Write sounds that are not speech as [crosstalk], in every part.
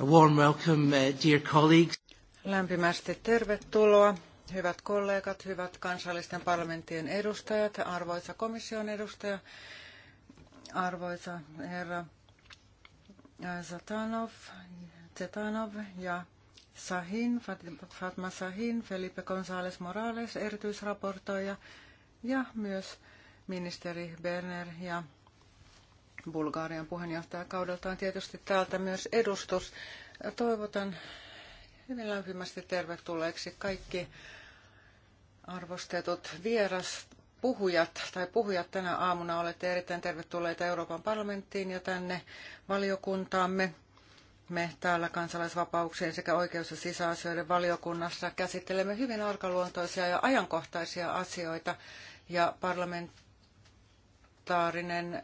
Uh, Lämpimästi tervetuloa, hyvät kollegat, hyvät kansallisten parlamenttien edustajat, arvoisa komission edustaja, arvoisa herra äh, Zatanov, Zetanov ja Sahin, Fatma Sahin, Felipe González Morales, erityisraportoija ja myös ministeri Berner ja Bulgarian puheenjohtajakaudeltaan tietysti täältä myös edustus. Toivotan hyvin lämpimästi tervetulleeksi kaikki arvostetut vieras puhujat tai puhujat tänä aamuna. Olette erittäin tervetulleita Euroopan parlamenttiin ja tänne valiokuntaamme. Me täällä kansalaisvapauksien sekä oikeus- ja sisäasioiden valiokunnassa käsittelemme hyvin arkaluontoisia ja ajankohtaisia asioita ja parlamentaarinen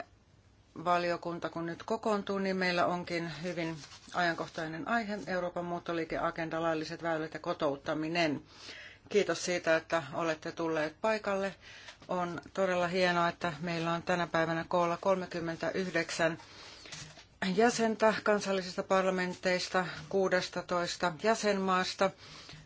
valiokunta kun nyt kokoontuu, niin meillä onkin hyvin ajankohtainen aihe, Euroopan muuttoliikeagenda, lailliset väylät ja kotouttaminen. Kiitos siitä, että olette tulleet paikalle. On todella hienoa, että meillä on tänä päivänä koolla 39 jäsentä kansallisista parlamenteista, 16 jäsenmaasta,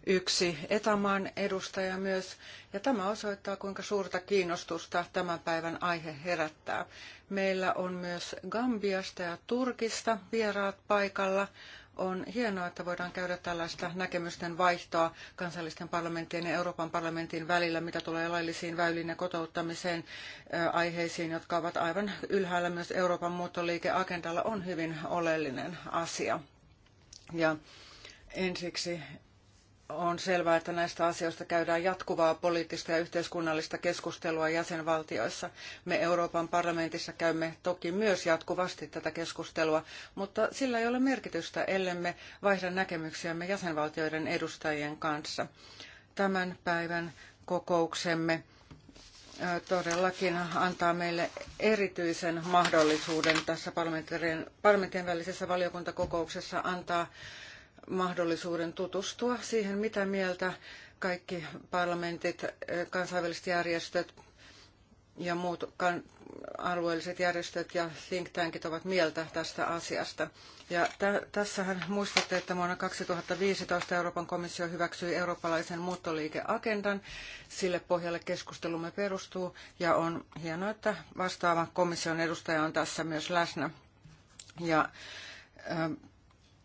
yksi etämaan edustaja myös. Ja tämä osoittaa, kuinka suurta kiinnostusta tämän päivän aihe herättää. Meillä on myös Gambiasta ja Turkista vieraat paikalla. On hienoa, että voidaan käydä tällaista näkemysten vaihtoa kansallisten parlamenttien ja Euroopan parlamentin välillä, mitä tulee laillisiin väyliin ja kotouttamiseen aiheisiin, jotka ovat aivan ylhäällä myös Euroopan muuttoliikeagendalla, on hyvin oleellinen asia. Ja ensiksi on selvää, että näistä asioista käydään jatkuvaa poliittista ja yhteiskunnallista keskustelua jäsenvaltioissa. Me Euroopan parlamentissa käymme toki myös jatkuvasti tätä keskustelua, mutta sillä ei ole merkitystä, ellemme vaihda näkemyksiämme jäsenvaltioiden edustajien kanssa. Tämän päivän kokouksemme todellakin antaa meille erityisen mahdollisuuden tässä parlamentin välisessä valiokuntakokouksessa antaa mahdollisuuden tutustua siihen, mitä mieltä kaikki parlamentit, eh, kansainväliset järjestöt ja muut alueelliset järjestöt ja think tankit ovat mieltä tästä asiasta. Ja t- tässähän muistatte, että vuonna 2015 Euroopan komissio hyväksyi eurooppalaisen muuttoliikeagendan. Sille pohjalle keskustelumme perustuu ja on hienoa, että vastaava komission edustaja on tässä myös läsnä. Ja eh,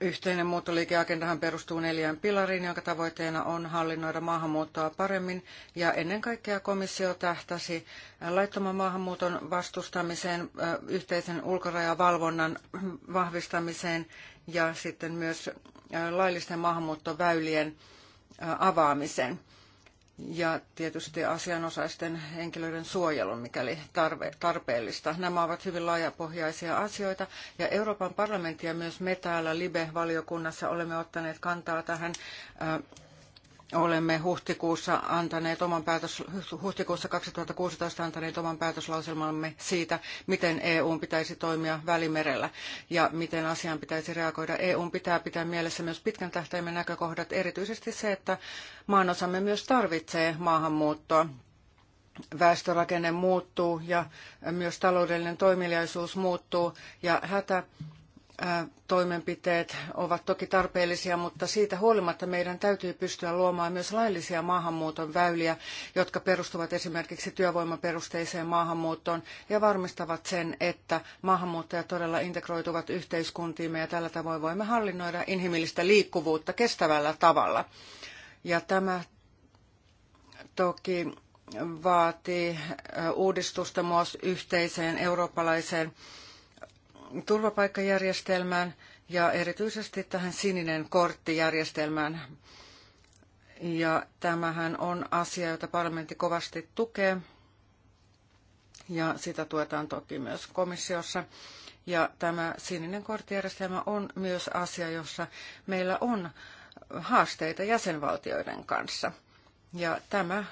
Yhteinen muuttoliikeagendahan perustuu neljään pilariin, jonka tavoitteena on hallinnoida maahanmuuttoa paremmin ja ennen kaikkea komissio tähtäsi laittoman maahanmuuton vastustamiseen, yhteisen ulkorajavalvonnan vahvistamiseen ja sitten myös laillisten maahanmuuttoväylien avaamiseen ja tietysti asianosaisten henkilöiden suojelun, mikäli tarve, tarpeellista. Nämä ovat hyvin laajapohjaisia asioita ja Euroopan parlamentti ja myös me täällä Libe-valiokunnassa olemme ottaneet kantaa tähän äh, olemme huhtikuussa antaneet oman päätös, huhtikuussa 2016 antaneet oman päätöslauselmamme siitä, miten EUn pitäisi toimia Välimerellä ja miten asiaan pitäisi reagoida. EUn pitää pitää mielessä myös pitkän tähtäimen näkökohdat, erityisesti se, että maanosamme myös tarvitsee maahanmuuttoa. Väestörakenne muuttuu ja myös taloudellinen toimeliaisuus muuttuu ja hätä toimenpiteet ovat toki tarpeellisia, mutta siitä huolimatta meidän täytyy pystyä luomaan myös laillisia maahanmuuton väyliä, jotka perustuvat esimerkiksi työvoimaperusteiseen maahanmuuttoon ja varmistavat sen, että maahanmuuttajat todella integroituvat yhteiskuntiimme ja tällä tavoin voimme hallinnoida inhimillistä liikkuvuutta kestävällä tavalla. Ja tämä toki vaatii uudistusta myös yhteiseen eurooppalaiseen turvapaikkajärjestelmään ja erityisesti tähän sininen korttijärjestelmään. Ja tämähän on asia, jota parlamentti kovasti tukee ja sitä tuetaan toki myös komissiossa. Ja tämä sininen korttijärjestelmä on myös asia, jossa meillä on haasteita jäsenvaltioiden kanssa. Ja tämä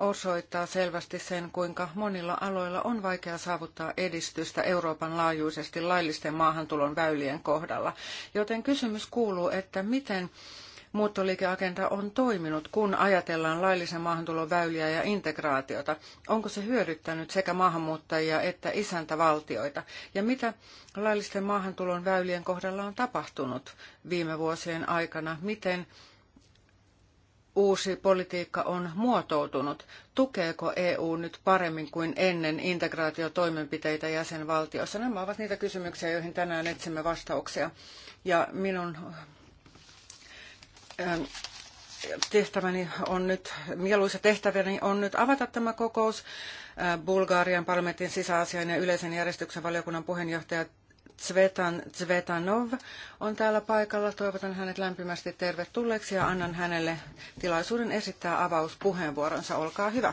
osoittaa selvästi sen, kuinka monilla aloilla on vaikea saavuttaa edistystä Euroopan laajuisesti laillisten maahantulon väylien kohdalla. Joten kysymys kuuluu, että miten muuttoliikeagenda on toiminut, kun ajatellaan laillisen maahantulon väyliä ja integraatiota? Onko se hyödyttänyt sekä maahanmuuttajia että isäntävaltioita? Ja mitä laillisten maahantulon väylien kohdalla on tapahtunut viime vuosien aikana? Miten uusi politiikka on muotoutunut? Tukeeko EU nyt paremmin kuin ennen integraatiotoimenpiteitä jäsenvaltiossa? Nämä ovat niitä kysymyksiä, joihin tänään etsimme vastauksia. Ja minun ähm, tehtäväni on nyt, mieluisa tehtäväni on nyt avata tämä kokous. Äh, Bulgarian parlamentin sisäasiain ja yleisen järjestyksen valiokunnan puheenjohtaja Tsvetan Tsvetanov on täällä paikalla. Toivotan hänet lämpimästi tervetulleeksi ja annan hänelle tilaisuuden esittää avauspuheenvuoronsa. Olkaa hyvä.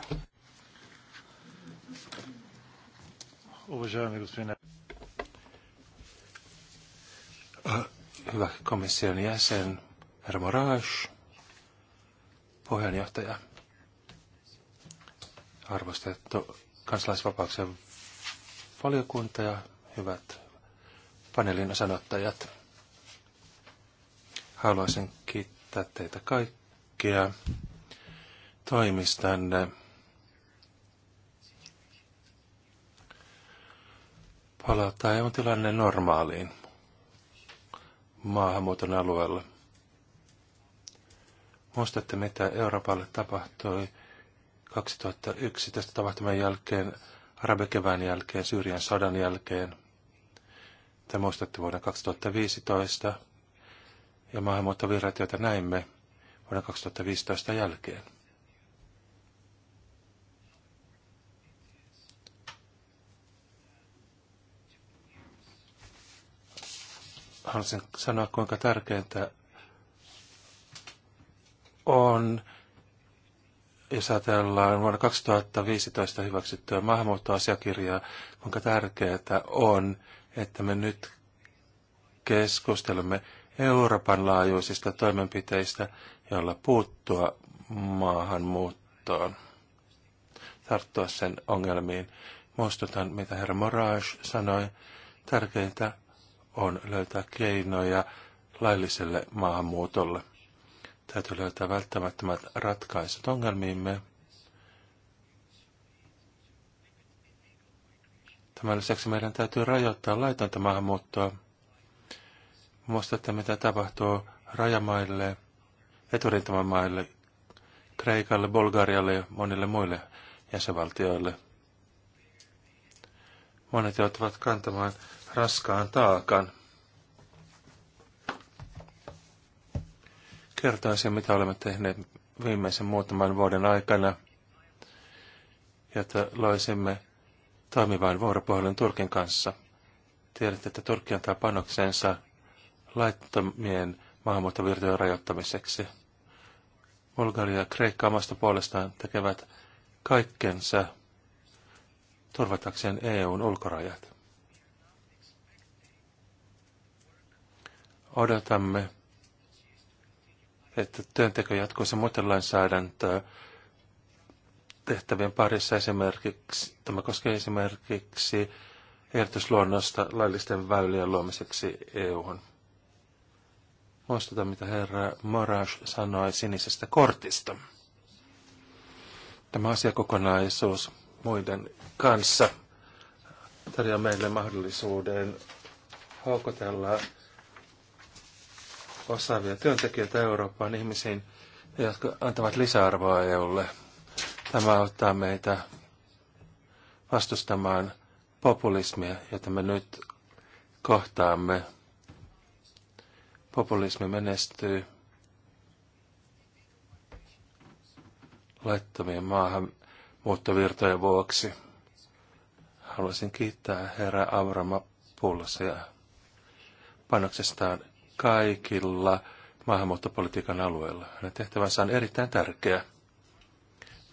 Äh, hyvä komission jäsen, herra Moraes, puheenjohtaja, arvostettu kansalaisvapauksien valiokunta ja hyvät paneelin sanottajat Haluaisin kiittää teitä kaikkia toimistanne. Palata on tilanne normaaliin maahanmuuton alueella. Muistatte, mitä Euroopalle tapahtui 2011 tapahtuman jälkeen, arabikevään jälkeen, Syyrian sodan jälkeen. Te muistatte vuoden 2015 ja maahanmuuttovirrat, joita näimme vuoden 2015 jälkeen. Haluaisin sanoa, kuinka tärkeintä on, jos ajatellaan vuonna 2015 hyväksyttyä maahanmuuttoasiakirjaa, kuinka tärkeää on että me nyt keskustelemme Euroopan laajuisista toimenpiteistä, joilla puuttua maahanmuuttoon, tarttua sen ongelmiin. Muistutan, mitä herra Morage sanoi, tärkeintä on löytää keinoja lailliselle maahanmuutolle. Täytyy löytää välttämättömät ratkaisut ongelmiimme Tämän lisäksi meidän täytyy rajoittaa laitonta maahanmuuttoa. että mitä tapahtuu rajamaille, eturintamamaille, Kreikalle, Bulgarialle ja monille muille jäsenvaltioille. Monet joutuvat kantamaan raskaan taakan. Kertoisin, mitä olemme tehneet viimeisen muutaman vuoden aikana, jotta loisimme toimivaan vuoropuhelun Turkin kanssa. Tiedätte, että Turkki antaa panoksensa laittomien maahanmuuttovirtojen rajoittamiseksi. Bulgaria ja Kreikka omasta puolestaan tekevät kaikkensa turvatakseen EUn ulkorajat. Odotamme, että työnteko jatkuisi muuten lainsäädäntöä tehtävien parissa esimerkiksi, tämä koskee esimerkiksi ehdotusluonnosta laillisten väylien luomiseksi EU-hun. Muistutan, mitä herra Moraes sanoi sinisestä kortista. Tämä asiakokonaisuus muiden kanssa tarjoaa meille mahdollisuuden haukotella osaavia työntekijöitä Euroopan ihmisiin, jotka antavat lisäarvoa EUlle – Tämä auttaa meitä vastustamaan populismia, jota me nyt kohtaamme. Populismi menestyy laittomien maahanmuuttovirtojen vuoksi. Haluaisin kiittää herra Avrama Pulsia panoksestaan kaikilla maahanmuuttopolitiikan alueilla. Hänen tehtävänsä on erittäin tärkeä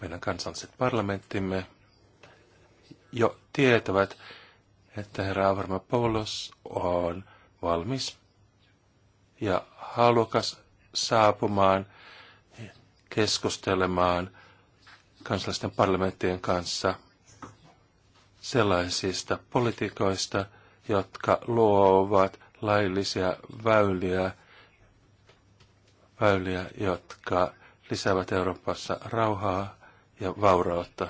meidän kansalliset parlamenttimme jo tietävät, että herra Avarma Paulos on valmis ja halukas saapumaan keskustelemaan kansallisten parlamenttien kanssa sellaisista politikoista, jotka luovat laillisia väyliä, väyliä, jotka lisäävät Euroopassa rauhaa ja vaurautta.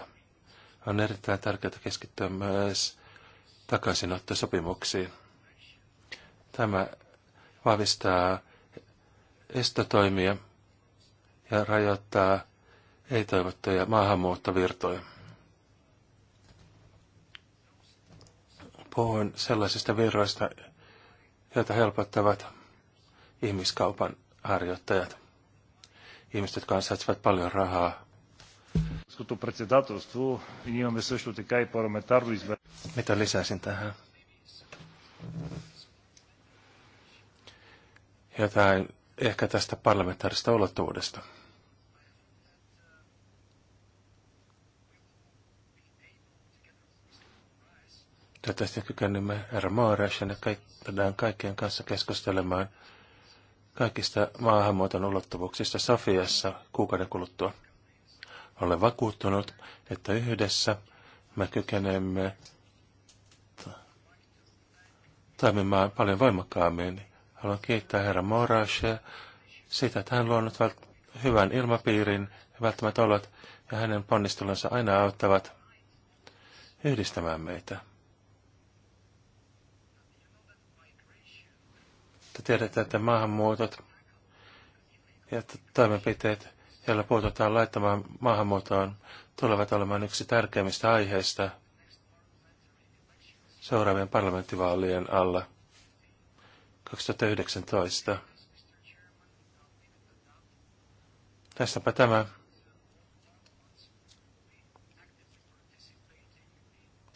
On erittäin tärkeää keskittyä myös takaisinottosopimuksiin. Tämä vahvistaa estotoimia ja rajoittaa ei-toivottuja maahanmuuttovirtoja. Puhun sellaisista virroista, joita helpottavat ihmiskaupan harjoittajat. Ihmiset, jotka ansaitsevat paljon rahaa mitä lisäisin tähän? Jotain ehkä tästä parlamentaarista ulottuvuudesta. Toivottavasti kykenemme herra Maareshan ja kaikkien, kaikkien kanssa keskustelemaan kaikista maahanmuuton ulottuvuuksista Safiassa kuukauden kuluttua. Olen vakuuttunut, että yhdessä me kykenemme toimimaan paljon voimakkaammin. Haluan kiittää herra Morasia siitä, että hän on luonut hyvän ilmapiirin, välttämättä olot ja hänen ponnistelunsa aina auttavat yhdistämään meitä. Te tiedätte, että maahanmuutot ja toimenpiteet jolla puututaan laittamaan maahanmuuttoon, tulevat olemaan yksi tärkeimmistä aiheista seuraavien parlamenttivaalien alla 2019. Tässäpä tämä.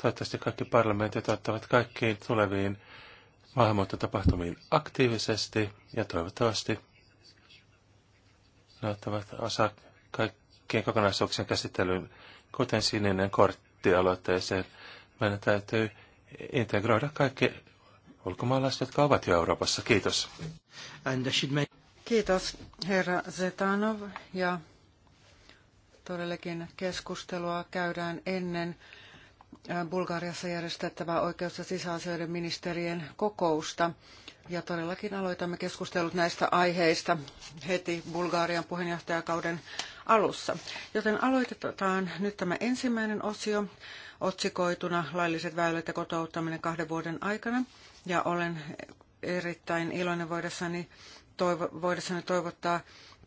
Toivottavasti kaikki parlamentit ottavat kaikkiin tuleviin maahanmuuttotapahtumiin aktiivisesti ja toivottavasti ne ottavat osa kaikkien kokonaisuuksien käsittelyyn, kuten sininen kortti aloitteeseen. Meidän täytyy integroida kaikki ulkomaalaiset, jotka ovat jo Euroopassa. Kiitos. Kiitos herra Zetanov ja todellakin keskustelua käydään ennen äh, Bulgariassa järjestettävää oikeus- ja sisäasioiden ministerien kokousta. Ja todellakin aloitamme keskustelut näistä aiheista heti Bulgarian puheenjohtajakauden alussa. Joten aloitetaan nyt tämä ensimmäinen osio otsikoituna lailliset väylät ja kotouttaminen kahden vuoden aikana. Ja olen erittäin iloinen voidessani, toivo, voidessani toivottaa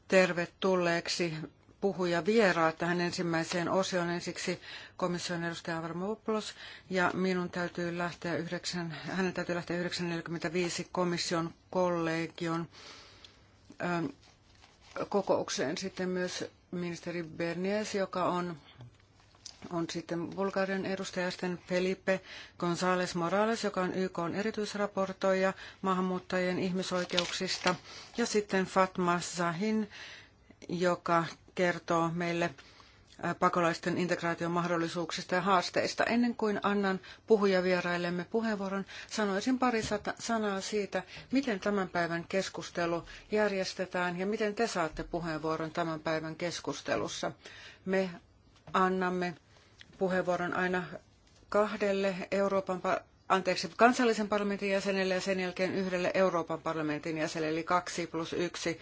tervetulleeksi puhuja vieraa tähän ensimmäiseen osioon. Ensiksi komission edustaja Avramopoulos ja minun täytyy lähteä 9, hänen täytyy lähteä 9.45 komission kollegion ö, ähm, kokoukseen. Sitten myös ministeri Bernies, joka on, on sitten Bulgarian edustaja, sitten Felipe González Morales, joka on YK on erityisraportoija maahanmuuttajien ihmisoikeuksista, ja sitten Fatma Zahin, joka kertoo meille pakolaisten integraation mahdollisuuksista ja haasteista. Ennen kuin annan puhujavieraillemme puheenvuoron, sanoisin pari sata, sanaa siitä, miten tämän päivän keskustelu järjestetään ja miten te saatte puheenvuoron tämän päivän keskustelussa. Me annamme puheenvuoron aina kahdelle Euroopan anteeksi, kansallisen parlamentin jäsenelle ja sen jälkeen yhdelle Euroopan parlamentin jäsenelle, eli kaksi plus yksi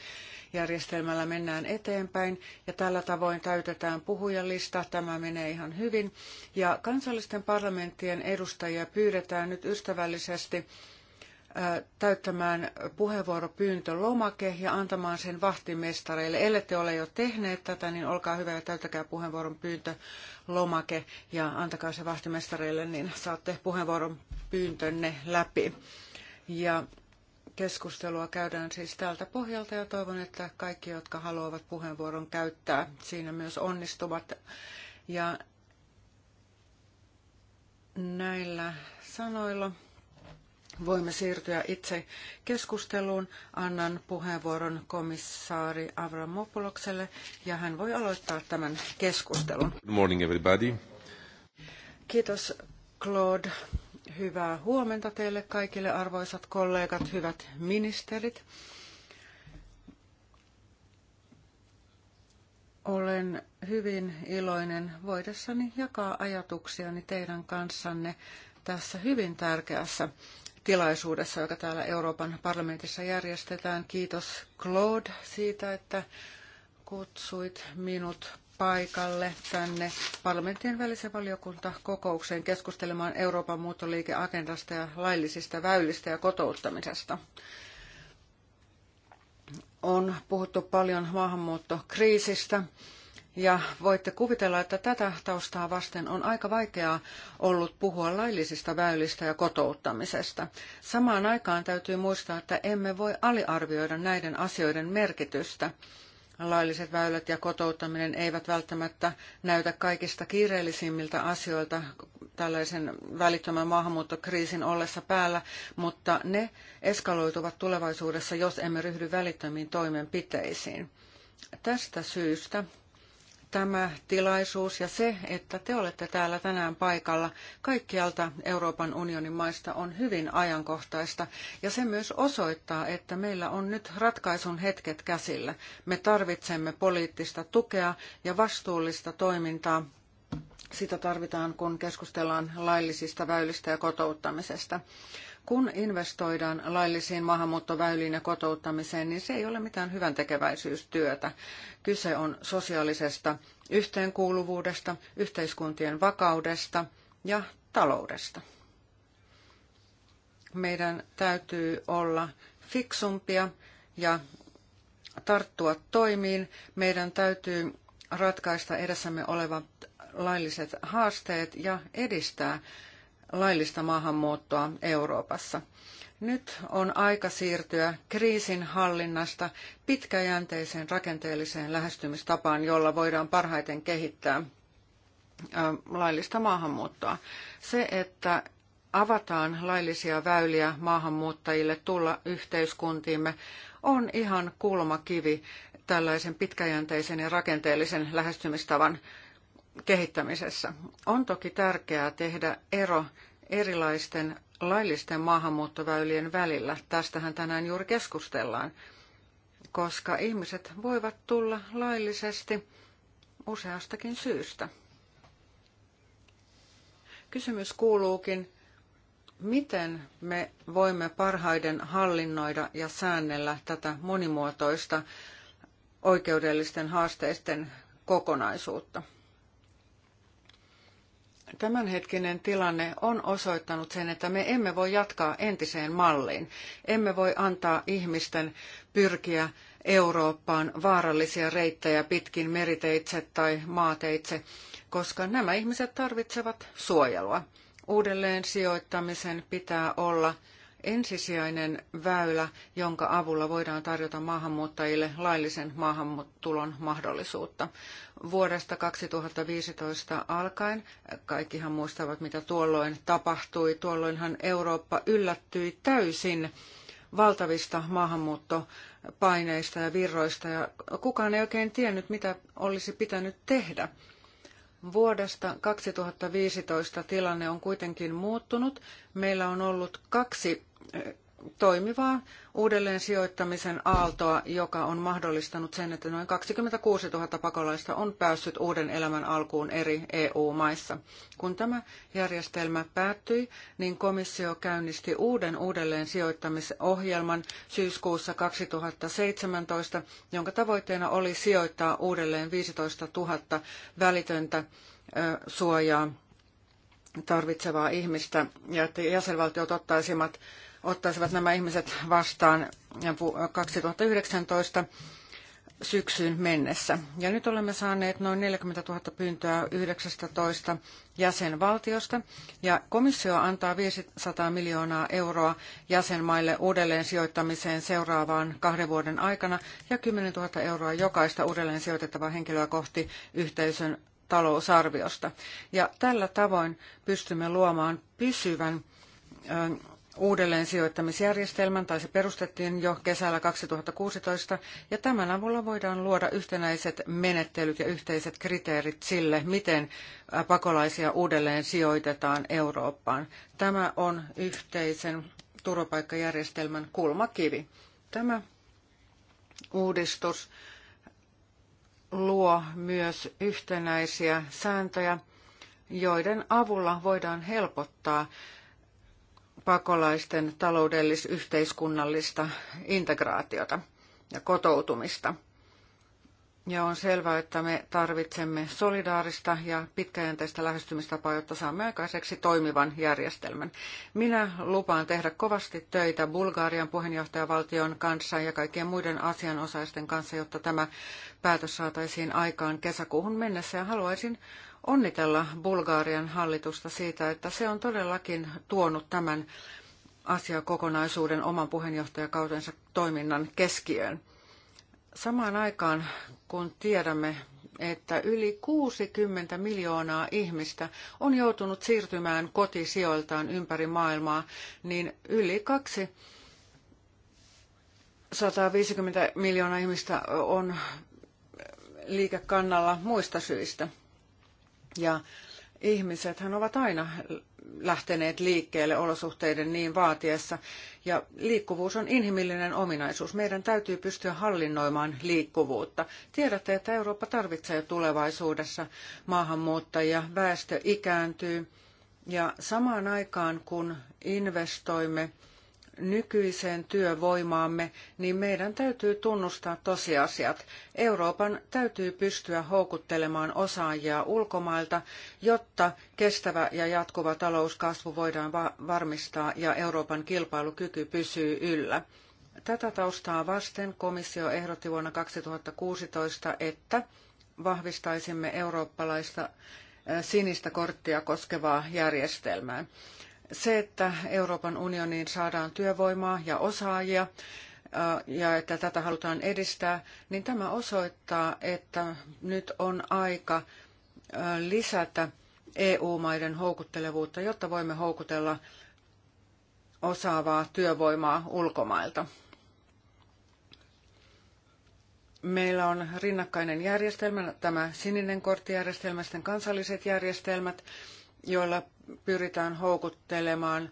järjestelmällä mennään eteenpäin ja tällä tavoin täytetään puhujalista. Tämä menee ihan hyvin. Ja kansallisten parlamenttien edustajia pyydetään nyt ystävällisesti äh, täyttämään puheenvuoropyyntölomake ja antamaan sen vahtimestareille. Ellette ole jo tehneet tätä, niin olkaa hyvä ja täyttäkää puheenvuoron ja antakaa se vahtimestareille, niin saatte puheenvuoron pyyntönne läpi. Ja keskustelua käydään siis tältä pohjalta ja toivon, että kaikki, jotka haluavat puheenvuoron käyttää, siinä myös onnistuvat. Ja näillä sanoilla voimme siirtyä itse keskusteluun. Annan puheenvuoron komissaari Avramopulokselle ja hän voi aloittaa tämän keskustelun. Good morning everybody. Kiitos Claude. Hyvää huomenta teille kaikille arvoisat kollegat, hyvät ministerit. Olen hyvin iloinen voidessani jakaa ajatuksiani teidän kanssanne tässä hyvin tärkeässä tilaisuudessa, joka täällä Euroopan parlamentissa järjestetään. Kiitos Claude siitä, että kutsuit minut paikalle tänne parlamentin välisen kokoukseen keskustelemaan Euroopan muuttoliikeagendasta ja laillisista väylistä ja kotouttamisesta. On puhuttu paljon maahanmuuttokriisistä ja voitte kuvitella, että tätä taustaa vasten on aika vaikeaa ollut puhua laillisista väylistä ja kotouttamisesta. Samaan aikaan täytyy muistaa, että emme voi aliarvioida näiden asioiden merkitystä lailliset väylät ja kotouttaminen eivät välttämättä näytä kaikista kiireellisimmiltä asioilta tällaisen välittömän maahanmuuttokriisin ollessa päällä, mutta ne eskaloituvat tulevaisuudessa, jos emme ryhdy välittömiin toimenpiteisiin. Tästä syystä tämä tilaisuus ja se, että te olette täällä tänään paikalla kaikkialta Euroopan unionin maista on hyvin ajankohtaista ja se myös osoittaa, että meillä on nyt ratkaisun hetket käsillä. Me tarvitsemme poliittista tukea ja vastuullista toimintaa. Sitä tarvitaan, kun keskustellaan laillisista väylistä ja kotouttamisesta. Kun investoidaan laillisiin maahanmuuttoväyliin ja kotouttamiseen, niin se ei ole mitään hyvän tekeväisyystyötä. Kyse on sosiaalisesta yhteenkuuluvuudesta, yhteiskuntien vakaudesta ja taloudesta. Meidän täytyy olla fiksumpia ja tarttua toimiin. Meidän täytyy ratkaista edessämme olevat lailliset haasteet ja edistää laillista maahanmuuttoa Euroopassa. Nyt on aika siirtyä kriisin hallinnasta pitkäjänteiseen rakenteelliseen lähestymistapaan, jolla voidaan parhaiten kehittää laillista maahanmuuttoa. Se, että avataan laillisia väyliä maahanmuuttajille tulla yhteiskuntiimme, on ihan kulmakivi tällaisen pitkäjänteisen ja rakenteellisen lähestymistavan kehittämisessä. On toki tärkeää tehdä ero erilaisten laillisten maahanmuuttoväylien välillä. Tästähän tänään juuri keskustellaan, koska ihmiset voivat tulla laillisesti useastakin syystä. Kysymys kuuluukin, miten me voimme parhaiden hallinnoida ja säännellä tätä monimuotoista oikeudellisten haasteisten kokonaisuutta. Tämänhetkinen tilanne on osoittanut sen, että me emme voi jatkaa entiseen malliin. Emme voi antaa ihmisten pyrkiä Eurooppaan vaarallisia reittejä pitkin meriteitse tai maateitse, koska nämä ihmiset tarvitsevat suojelua. Uudelleen sijoittamisen pitää olla ensisijainen väylä, jonka avulla voidaan tarjota maahanmuuttajille laillisen maahantulon mahdollisuutta. Vuodesta 2015 alkaen, kaikkihan muistavat mitä tuolloin tapahtui, tuolloinhan Eurooppa yllättyi täysin valtavista maahanmuuttopaineista ja virroista ja kukaan ei oikein tiennyt mitä olisi pitänyt tehdä. Vuodesta 2015 tilanne on kuitenkin muuttunut. Meillä on ollut kaksi toimivaa uudelleen sijoittamisen aaltoa, joka on mahdollistanut sen, että noin 26 000 pakolaista on päässyt uuden elämän alkuun eri EU-maissa. Kun tämä järjestelmä päättyi, niin komissio käynnisti uuden uudelleen sijoittamisohjelman syyskuussa 2017, jonka tavoitteena oli sijoittaa uudelleen 15 000 välitöntä suojaa tarvitsevaa ihmistä ja että jäsenvaltiot ottaisivat ottaisivat nämä ihmiset vastaan 2019 syksyyn mennessä. Ja nyt olemme saaneet noin 40 000 pyyntöä 19 jäsenvaltiosta, ja komissio antaa 500 miljoonaa euroa jäsenmaille uudelleen sijoittamiseen seuraavaan kahden vuoden aikana, ja 10 000 euroa jokaista uudelleen sijoitettavaa henkilöä kohti yhteisön talousarviosta. Ja tällä tavoin pystymme luomaan pysyvän uudelleen sijoittamisjärjestelmän, tai se perustettiin jo kesällä 2016, ja tämän avulla voidaan luoda yhtenäiset menettelyt ja yhteiset kriteerit sille, miten pakolaisia uudelleen sijoitetaan Eurooppaan. Tämä on yhteisen turvapaikkajärjestelmän kulmakivi. Tämä uudistus luo myös yhtenäisiä sääntöjä, joiden avulla voidaan helpottaa pakolaisten taloudellis-yhteiskunnallista integraatiota ja kotoutumista. Ja on selvää, että me tarvitsemme solidaarista ja pitkäjänteistä lähestymistapaa, jotta saamme aikaiseksi toimivan järjestelmän. Minä lupaan tehdä kovasti töitä Bulgarian puheenjohtajavaltion kanssa ja kaikkien muiden asianosaisten kanssa, jotta tämä päätös saataisiin aikaan kesäkuuhun mennessä. Ja haluaisin onnitella Bulgarian hallitusta siitä, että se on todellakin tuonut tämän asiakokonaisuuden oman puheenjohtajakautensa toiminnan keskiöön. Samaan aikaan, kun tiedämme, että yli 60 miljoonaa ihmistä on joutunut siirtymään kotisijoiltaan ympäri maailmaa, niin yli kaksi 150 miljoonaa ihmistä on liikekannalla muista syistä – ja ihmisethän ovat aina lähteneet liikkeelle olosuhteiden niin vaatiessa. Ja liikkuvuus on inhimillinen ominaisuus. Meidän täytyy pystyä hallinnoimaan liikkuvuutta. Tiedätte, että Eurooppa tarvitsee tulevaisuudessa maahanmuuttajia. Väestö ikääntyy. Ja samaan aikaan, kun investoimme nykyiseen työvoimaamme, niin meidän täytyy tunnustaa tosiasiat. Euroopan täytyy pystyä houkuttelemaan osaajia ulkomailta, jotta kestävä ja jatkuva talouskasvu voidaan varmistaa ja Euroopan kilpailukyky pysyy yllä. Tätä taustaa vasten komissio ehdotti vuonna 2016, että vahvistaisimme eurooppalaista sinistä korttia koskevaa järjestelmää. Se, että Euroopan unioniin saadaan työvoimaa ja osaajia äh, ja että tätä halutaan edistää, niin tämä osoittaa, että nyt on aika äh, lisätä EU-maiden houkuttelevuutta, jotta voimme houkutella osaavaa työvoimaa ulkomailta. Meillä on rinnakkainen järjestelmä, tämä sininen korttijärjestelmä, sitten kansalliset järjestelmät, joilla pyritään houkuttelemaan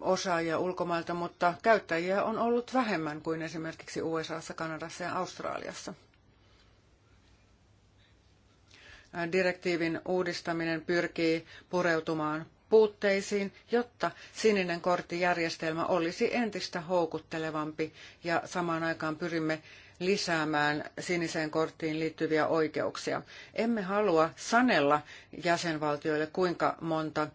osaajia ulkomailta, mutta käyttäjiä on ollut vähemmän kuin esimerkiksi USAssa, Kanadassa ja Australiassa. Direktiivin uudistaminen pyrkii pureutumaan puutteisiin, jotta sininen korttijärjestelmä olisi entistä houkuttelevampi ja samaan aikaan pyrimme lisäämään siniseen korttiin liittyviä oikeuksia. Emme halua sanella jäsenvaltioille, kuinka monta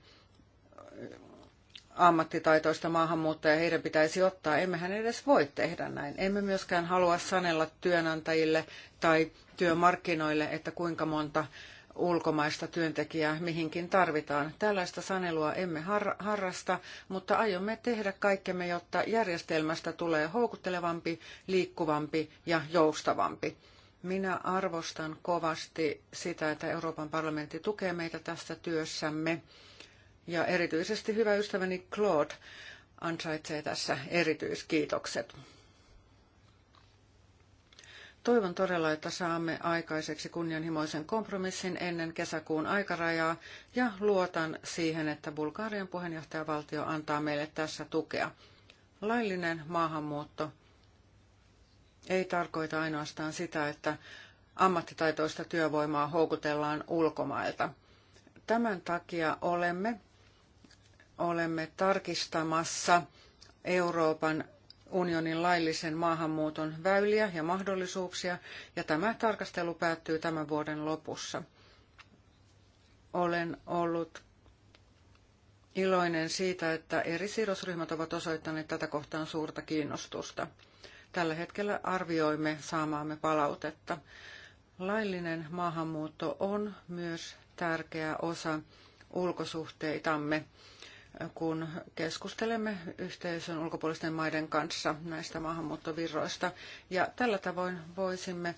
ammattitaitoista maahanmuuttajaa heidän pitäisi ottaa. Emmehän edes voi tehdä näin. Emme myöskään halua sanella työnantajille tai työmarkkinoille, että kuinka monta ulkomaista työntekijää mihinkin tarvitaan. Tällaista sanelua emme harrasta, mutta aiomme tehdä kaikkemme, jotta järjestelmästä tulee houkuttelevampi, liikkuvampi ja joustavampi. Minä arvostan kovasti sitä, että Euroopan parlamentti tukee meitä tässä työssämme. Ja erityisesti hyvä ystäväni Claude ansaitsee tässä erityiskiitokset. Toivon todella, että saamme aikaiseksi kunnianhimoisen kompromissin ennen kesäkuun aikarajaa ja luotan siihen, että Bulgarian puheenjohtajavaltio antaa meille tässä tukea. Laillinen maahanmuutto ei tarkoita ainoastaan sitä, että ammattitaitoista työvoimaa houkutellaan ulkomailta. Tämän takia olemme, olemme tarkistamassa Euroopan unionin laillisen maahanmuuton väyliä ja mahdollisuuksia, ja tämä tarkastelu päättyy tämän vuoden lopussa. Olen ollut iloinen siitä, että eri sidosryhmät ovat osoittaneet tätä kohtaan suurta kiinnostusta. Tällä hetkellä arvioimme saamaamme palautetta. Laillinen maahanmuutto on myös tärkeä osa ulkosuhteitamme kun keskustelemme yhteisön ulkopuolisten maiden kanssa näistä maahanmuuttovirroista. Ja tällä tavoin voisimme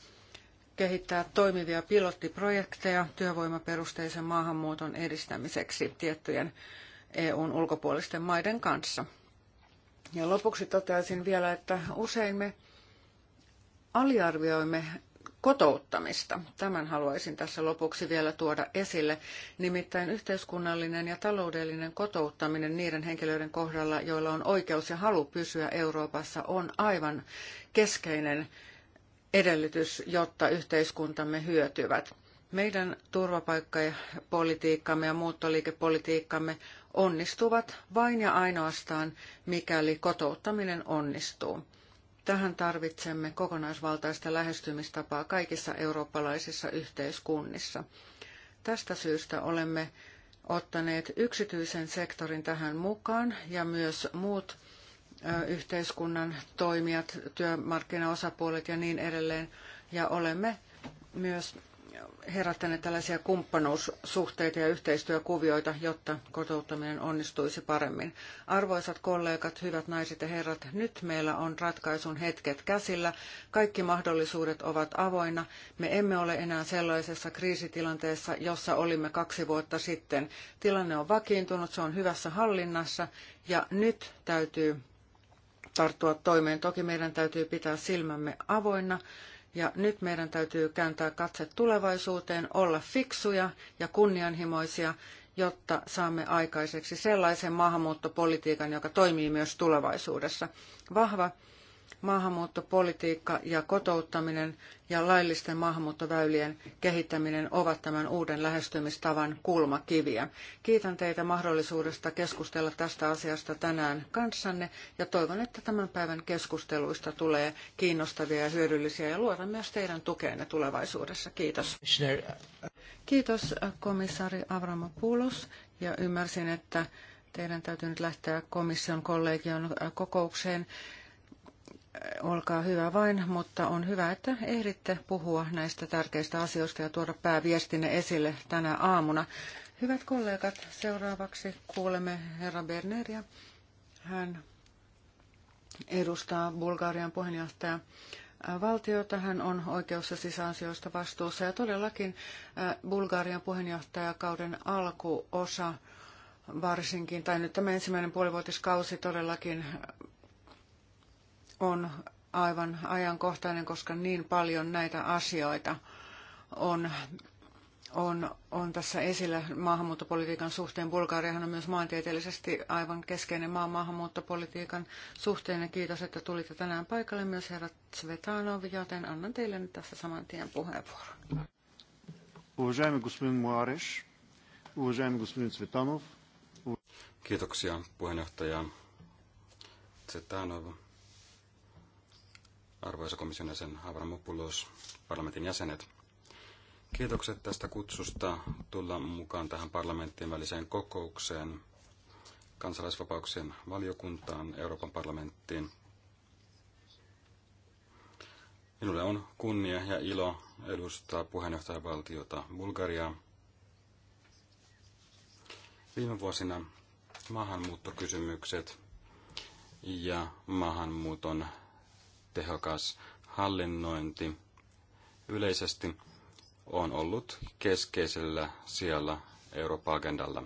kehittää toimivia pilottiprojekteja työvoimaperusteisen maahanmuuton edistämiseksi tiettyjen EUn ulkopuolisten maiden kanssa. Ja lopuksi toteaisin vielä, että usein me aliarvioimme kotouttamista. Tämän haluaisin tässä lopuksi vielä tuoda esille. Nimittäin yhteiskunnallinen ja taloudellinen kotouttaminen niiden henkilöiden kohdalla, joilla on oikeus ja halu pysyä Euroopassa, on aivan keskeinen edellytys, jotta yhteiskuntamme hyötyvät. Meidän turvapaikkapolitiikkamme ja muuttoliikepolitiikkamme onnistuvat vain ja ainoastaan, mikäli kotouttaminen onnistuu. Tähän tarvitsemme kokonaisvaltaista lähestymistapaa kaikissa eurooppalaisissa yhteiskunnissa. Tästä syystä olemme ottaneet yksityisen sektorin tähän mukaan ja myös muut yhteiskunnan toimijat, työmarkkinaosapuolet ja niin edelleen. Ja olemme myös herättäneet tällaisia kumppanuussuhteita ja yhteistyökuvioita, jotta kotouttaminen onnistuisi paremmin. Arvoisat kollegat, hyvät naiset ja herrat, nyt meillä on ratkaisun hetket käsillä. Kaikki mahdollisuudet ovat avoinna. Me emme ole enää sellaisessa kriisitilanteessa, jossa olimme kaksi vuotta sitten. Tilanne on vakiintunut, se on hyvässä hallinnassa ja nyt täytyy tarttua toimeen. Toki meidän täytyy pitää silmämme avoinna ja nyt meidän täytyy kääntää katse tulevaisuuteen, olla fiksuja ja kunnianhimoisia, jotta saamme aikaiseksi sellaisen maahanmuuttopolitiikan, joka toimii myös tulevaisuudessa. Vahva Maahanmuuttopolitiikka ja kotouttaminen ja laillisten maahanmuuttoväylien kehittäminen ovat tämän uuden lähestymistavan kulmakiviä. Kiitän teitä mahdollisuudesta keskustella tästä asiasta tänään kanssanne ja toivon, että tämän päivän keskusteluista tulee kiinnostavia ja hyödyllisiä ja luotan myös teidän tukeenne tulevaisuudessa. Kiitos. Kiitos komissaari Avramopoulos ja ymmärsin, että teidän täytyy nyt lähteä komission kollegion kokoukseen. Olkaa hyvä vain, mutta on hyvä, että ehditte puhua näistä tärkeistä asioista ja tuoda pääviestinne esille tänä aamuna. Hyvät kollegat, seuraavaksi kuulemme herra Berneria. Hän edustaa Bulgarian puheenjohtaja valtiota. Hän on oikeus- ja sisäasioista vastuussa ja todellakin äh, Bulgarian puheenjohtajakauden alkuosa varsinkin, tai nyt tämä ensimmäinen puolivuotiskausi todellakin on aivan ajankohtainen, koska niin paljon näitä asioita on, on, on tässä esillä maahanmuuttopolitiikan suhteen. Bulgariahan on myös maantieteellisesti aivan keskeinen maa maahanmuuttopolitiikan suhteen. Ja kiitos, että tulitte tänään paikalle myös herra Svetanov, joten annan teille nyt tässä saman tien puheenvuoron. Уважаеми господин Муареш, уважаеми господин Цветанов. Kiitoksia puheenjohtaja Цветанов, arvoisa komission jäsen Avramopoulos, parlamentin jäsenet. Kiitokset tästä kutsusta tulla mukaan tähän parlamenttien väliseen kokoukseen, kansalaisvapauksien valiokuntaan, Euroopan parlamenttiin. Minulle on kunnia ja ilo edustaa puheenjohtajavaltiota Bulgariaa. Viime vuosina maahanmuuttokysymykset ja maahanmuuton tehokas hallinnointi yleisesti on ollut keskeisellä sijalla Eurooppa-agendalla.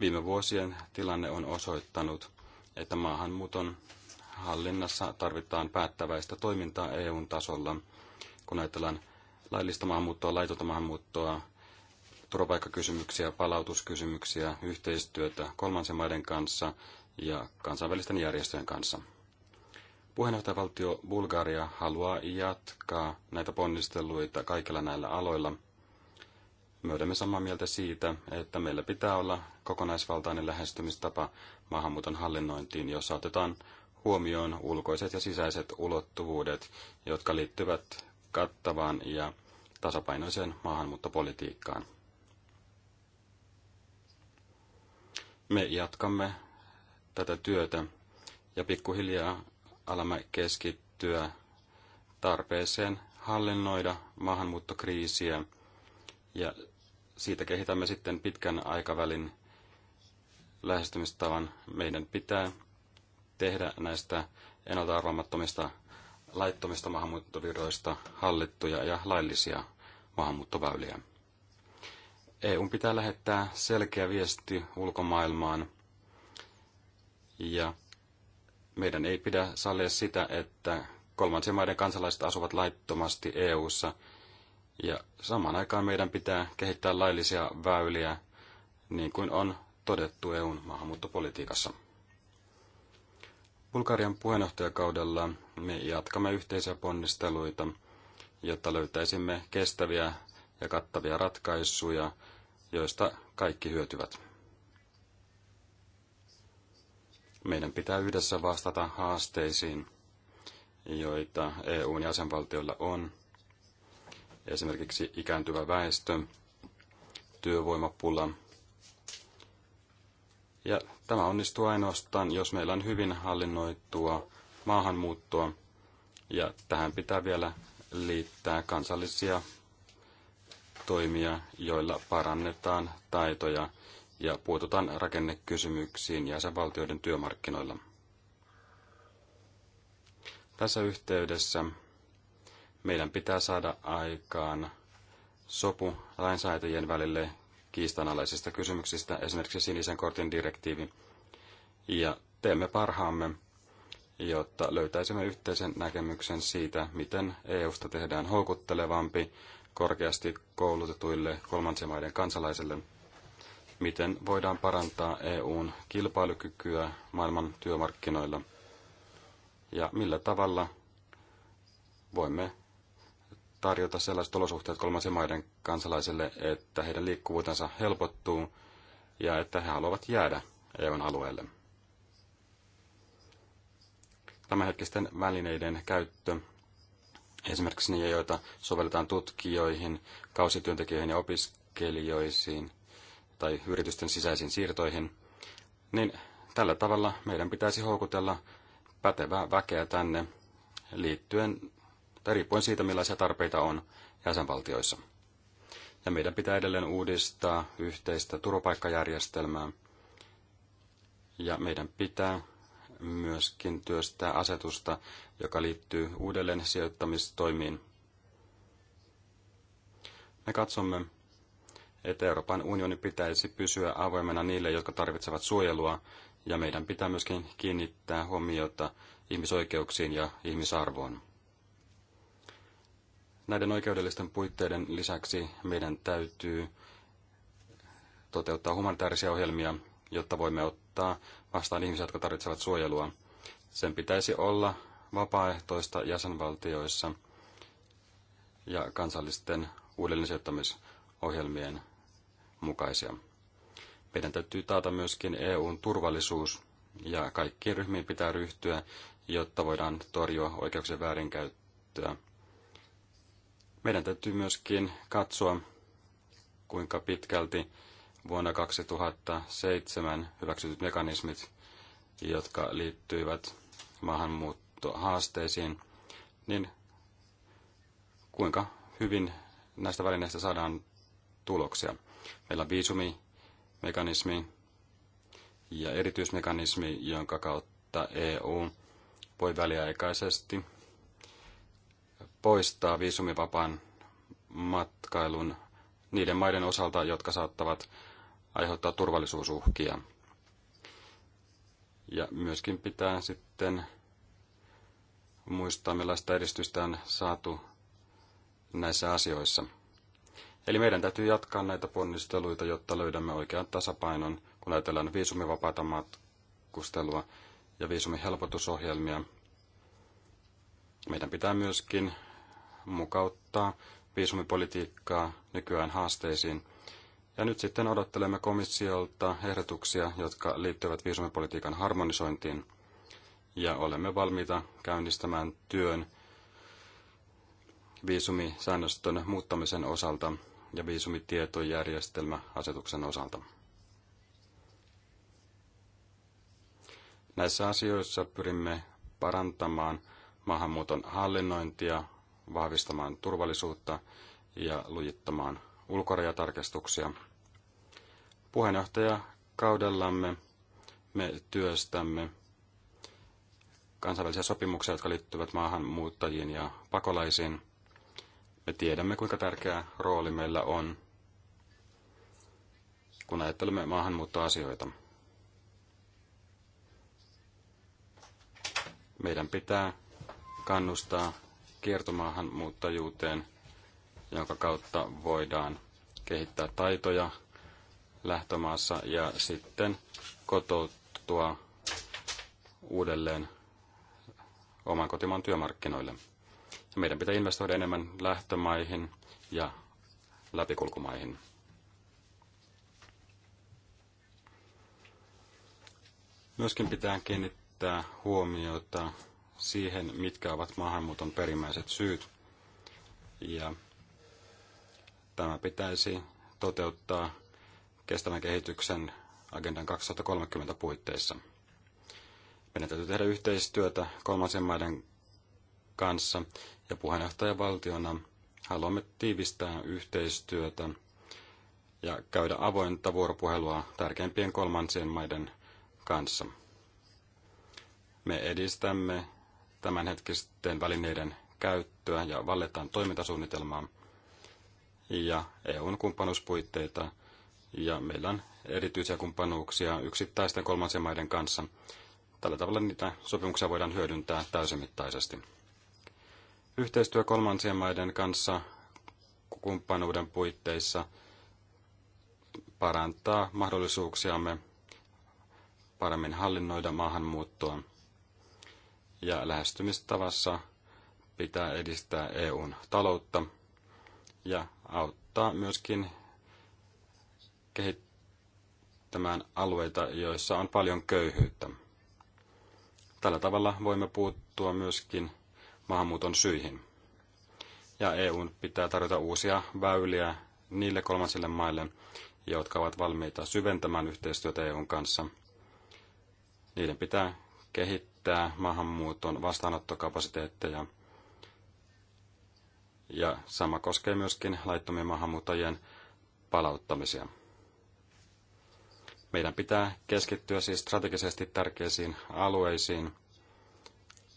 Viime vuosien tilanne on osoittanut, että maahanmuuton hallinnassa tarvitaan päättäväistä toimintaa EUn tasolla, kun ajatellaan laillista maahanmuuttoa, laitonta maahanmuuttoa, turvapaikkakysymyksiä, palautuskysymyksiä, yhteistyötä kolmansien maiden kanssa ja kansainvälisten järjestöjen kanssa. Puheenjohtajavaltio Bulgaria haluaa jatkaa näitä ponnisteluita kaikilla näillä aloilla. Me olemme samaa mieltä siitä, että meillä pitää olla kokonaisvaltainen lähestymistapa maahanmuuton hallinnointiin, jossa otetaan huomioon ulkoiset ja sisäiset ulottuvuudet, jotka liittyvät kattavaan ja tasapainoiseen maahanmuuttopolitiikkaan. Me jatkamme tätä työtä ja pikkuhiljaa alamme keskittyä tarpeeseen hallinnoida maahanmuuttokriisiä ja siitä kehitämme sitten pitkän aikavälin lähestymistavan. Meidän pitää tehdä näistä ennalta arvaamattomista laittomista maahanmuuttovirroista hallittuja ja laillisia maahanmuuttoväyliä. EU pitää lähettää selkeä viesti ulkomaailmaan ja meidän ei pidä sallia sitä, että kolmansien maiden kansalaiset asuvat laittomasti EU:ssa ja samaan aikaan meidän pitää kehittää laillisia väyliä, niin kuin on todettu EUn maahanmuuttopolitiikassa. Bulgarian puheenjohtajakaudella me jatkamme yhteisiä ponnisteluita, jotta löytäisimme kestäviä ja kattavia ratkaisuja, joista kaikki hyötyvät. Meidän pitää yhdessä vastata haasteisiin, joita EUn jäsenvaltioilla on. Esimerkiksi ikääntyvä väestö, työvoimapula. Ja tämä onnistuu ainoastaan, jos meillä on hyvin hallinnoitua maahanmuuttoa. Ja tähän pitää vielä liittää kansallisia toimia, joilla parannetaan taitoja ja puututaan rakennekysymyksiin jäsenvaltioiden työmarkkinoilla. Tässä yhteydessä meidän pitää saada aikaan sopu lainsäätäjien välille kiistanalaisista kysymyksistä, esimerkiksi sinisen kortin direktiivi, ja teemme parhaamme, jotta löytäisimme yhteisen näkemyksen siitä, miten EUsta tehdään houkuttelevampi korkeasti koulutetuille kolmansien maiden kansalaisille – miten voidaan parantaa EUn kilpailukykyä maailman työmarkkinoilla ja millä tavalla voimme tarjota sellaiset olosuhteet kolmansien maiden kansalaisille, että heidän liikkuvuutensa helpottuu ja että he haluavat jäädä EUn alueelle. Tämänhetkisten välineiden käyttö, esimerkiksi niitä, joita sovelletaan tutkijoihin, kausityöntekijöihin ja opiskelijoisiin – tai yritysten sisäisiin siirtoihin, niin tällä tavalla meidän pitäisi houkutella pätevää väkeä tänne liittyen tai riippuen siitä, millaisia tarpeita on jäsenvaltioissa. Ja meidän pitää edelleen uudistaa yhteistä turvapaikkajärjestelmää. Ja meidän pitää myöskin työstää asetusta, joka liittyy uudelleen sijoittamistoimiin. Me katsomme, että Euroopan unioni pitäisi pysyä avoimena niille, jotka tarvitsevat suojelua, ja meidän pitää myöskin kiinnittää huomiota ihmisoikeuksiin ja ihmisarvoon. Näiden oikeudellisten puitteiden lisäksi meidän täytyy toteuttaa humanitaarisia ohjelmia, jotta voimme ottaa vastaan ihmisiä, jotka tarvitsevat suojelua. Sen pitäisi olla vapaaehtoista jäsenvaltioissa ja kansallisten uudelleensijoittamisohjelmien mukaisia. Meidän täytyy taata myöskin EUn turvallisuus ja kaikkiin ryhmiin pitää ryhtyä, jotta voidaan torjua oikeuksien väärinkäyttöä. Meidän täytyy myöskin katsoa, kuinka pitkälti vuonna 2007 hyväksytyt mekanismit, jotka liittyivät maahanmuuttohaasteisiin, niin kuinka hyvin näistä välineistä saadaan tuloksia. Meillä on viisumimekanismi ja erityismekanismi, jonka kautta EU voi väliaikaisesti poistaa viisumivapaan matkailun niiden maiden osalta, jotka saattavat aiheuttaa turvallisuusuhkia. Ja myöskin pitää sitten muistaa, millaista edistystä on saatu näissä asioissa. Eli meidän täytyy jatkaa näitä ponnisteluita, jotta löydämme oikean tasapainon, kun ajatellaan viisumivapaata matkustelua ja viisumihelpotusohjelmia. Meidän pitää myöskin mukauttaa viisumipolitiikkaa nykyään haasteisiin. Ja nyt sitten odottelemme komissiolta ehdotuksia, jotka liittyvät viisumipolitiikan harmonisointiin. Ja olemme valmiita käynnistämään työn viisumisäännöstön muuttamisen osalta ja viisumitietojärjestelmä asetuksen osalta. Näissä asioissa pyrimme parantamaan maahanmuuton hallinnointia, vahvistamaan turvallisuutta ja lujittamaan ulkorajatarkastuksia. Puheenjohtaja kaudellamme me työstämme kansainvälisiä sopimuksia, jotka liittyvät maahanmuuttajiin ja pakolaisiin – me tiedämme, kuinka tärkeä rooli meillä on, kun ajattelemme maahanmuuttoasioita. Meidän pitää kannustaa kiertomaahanmuuttajuuteen, jonka kautta voidaan kehittää taitoja lähtömaassa ja sitten kotoutua uudelleen oman kotimaan työmarkkinoille meidän pitää investoida enemmän lähtömaihin ja läpikulkumaihin. Myöskin pitää kiinnittää huomiota siihen, mitkä ovat maahanmuuton perimmäiset syyt. Ja tämä pitäisi toteuttaa kestävän kehityksen agendan 2030 puitteissa. Meidän täytyy tehdä yhteistyötä kolmansien maiden kanssa ja puheenjohtajavaltiona haluamme tiivistää yhteistyötä ja käydä avointa vuoropuhelua tärkeimpien kolmansien maiden kanssa. Me edistämme tämänhetkisten välineiden käyttöä ja valletaan toimintasuunnitelmaa ja EUn kumppanuuspuitteita ja meillä on erityisiä kumppanuuksia yksittäisten kolmansien maiden kanssa. Tällä tavalla niitä sopimuksia voidaan hyödyntää täysimittaisesti. Yhteistyö kolmansien maiden kanssa kumppanuuden puitteissa parantaa mahdollisuuksiamme paremmin hallinnoida maahanmuuttoa ja lähestymistavassa pitää edistää EUn taloutta ja auttaa myöskin kehittämään alueita, joissa on paljon köyhyyttä. Tällä tavalla voimme puuttua myöskin maahanmuuton syihin. Ja EU pitää tarjota uusia väyliä niille kolmansille maille, jotka ovat valmiita syventämään yhteistyötä EUn kanssa. Niiden pitää kehittää maahanmuuton vastaanottokapasiteetteja. Ja sama koskee myöskin laittomien maahanmuuttajien palauttamisia. Meidän pitää keskittyä siis strategisesti tärkeisiin alueisiin,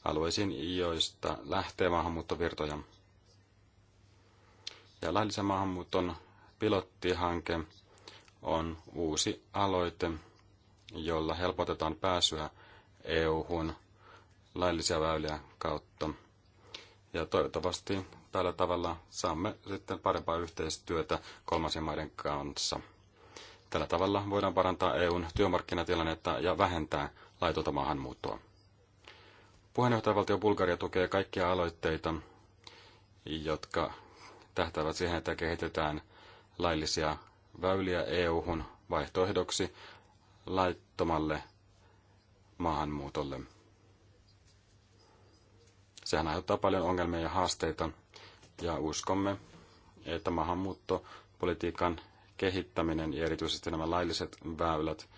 alueisiin, joista lähtee maahanmuuttovirtoja. Ja laillisen maahanmuuton pilottihanke on uusi aloite, jolla helpotetaan pääsyä EU-hun laillisia väyliä kautta. Ja toivottavasti tällä tavalla saamme sitten parempaa yhteistyötä kolmansien maiden kanssa. Tällä tavalla voidaan parantaa EUn työmarkkinatilannetta ja vähentää laitonta maahanmuuttoa. Puheenjohtajavaltio Bulgaria tukee kaikkia aloitteita, jotka tähtäävät siihen, että kehitetään laillisia väyliä EU-hun vaihtoehdoksi laittomalle maahanmuutolle. Sehän aiheuttaa paljon ongelmia ja haasteita, ja uskomme, että maahanmuuttopolitiikan kehittäminen ja erityisesti nämä lailliset väylät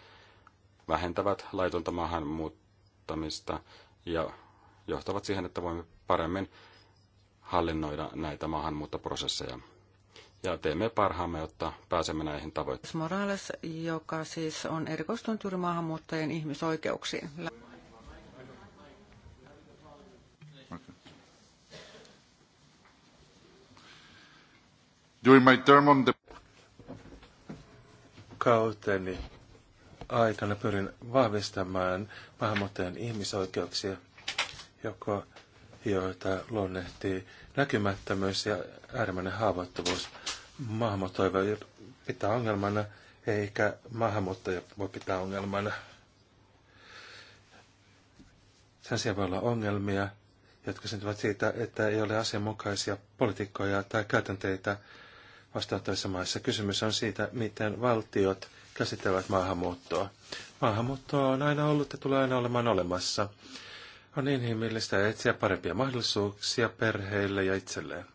vähentävät laitonta maahanmuuttamista ja johtavat siihen, että voimme paremmin hallinnoida näitä maahanmuuttoprosesseja. Ja teemme parhaamme, jotta pääsemme näihin tavoitteisiin. Morales, joka siis on erikoistunut juuri maahanmuuttajien ihmisoikeuksiin. During my term on the... Kauteni aikana pyrin vahvistamaan maahanmuuttajien ihmisoikeuksia – joka, joita luonnehtii näkymättömyys ja äärimmäinen haavoittuvuus. Maahanmuuttoiva pitää ongelmana, eikä maahanmuuttaja voi pitää ongelmana. Sen sijaan voi olla ongelmia, jotka syntyvät siitä, että ei ole asianmukaisia politiikkoja tai käytänteitä vastaanottavissa maissa. Kysymys on siitä, miten valtiot käsittelevät maahanmuuttoa. Maahanmuuttoa on aina ollut ja tulee aina olemaan olemassa. On inhimillistä etsiä parempia mahdollisuuksia perheille ja itselleen.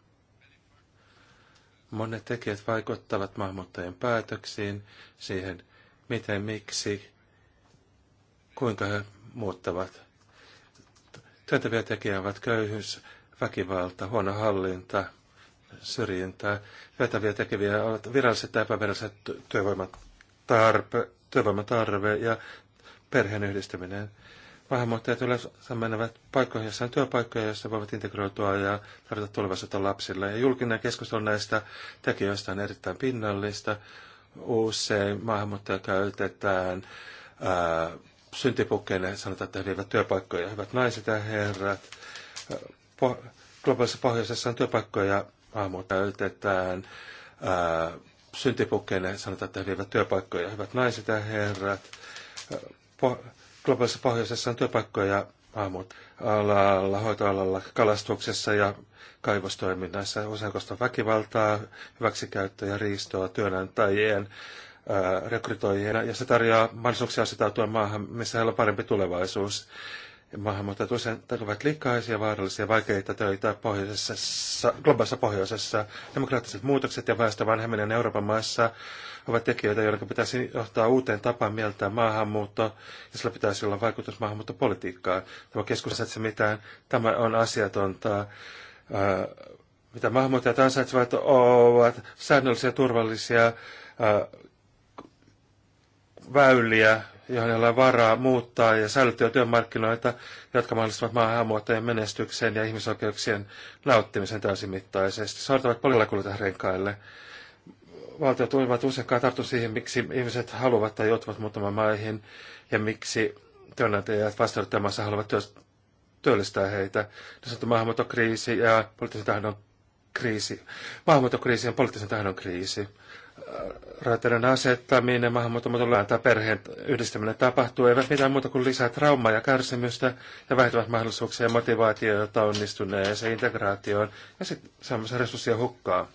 Monet tekijät vaikuttavat maahanmuuttajien päätöksiin, siihen miten, miksi, kuinka he muuttavat. Työntäviä tekijä ovat köyhyys, väkivalta, huono hallinta, syrjintää. Vetäviä tekeviä ovat viralliset tai epäviralliset työvoimatarpe, työvoimatarve ja perheen yhdistäminen maahanmuuttajat yleensä menevät paikkoihin, joissa on työpaikkoja, joissa voivat integroitua ja tarjota tulevaisuutta lapsille. Ja julkinen keskustelu näistä tekijöistä on erittäin pinnallista. Usein maahanmuuttaja käytetään syntipukkeina sanotaan, että he vievät työpaikkoja. Hyvät naiset ja herrat, po- globaalissa pohjoisessa on työpaikkoja, maahanmuuttaja käytetään syntipukkeina sanotaan, että he vievät työpaikkoja. Hyvät naiset ja herrat, po- globaalissa pohjoisessa on työpaikkoja aamut hoitoalalla, kalastuksessa ja kaivostoiminnassa. Usein koostaa väkivaltaa, hyväksikäyttöä ja riistoa työnantajien rekrytoijina, ja se tarjoaa mahdollisuuksia asetautua maahan, missä heillä on parempi tulevaisuus. Maahanmuuttajat usein tekevät likaisia, vaarallisia, vaikeita töitä pohjoisessa, globaalissa pohjoisessa. Demokraattiset muutokset ja väestön vanheminen Euroopan maissa ovat tekijöitä, joiden pitäisi johtaa uuteen tapaan mieltää maahanmuutto, ja sillä pitäisi olla vaikutus maahanmuuttopolitiikkaan. Tämä keskustelisi mitään, tämä on asiatonta mitä maahanmuuttajat ansaitsevat, ovat säännöllisiä, turvallisia ää, väyliä johon ei ole varaa muuttaa ja säilyttää työmarkkinoita, jotka mahdollistavat maahanmuuttajien menestyksen ja ihmisoikeuksien nauttimisen täysimittaisesti. Saattavat paljon renkaille. Valtiot ovat useinkaan tarttu siihen, miksi ihmiset haluavat tai joutuvat muuttamaan maihin ja miksi työnantajat vastaanottajamaassa haluavat työllistää heitä. Niin sanottu maahanmuuttokriisi ja poliittisen tahdon kriisi. Maahanmuuttokriisi ja poliittisen tahdon kriisi raiteiden asettaminen, maahanmuuttomuutolla antaa perheen yhdistäminen tapahtuu, eivät mitään muuta kuin lisää traumaa ja kärsimystä ja vähentävät mahdollisuuksia ja motivaatiota onnistuneeseen integraatioon ja sitten saamassa resursseja hukkaa.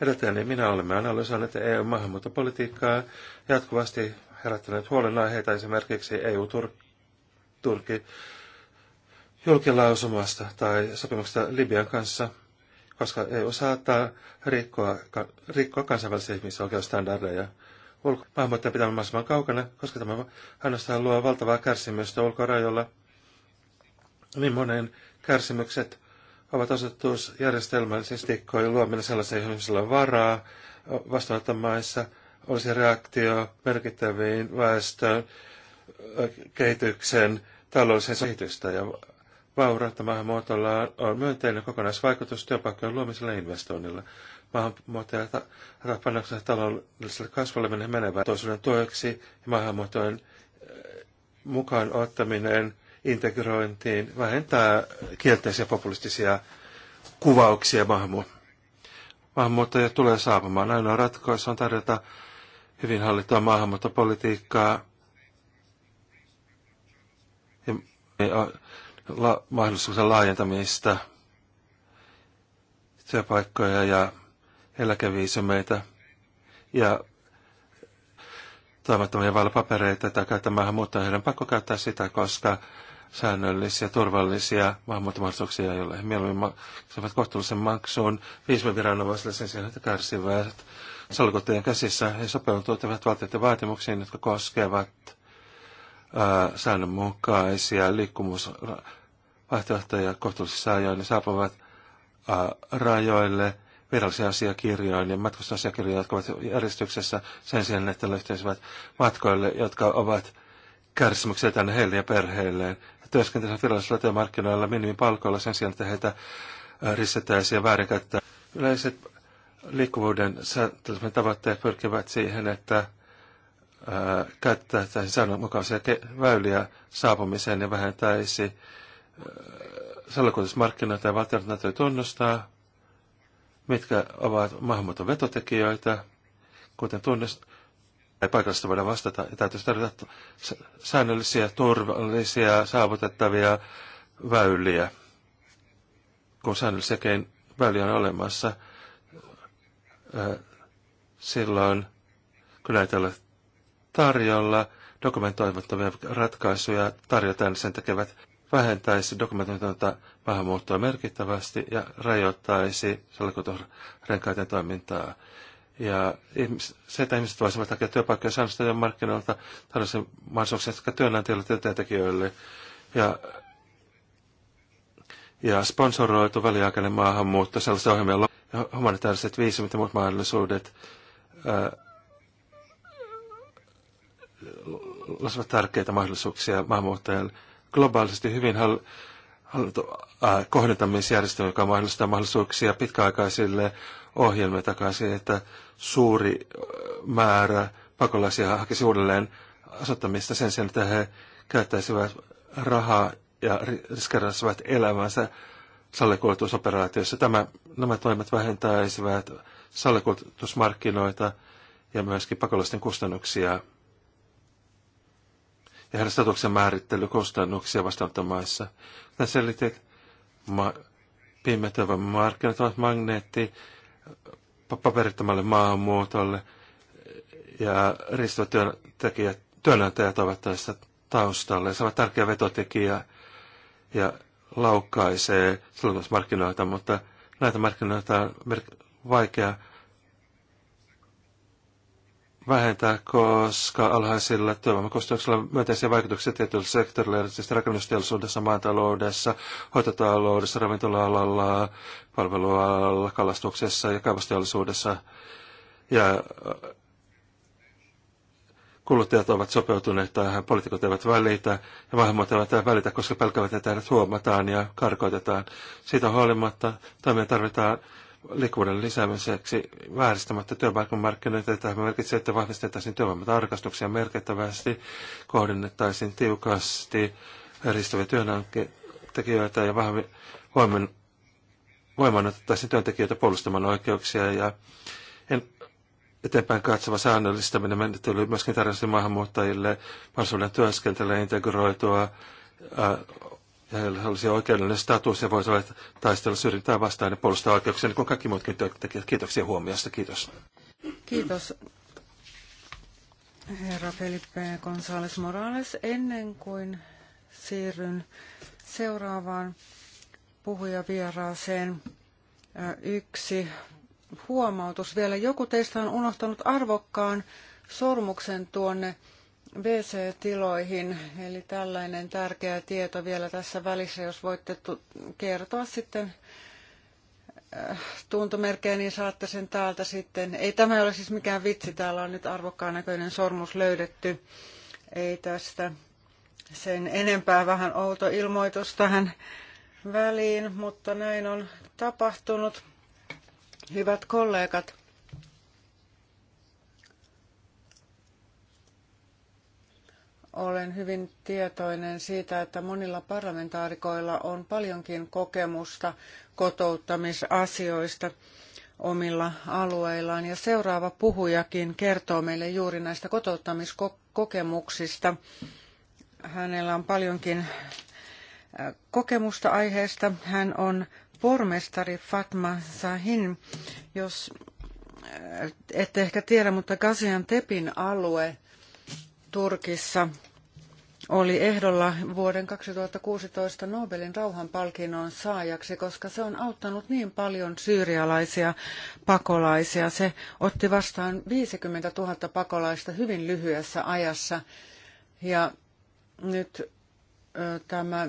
Edeltäjäni niin minä olemme analysoineet EU-maahanmuuttopolitiikkaa jatkuvasti herättäneet huolenaiheita esimerkiksi EU-Turkki julkilausumasta tai sopimuksesta Libian kanssa – koska EU saattaa rikkoa, rikkoa kansainvälisiä ihmisoikeusstandardeja. Ulko- maahanmuuttajan pitää mahdollisimman kaukana, koska tämä ainoastaan luo valtavaa kärsimystä ulkorajoilla. Niin monen kärsimykset ovat osoitus järjestelmällisesti, kun luominen sellaisen ihmisillä on varaa vastaanottomaissa, olisi reaktio merkittäviin väestön kehityksen taloudellisen kehitystä ja Vaurautta maahanmuutolla on myönteinen kokonaisvaikutus työpaikkojen luomisella investoinnilla. Maahanmuuttaja rapannuksella taloudelliselle kasvulle menevän toisuuden tueksi ja maahanmuuttojen eh, mukaan ottaminen integrointiin vähentää kielteisiä populistisia kuvauksia maahanmuuttajia. Maahanmuuttajia tulee saapumaan. Ainoa ratkaisu on tarjota hyvin hallittua maahanmuuttopolitiikkaa ja la- mahdollisuuden laajentamista, työpaikkoja ja eläkeviisumeita ja toivottomia vaalipapereita tai käyttämään on pakko käyttää sitä, koska säännöllisiä, turvallisia maahanmuuttomahdollisuuksia, joille ole. mieluummin maksavat kohtuullisen maksuun. Viisme viranomaisille sen sijaan, että kärsivät salkuttajien käsissä. He sopeutuvat valtioiden vaatimuksiin, jotka koskevat säännönmukaisia liikkumusra- vaihtoehtoja kohtuullisissa ajoin. Ne saapuvat äh, rajoille virallisia ja matkustusasiakirjoja, jotka ovat järjestyksessä sen sijaan, että löytäisivät matkoille, jotka ovat kärsimyksiä tänne heille ja perheilleen. He työskentelevät virallisilla työmarkkinoilla minimipalkoilla sen sijaan, että heitä äh, ristetäisiin ja väärinkäyttää. Yleiset liikkuvuuden tavoitteet pyrkivät siihen, että äh, käyttäisiin säännönmukaisia väyliä saapumiseen ja vähentäisi salakuljetusmarkkinoita ja valtiot täytyy tunnustaa, mitkä ovat maahanmuuton vetotekijöitä, kuten tunnistaa, tai paikallista voidaan vastata. Ja täytyisi tarjota säännöllisiä, turvallisia, saavutettavia väyliä, kun säännöllisiä väyliä on olemassa. Silloin, kun näitä ei ole tarjolla, dokumentoimattomia ratkaisuja tarjotaan, niin sen tekevät vähentäisi dokumentointia maahanmuuttoa merkittävästi ja rajoittaisi salkutorenkaiden toimintaa. Ja se, että ihmiset voisivat hakea työpaikkoja säännöstä markkinoilta, tarjosi mahdollisuuksia sekä työnantajille että työntekijöille. Ja ja sponsoroitu väliaikainen maahanmuutto, sellaisia ohjelmia, ja humanitaariset viisumit ja muut mahdollisuudet ää, olisivat tärkeitä mahdollisuuksia maahanmuuttajille globaalisti hyvin hall- äh, kohdentamisjärjestelmä, joka mahdollistaa mahdollisuuksia pitkäaikaisille ohjelmille takaisin, että suuri äh, määrä pakolaisia hakisi uudelleen asuttamista sen sijaan, että he käyttäisivät rahaa ja riskeräisivät elämänsä sallikuljetusoperaatioissa. Tämä, nämä toimet vähentäisivät sallikuljetusmarkkinoita ja myöskin pakolaisten kustannuksia ja heidän statuksen määrittely kustannuksia vastaanottomaissa. selitti, että ma- pimetöivän markkinat ovat magneetti paperittomalle maahanmuutolle ja riistävät työntekijät, työnantajat ovat tässä taustalla. Se on tärkeä vetotekijä ja laukkaisee silloin markkinoita, mutta näitä markkinoita on vaikea vähentää, koska alhaisilla työvoimakustannuksilla myönteisiä vaikutuksia tietyllä sektorilla, erityisesti rakennusteollisuudessa, maataloudessa, hoitotaloudessa, ravintola-alalla, palvelualalla, kalastuksessa ja kaivosteollisuudessa. Ja äh, kuluttajat ovat sopeutuneet tähän, poliitikot eivät välitä ja maahanmuuttajat eivät, välitä, koska pelkävät, että heidät huomataan ja karkoitetaan. Siitä huolimatta toimia tarvitaan liikkuvuuden lisäämiseksi vääristämättä työpaikkamarkkinoita. Tämä merkitsee, että vahvistettaisiin työvoimatarkastuksia merkittävästi, kohdennettaisiin tiukasti eristäviä työntekijöitä ja vahvi, huomen, voimaan otettaisiin työntekijöitä puolustamaan oikeuksia ja en, eteenpäin katsova säännöllistäminen menettely myöskin tarjosi maahanmuuttajille mahdollisuuden työskentelyä integroitua ää, ja heillä olisi oikeudellinen status ja olla taistella syrjintää vastaan ja puolustaa oikeuksia, niin kuin kaikki muutkin työntekijät. Kiitoksia huomiosta. Kiitos. Kiitos. Herra Felipe González Morales, ennen kuin siirryn seuraavaan puhujavieraaseen, yksi huomautus vielä. Joku teistä on unohtanut arvokkaan sormuksen tuonne WC-tiloihin, eli tällainen tärkeä tieto vielä tässä välissä, jos voitte kertoa sitten äh, tuntomerkkejä, niin saatte sen täältä sitten. Ei tämä ole siis mikään vitsi, täällä on nyt arvokkaan näköinen sormus löydetty. Ei tästä sen enempää vähän outo ilmoitus tähän väliin, mutta näin on tapahtunut. Hyvät kollegat, Olen hyvin tietoinen siitä, että monilla parlamentaarikoilla on paljonkin kokemusta kotouttamisasioista omilla alueillaan. Ja seuraava puhujakin kertoo meille juuri näistä kotouttamiskokemuksista. Hänellä on paljonkin kokemusta aiheesta. Hän on pormestari Fatma Sahin, jos ette ehkä tiedä, mutta Gaziantepin alue Turkissa oli ehdolla vuoden 2016 Nobelin rauhanpalkinnon saajaksi, koska se on auttanut niin paljon syyrialaisia pakolaisia. Se otti vastaan 50 000 pakolaista hyvin lyhyessä ajassa. Ja nyt tämä,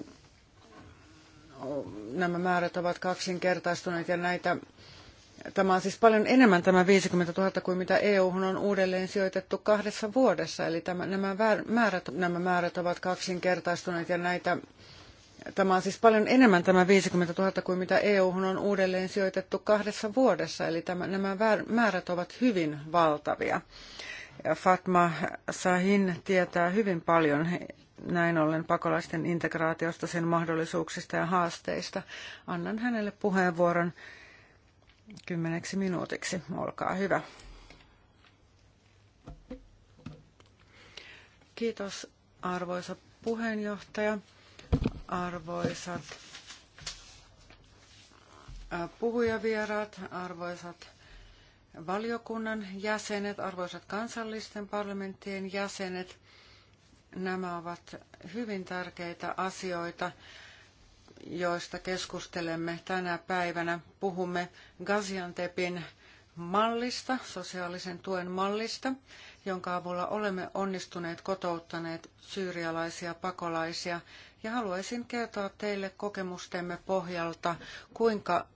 nämä määrät ovat kaksinkertaistuneet ja näitä Tämä on siis paljon enemmän tämä 50 000 kuin mitä eu on uudelleen sijoitettu kahdessa vuodessa. Eli tämä, nämä, määrät, nämä määrät ovat kaksinkertaistuneet ja näitä, tämä on siis paljon enemmän tämä 50 000 kuin mitä eu on uudelleen sijoitettu kahdessa vuodessa. Eli tämä, nämä määrät ovat hyvin valtavia. Ja Fatma Sahin tietää hyvin paljon näin ollen pakolaisten integraatiosta, sen mahdollisuuksista ja haasteista. Annan hänelle puheenvuoron kymmeneksi minuutiksi. Olkaa hyvä. Kiitos arvoisa puheenjohtaja, arvoisat puhujavieraat, arvoisat valiokunnan jäsenet, arvoisat kansallisten parlamenttien jäsenet. Nämä ovat hyvin tärkeitä asioita joista keskustelemme tänä päivänä. Puhumme Gaziantepin mallista, sosiaalisen tuen mallista, jonka avulla olemme onnistuneet kotouttaneet syyrialaisia pakolaisia. Ja haluaisin kertoa teille kokemustemme pohjalta, kuinka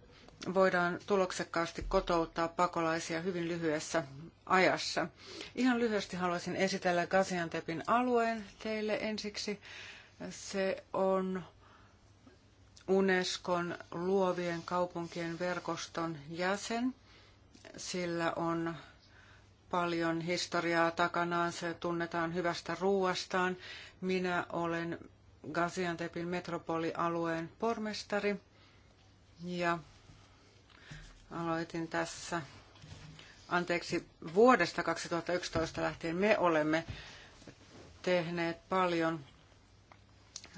voidaan tuloksekkaasti kotouttaa pakolaisia hyvin lyhyessä ajassa. Ihan lyhyesti haluaisin esitellä Gaziantepin alueen teille ensiksi. Se on Unescon luovien kaupunkien verkoston jäsen. Sillä on paljon historiaa takanaan, se tunnetaan hyvästä ruuastaan. Minä olen Gaziantepin metropolialueen pormestari ja aloitin tässä, anteeksi, vuodesta 2011 lähtien me olemme tehneet paljon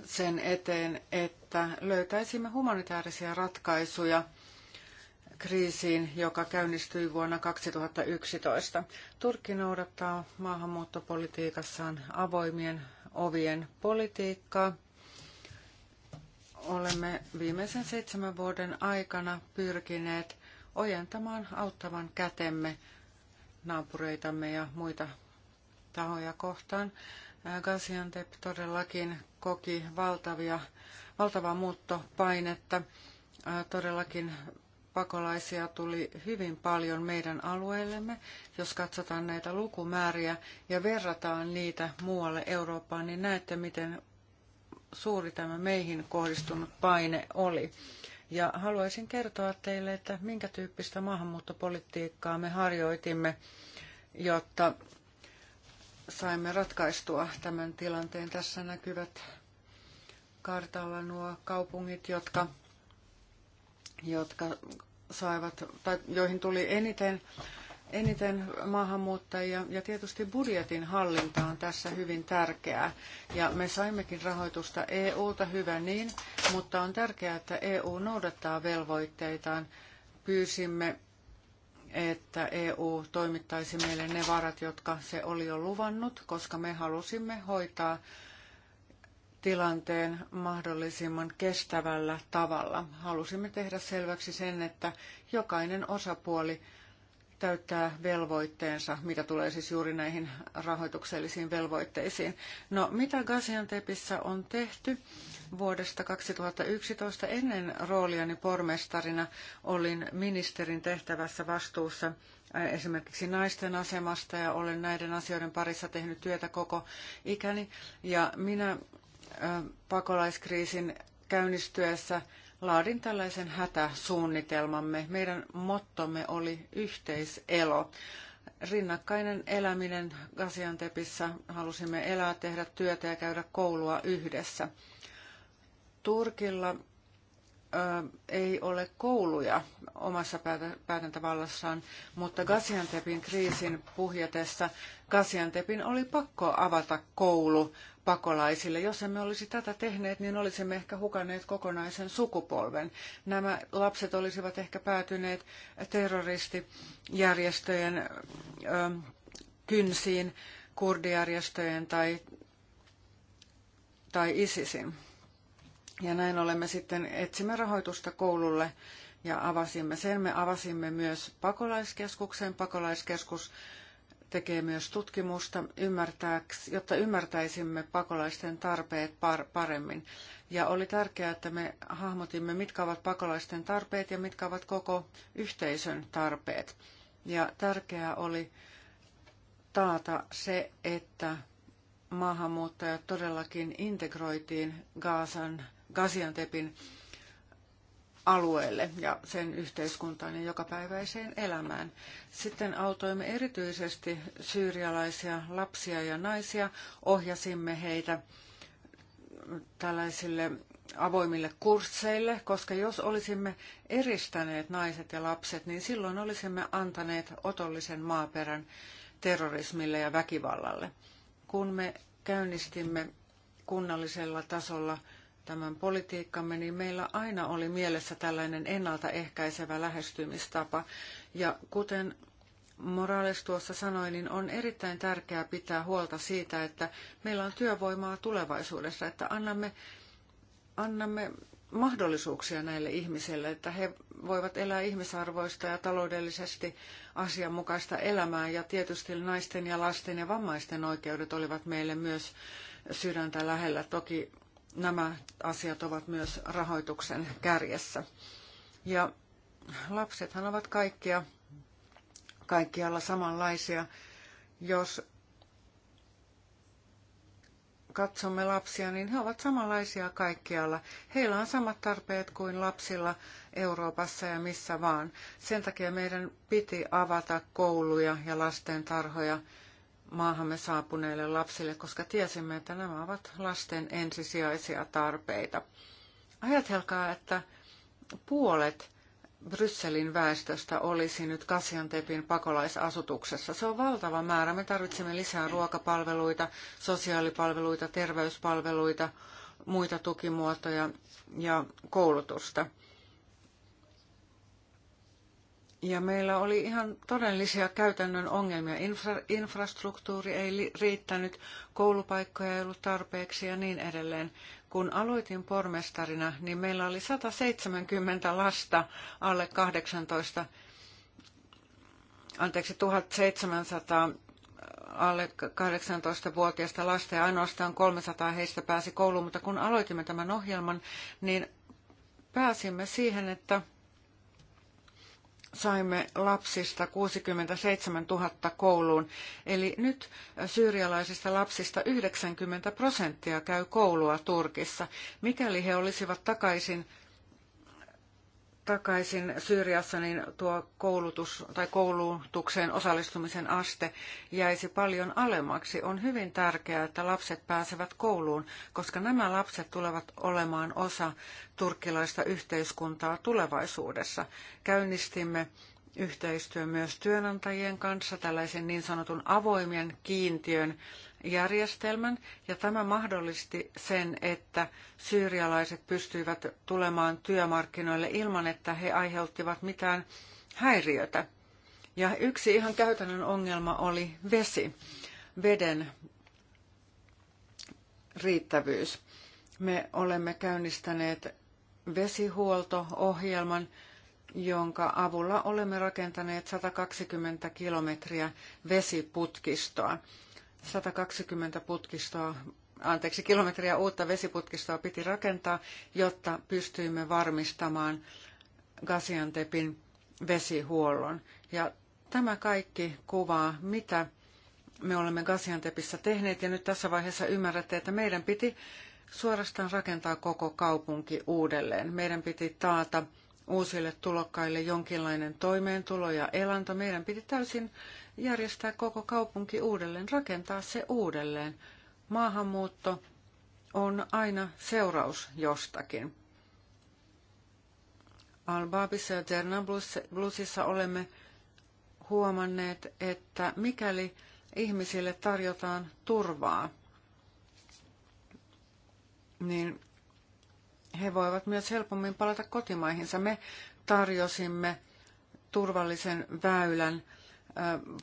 sen eteen, että että löytäisimme humanitaarisia ratkaisuja kriisiin, joka käynnistyi vuonna 2011. Turkki noudattaa maahanmuuttopolitiikassaan avoimien ovien politiikkaa. Olemme viimeisen seitsemän vuoden aikana pyrkineet ojentamaan auttavan kätemme naapureitamme ja muita tahoja kohtaan. Gaziantep todellakin koki valtavia valtavaa muuttopainetta. Todellakin pakolaisia tuli hyvin paljon meidän alueellemme. Jos katsotaan näitä lukumääriä ja verrataan niitä muualle Eurooppaan, niin näette, miten suuri tämä meihin kohdistunut paine oli. Ja haluaisin kertoa teille, että minkä tyyppistä maahanmuuttopolitiikkaa me harjoitimme, jotta saimme ratkaistua tämän tilanteen. Tässä näkyvät kartalla nuo kaupungit, jotka, jotka saivat, tai joihin tuli eniten, eniten maahanmuuttajia. Ja tietysti budjetin hallinta on tässä hyvin tärkeää. Ja me saimmekin rahoitusta EUlta, hyvä niin, mutta on tärkeää, että EU noudattaa velvoitteitaan. Pyysimme että EU toimittaisi meille ne varat, jotka se oli jo luvannut, koska me halusimme hoitaa tilanteen mahdollisimman kestävällä tavalla. Halusimme tehdä selväksi sen, että jokainen osapuoli täyttää velvoitteensa, mitä tulee siis juuri näihin rahoituksellisiin velvoitteisiin. No, mitä Gaziantepissa on tehty? Vuodesta 2011 ennen rooliani pormestarina olin ministerin tehtävässä vastuussa esimerkiksi naisten asemasta ja olen näiden asioiden parissa tehnyt työtä koko ikäni. Ja minä pakolaiskriisin käynnistyessä laadin tällaisen hätäsuunnitelmamme. Meidän mottomme oli yhteiselo. Rinnakkainen eläminen Gaziantepissa. Halusimme elää, tehdä työtä ja käydä koulua yhdessä. Turkilla ö, ei ole kouluja omassa päätäntävallassaan, mutta Gaziantepin kriisin puhjetessa Gaziantepin oli pakko avata koulu pakolaisille. Jos emme olisi tätä tehneet, niin olisimme ehkä hukanneet kokonaisen sukupolven. Nämä lapset olisivat ehkä päätyneet terroristijärjestöjen ö, ähm, kynsiin, kurdijärjestöjen tai, tai ISISin. Ja näin olemme sitten etsimme rahoitusta koululle ja avasimme sen. Me avasimme myös pakolaiskeskuksen. Pakolaiskeskus tekee myös tutkimusta, ymmärtääks, jotta ymmärtäisimme pakolaisten tarpeet paremmin. Ja oli tärkeää, että me hahmotimme, mitkä ovat pakolaisten tarpeet ja mitkä ovat koko yhteisön tarpeet. Ja tärkeää oli taata se, että maahanmuuttajat todellakin integroitiin Gaasan, Gaziantepin alueelle ja sen yhteiskuntaan ja jokapäiväiseen elämään. Sitten autoimme erityisesti syyrialaisia lapsia ja naisia, ohjasimme heitä tällaisille avoimille kursseille, koska jos olisimme eristäneet naiset ja lapset, niin silloin olisimme antaneet otollisen maaperän terrorismille ja väkivallalle. Kun me käynnistimme kunnallisella tasolla tämän politiikkamme, niin meillä aina oli mielessä tällainen ennaltaehkäisevä lähestymistapa. Ja kuten Morales tuossa sanoi, niin on erittäin tärkeää pitää huolta siitä, että meillä on työvoimaa tulevaisuudessa, että annamme, annamme mahdollisuuksia näille ihmisille, että he voivat elää ihmisarvoista ja taloudellisesti asianmukaista elämää. Ja tietysti naisten ja lasten ja vammaisten oikeudet olivat meille myös sydäntä lähellä. Toki nämä asiat ovat myös rahoituksen kärjessä. Ja lapsethan ovat kaikkia, kaikkialla samanlaisia. Jos katsomme lapsia, niin he ovat samanlaisia kaikkialla. Heillä on samat tarpeet kuin lapsilla Euroopassa ja missä vaan. Sen takia meidän piti avata kouluja ja lastentarhoja tarhoja maahamme saapuneille lapsille, koska tiesimme, että nämä ovat lasten ensisijaisia tarpeita. Ajatelkaa, että puolet Brysselin väestöstä olisi nyt Kasiantepin pakolaisasutuksessa. Se on valtava määrä. Me tarvitsemme lisää ruokapalveluita, sosiaalipalveluita, terveyspalveluita, muita tukimuotoja ja koulutusta. Ja meillä oli ihan todellisia käytännön ongelmia. Infra, infrastruktuuri ei riittänyt, koulupaikkoja ei ollut tarpeeksi ja niin edelleen. Kun aloitin pormestarina, niin meillä oli 170 lasta alle 18, anteeksi 1700 äh, alle 18-vuotiaista lasta ja ainoastaan 300 heistä pääsi kouluun, mutta kun aloitimme tämän ohjelman, niin pääsimme siihen, että saimme lapsista 67 000 kouluun. Eli nyt syyrialaisista lapsista 90 prosenttia käy koulua Turkissa. Mikäli he olisivat takaisin takaisin Syyriassa, niin tuo koulutus tai koulutukseen osallistumisen aste jäisi paljon alemmaksi. On hyvin tärkeää, että lapset pääsevät kouluun, koska nämä lapset tulevat olemaan osa turkkilaista yhteiskuntaa tulevaisuudessa. Käynnistimme yhteistyö myös työnantajien kanssa tällaisen niin sanotun avoimen kiintiön järjestelmän ja tämä mahdollisti sen, että syyrialaiset pystyivät tulemaan työmarkkinoille ilman, että he aiheuttivat mitään häiriötä. Ja yksi ihan käytännön ongelma oli vesi, veden riittävyys. Me olemme käynnistäneet vesihuolto-ohjelman, jonka avulla olemme rakentaneet 120 kilometriä vesiputkistoa. 120 putkistoa, anteeksi, kilometriä uutta vesiputkistoa piti rakentaa, jotta pystyimme varmistamaan Gaziantepin vesihuollon. Ja tämä kaikki kuvaa, mitä me olemme Gaziantepissa tehneet, ja nyt tässä vaiheessa ymmärrätte, että meidän piti suorastaan rakentaa koko kaupunki uudelleen. Meidän piti taata uusille tulokkaille jonkinlainen toimeentulo ja elanto. Meidän piti täysin järjestää koko kaupunki uudelleen, rakentaa se uudelleen. Maahanmuutto on aina seuraus jostakin. Albaabissa ja Ternablusissa olemme huomanneet, että mikäli ihmisille tarjotaan turvaa, niin he voivat myös helpommin palata kotimaihinsa. Me tarjosimme turvallisen väylän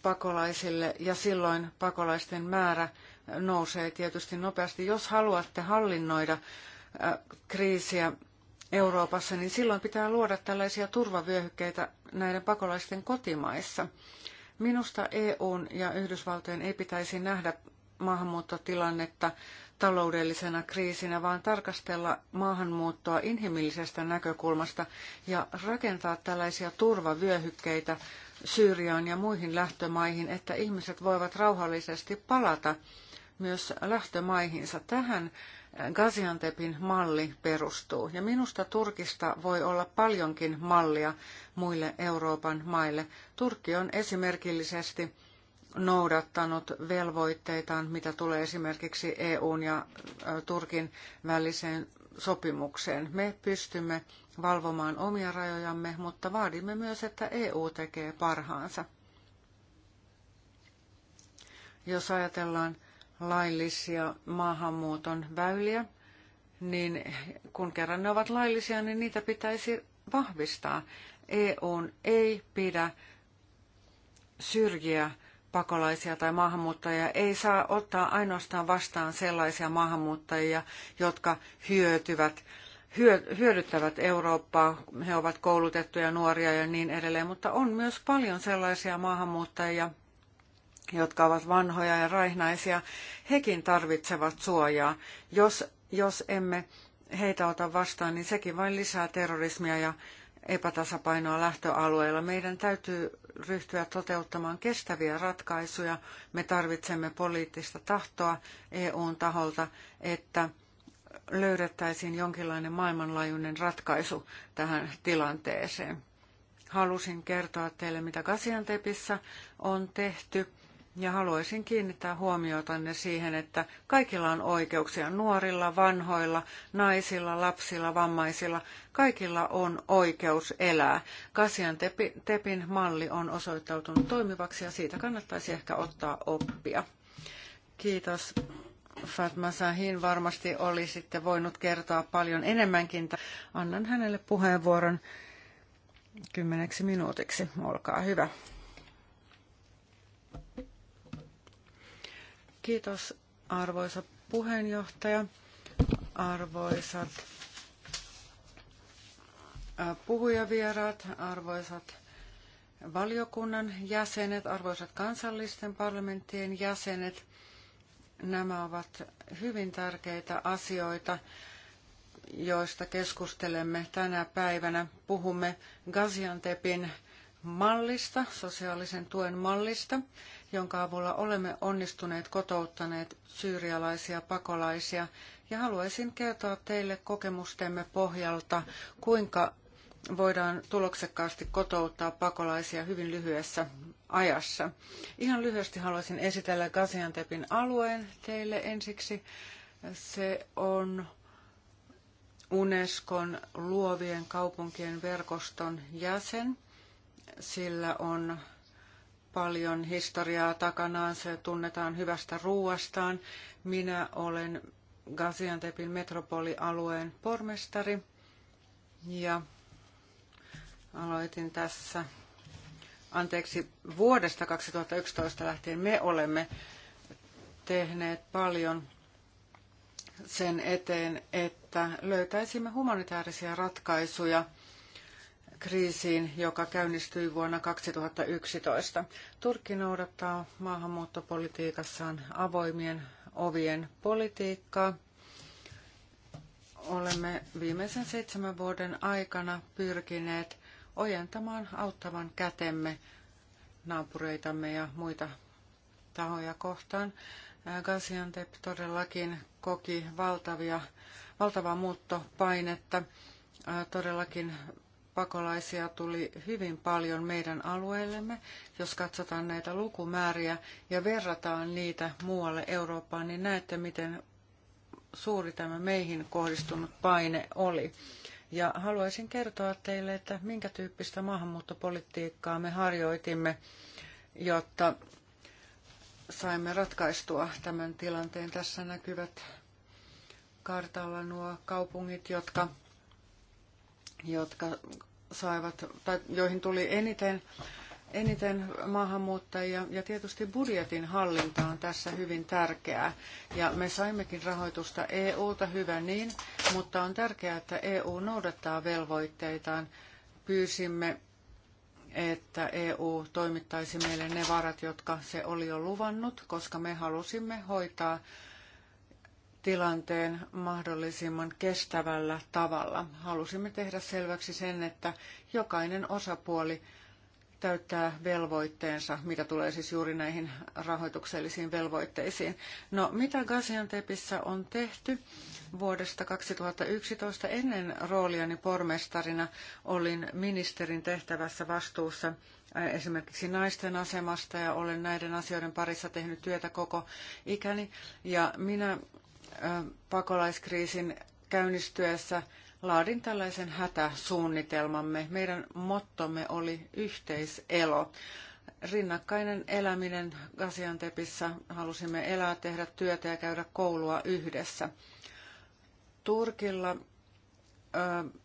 pakolaisille ja silloin pakolaisten määrä nousee tietysti nopeasti. Jos haluatte hallinnoida kriisiä Euroopassa, niin silloin pitää luoda tällaisia turvavyöhykkeitä näiden pakolaisten kotimaissa. Minusta EUn ja Yhdysvaltojen ei pitäisi nähdä maahanmuuttotilannetta taloudellisena kriisinä, vaan tarkastella maahanmuuttoa inhimillisestä näkökulmasta ja rakentaa tällaisia turvavyöhykkeitä Syyriaan ja muihin lähtömaihin, että ihmiset voivat rauhallisesti palata myös lähtömaihinsa. Tähän Gaziantepin malli perustuu. Ja minusta Turkista voi olla paljonkin mallia muille Euroopan maille. Turkki on esimerkillisesti noudattanut velvoitteitaan, mitä tulee esimerkiksi EUn ja Turkin väliseen sopimukseen. Me pystymme valvomaan omia rajojamme, mutta vaadimme myös, että EU tekee parhaansa. Jos ajatellaan laillisia maahanmuuton väyliä, niin kun kerran ne ovat laillisia, niin niitä pitäisi vahvistaa. EUn ei pidä syrjiä pakolaisia tai maahanmuuttajia ei saa ottaa ainoastaan vastaan sellaisia maahanmuuttajia, jotka hyötyvät, hyödyttävät Eurooppaa, he ovat koulutettuja nuoria ja niin edelleen, mutta on myös paljon sellaisia maahanmuuttajia, jotka ovat vanhoja ja raihnaisia, hekin tarvitsevat suojaa. Jos, jos emme heitä ota vastaan, niin sekin vain lisää terrorismia ja epätasapainoa lähtöalueilla. Meidän täytyy ryhtyä toteuttamaan kestäviä ratkaisuja. Me tarvitsemme poliittista tahtoa EUn taholta, että löydettäisiin jonkinlainen maailmanlaajuinen ratkaisu tähän tilanteeseen. Halusin kertoa teille, mitä Gaziantepissa on tehty ja haluaisin kiinnittää huomiotanne siihen, että kaikilla on oikeuksia. Nuorilla, vanhoilla, naisilla, lapsilla, vammaisilla. Kaikilla on oikeus elää. Kasian Tepin malli on osoittautunut toimivaksi ja siitä kannattaisi ehkä ottaa oppia. Kiitos. Fatma Sahin varmasti oli sitten voinut kertoa paljon enemmänkin. Annan hänelle puheenvuoron kymmeneksi minuutiksi. Olkaa hyvä. Kiitos arvoisa puheenjohtaja, arvoisat puhujavieraat, arvoisat valiokunnan jäsenet, arvoisat kansallisten parlamenttien jäsenet. Nämä ovat hyvin tärkeitä asioita, joista keskustelemme tänä päivänä. Puhumme Gaziantepin mallista, sosiaalisen tuen mallista, jonka avulla olemme onnistuneet kotouttaneet syyrialaisia pakolaisia. Ja haluaisin kertoa teille kokemustemme pohjalta, kuinka voidaan tuloksekkaasti kotouttaa pakolaisia hyvin lyhyessä ajassa. Ihan lyhyesti haluaisin esitellä Gaziantepin alueen teille ensiksi. Se on Unescon luovien kaupunkien verkoston jäsen. Sillä on paljon historiaa takanaan, se tunnetaan hyvästä ruuastaan. Minä olen Gaziantepin metropolialueen pormestari ja aloitin tässä, anteeksi, vuodesta 2011 lähtien me olemme tehneet paljon sen eteen, että löytäisimme humanitaarisia ratkaisuja kriisiin, joka käynnistyi vuonna 2011. Turkki noudattaa maahanmuuttopolitiikassaan avoimien ovien politiikkaa. Olemme viimeisen seitsemän vuoden aikana pyrkineet ojentamaan auttavan kätemme naapureitamme ja muita tahoja kohtaan. Gaziantep todellakin koki valtavia, valtavaa muuttopainetta todellakin pakolaisia tuli hyvin paljon meidän alueellemme. Jos katsotaan näitä lukumääriä ja verrataan niitä muualle Eurooppaan, niin näette, miten suuri tämä meihin kohdistunut paine oli. Ja haluaisin kertoa teille, että minkä tyyppistä maahanmuuttopolitiikkaa me harjoitimme, jotta saimme ratkaistua tämän tilanteen. Tässä näkyvät kartalla nuo kaupungit, jotka jotka saivat, tai joihin tuli eniten, eniten maahanmuuttajia. Ja tietysti budjetin hallinta on tässä hyvin tärkeää. Ja me saimmekin rahoitusta EUlta, hyvä niin, mutta on tärkeää, että EU noudattaa velvoitteitaan. Pyysimme että EU toimittaisi meille ne varat, jotka se oli jo luvannut, koska me halusimme hoitaa tilanteen mahdollisimman kestävällä tavalla. Halusimme tehdä selväksi sen, että jokainen osapuoli täyttää velvoitteensa, mitä tulee siis juuri näihin rahoituksellisiin velvoitteisiin. No, mitä Gaziantepissa on tehty? Vuodesta 2011 ennen rooliani pormestarina olin ministerin tehtävässä vastuussa äh, esimerkiksi naisten asemasta ja olen näiden asioiden parissa tehnyt työtä koko ikäni. Ja minä pakolaiskriisin käynnistyessä laadin tällaisen hätäsuunnitelmamme. Meidän mottomme oli yhteiselo. Rinnakkainen eläminen Gaziantepissa. Halusimme elää, tehdä työtä ja käydä koulua yhdessä. Turkilla ö,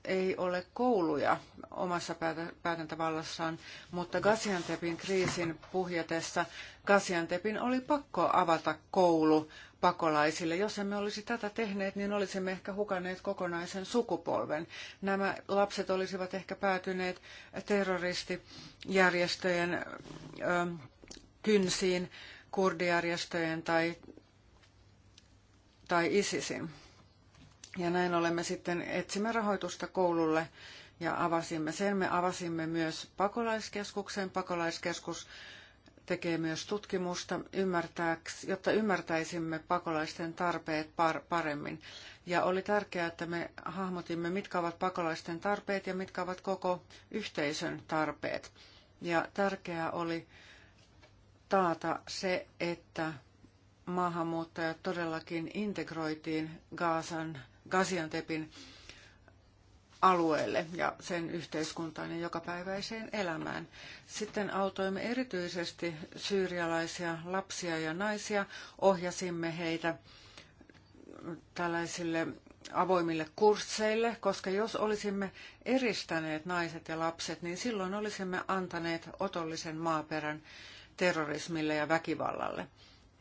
ei ole kouluja omassa päätäntävallassaan, mutta Gaziantepin kriisin puhjetessa Gaziantepin oli pakko avata koulu pakolaisille. Jos emme olisi tätä tehneet, niin olisimme ehkä hukanneet kokonaisen sukupolven. Nämä lapset olisivat ehkä päätyneet terroristijärjestöjen ö, ähm, kynsiin, kurdijärjestöjen tai, tai ISISin. Ja näin olemme sitten etsimme rahoitusta koululle ja avasimme sen. Me avasimme myös pakolaiskeskuksen. Pakolaiskeskus tekee myös tutkimusta, jotta ymmärtäisimme pakolaisten tarpeet paremmin. Ja oli tärkeää, että me hahmotimme, mitkä ovat pakolaisten tarpeet ja mitkä ovat koko yhteisön tarpeet. Ja tärkeää oli taata se, että maahanmuuttajat todellakin integroitiin Gaasan, Gaziantepin alueelle ja sen yhteiskuntaan ja jokapäiväiseen elämään. Sitten autoimme erityisesti syyrialaisia lapsia ja naisia, ohjasimme heitä tällaisille avoimille kursseille, koska jos olisimme eristäneet naiset ja lapset, niin silloin olisimme antaneet otollisen maaperän terrorismille ja väkivallalle.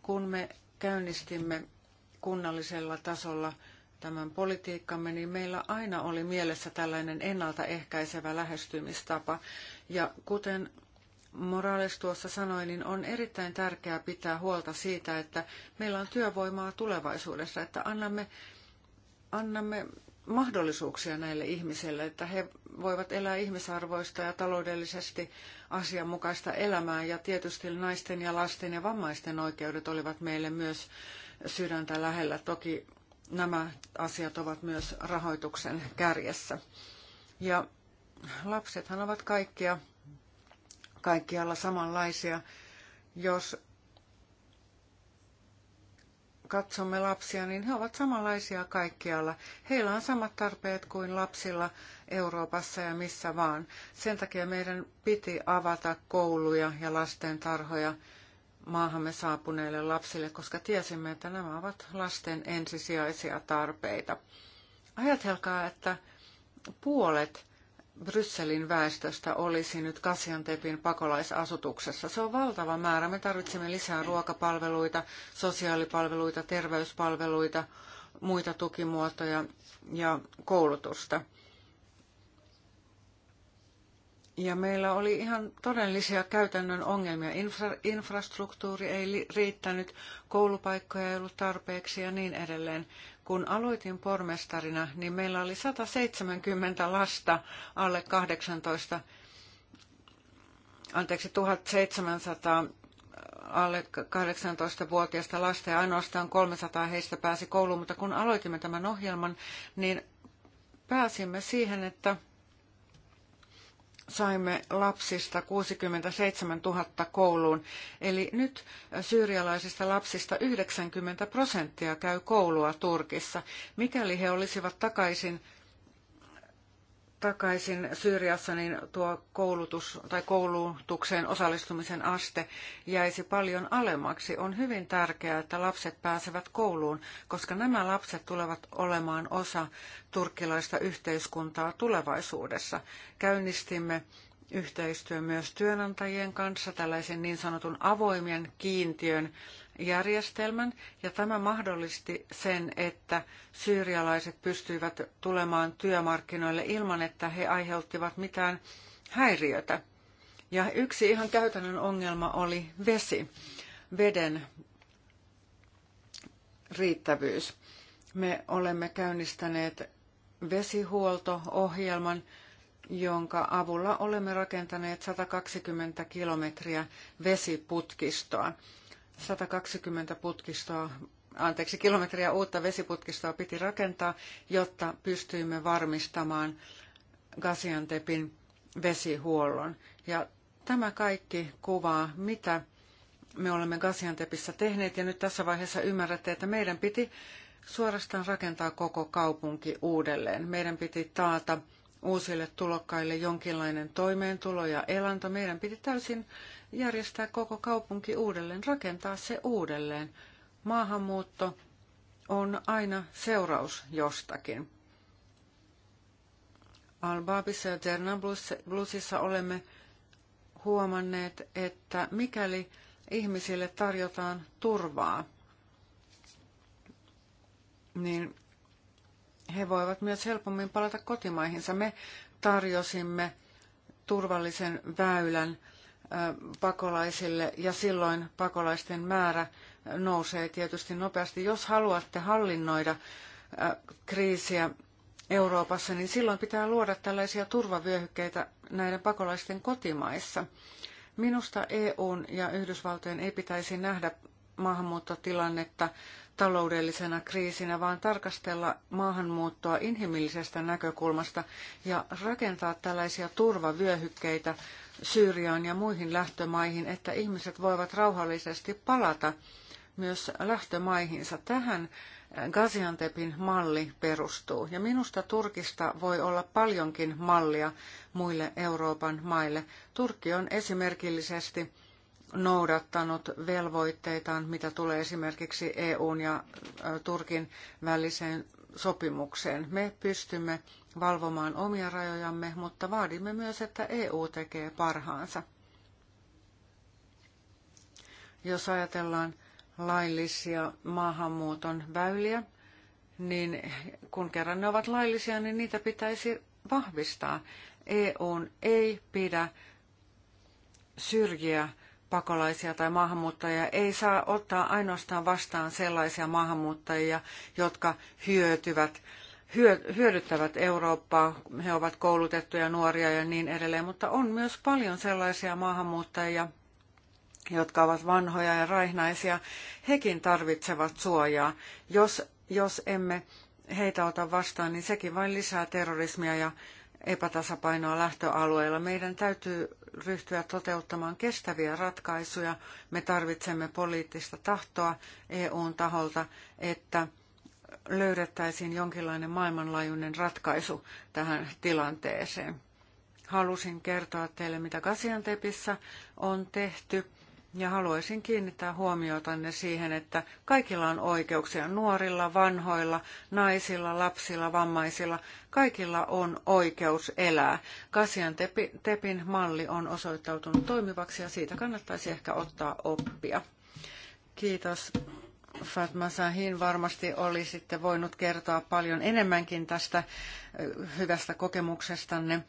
Kun me käynnistimme kunnallisella tasolla tämän politiikkamme, niin meillä aina oli mielessä tällainen ennaltaehkäisevä lähestymistapa. Ja kuten Morales tuossa sanoi, niin on erittäin tärkeää pitää huolta siitä, että meillä on työvoimaa tulevaisuudessa, että annamme, annamme mahdollisuuksia näille ihmisille, että he voivat elää ihmisarvoista ja taloudellisesti asianmukaista elämää. Ja tietysti naisten ja lasten ja vammaisten oikeudet olivat meille myös sydäntä lähellä. Toki nämä asiat ovat myös rahoituksen kärjessä. Ja lapsethan ovat kaikkia, kaikkialla samanlaisia. Jos katsomme lapsia, niin he ovat samanlaisia kaikkialla. Heillä on samat tarpeet kuin lapsilla Euroopassa ja missä vaan. Sen takia meidän piti avata kouluja ja lastentarhoja tarhoja maahamme saapuneille lapsille, koska tiesimme, että nämä ovat lasten ensisijaisia tarpeita. Ajatelkaa, että puolet Brysselin väestöstä olisi nyt Kasiantepin pakolaisasutuksessa. Se on valtava määrä. Me tarvitsemme lisää ruokapalveluita, sosiaalipalveluita, terveyspalveluita, muita tukimuotoja ja koulutusta. Ja meillä oli ihan todellisia käytännön ongelmia. Infra, infrastruktuuri ei riittänyt, koulupaikkoja ei ollut tarpeeksi ja niin edelleen. Kun aloitin pormestarina, niin meillä oli 170 lasta alle 18, anteeksi 1700 alle 18-vuotiaista lasta ja ainoastaan 300 heistä pääsi kouluun, mutta kun aloitimme tämän ohjelman, niin pääsimme siihen, että saimme lapsista 67 000 kouluun. Eli nyt syyrialaisista lapsista 90 prosenttia käy koulua Turkissa. Mikäli he olisivat takaisin takaisin Syyriassa, niin tuo koulutus tai koulutukseen osallistumisen aste jäisi paljon alemmaksi. On hyvin tärkeää, että lapset pääsevät kouluun, koska nämä lapset tulevat olemaan osa turkkilaista yhteiskuntaa tulevaisuudessa. Käynnistimme yhteistyö myös työnantajien kanssa tällaisen niin sanotun avoimen kiintiön järjestelmän ja tämä mahdollisti sen, että syyrialaiset pystyivät tulemaan työmarkkinoille ilman, että he aiheuttivat mitään häiriötä. Ja yksi ihan käytännön ongelma oli vesi, veden riittävyys. Me olemme käynnistäneet vesihuolto-ohjelman, jonka avulla olemme rakentaneet 120 kilometriä vesiputkistoa. 120 putkistoa, anteeksi, kilometriä uutta vesiputkistoa piti rakentaa, jotta pystyimme varmistamaan Gaziantepin vesihuollon. Ja tämä kaikki kuvaa, mitä me olemme Gaziantepissa tehneet, ja nyt tässä vaiheessa ymmärrätte, että meidän piti suorastaan rakentaa koko kaupunki uudelleen. Meidän piti taata uusille tulokkaille jonkinlainen toimeentulo ja elanto. Meidän piti täysin järjestää koko kaupunki uudelleen, rakentaa se uudelleen. Maahanmuutto on aina seuraus jostakin. Albaabissa ja Ternablusissa olemme huomanneet, että mikäli ihmisille tarjotaan turvaa, niin he voivat myös helpommin palata kotimaihinsa. Me tarjosimme turvallisen väylän pakolaisille ja silloin pakolaisten määrä nousee tietysti nopeasti. Jos haluatte hallinnoida kriisiä Euroopassa, niin silloin pitää luoda tällaisia turvavyöhykkeitä näiden pakolaisten kotimaissa. Minusta EUn ja Yhdysvaltojen ei pitäisi nähdä maahanmuuttotilannetta taloudellisena kriisinä, vaan tarkastella maahanmuuttoa inhimillisestä näkökulmasta ja rakentaa tällaisia turvavyöhykkeitä Syyriaan ja muihin lähtömaihin, että ihmiset voivat rauhallisesti palata myös lähtömaihinsa. Tähän Gaziantepin malli perustuu. Ja minusta Turkista voi olla paljonkin mallia muille Euroopan maille. Turkki on esimerkillisesti noudattanut velvoitteitaan, mitä tulee esimerkiksi EUn ja Turkin väliseen sopimukseen. Me pystymme valvomaan omia rajojamme, mutta vaadimme myös, että EU tekee parhaansa. Jos ajatellaan laillisia maahanmuuton väyliä, niin kun kerran ne ovat laillisia, niin niitä pitäisi vahvistaa. EUn ei pidä syrjiä pakolaisia tai maahanmuuttajia ei saa ottaa ainoastaan vastaan sellaisia maahanmuuttajia, jotka hyötyvät, hyödyttävät Eurooppaa, he ovat koulutettuja nuoria ja niin edelleen, mutta on myös paljon sellaisia maahanmuuttajia, jotka ovat vanhoja ja raihnaisia, hekin tarvitsevat suojaa. Jos, jos emme heitä ota vastaan, niin sekin vain lisää terrorismia ja epätasapainoa lähtöalueilla. Meidän täytyy ryhtyä toteuttamaan kestäviä ratkaisuja, me tarvitsemme poliittista tahtoa EUn taholta, että löydettäisiin jonkinlainen maailmanlaajuinen ratkaisu tähän tilanteeseen. Halusin kertoa teille, mitä Kasiantepissa on tehty ja haluaisin kiinnittää huomiotanne siihen, että kaikilla on oikeuksia. Nuorilla, vanhoilla, naisilla, lapsilla, vammaisilla. Kaikilla on oikeus elää. Kasian Tepin malli on osoittautunut toimivaksi ja siitä kannattaisi ehkä ottaa oppia. Kiitos. Fatma Sahin varmasti sitten voinut kertoa paljon enemmänkin tästä hyvästä kokemuksestanne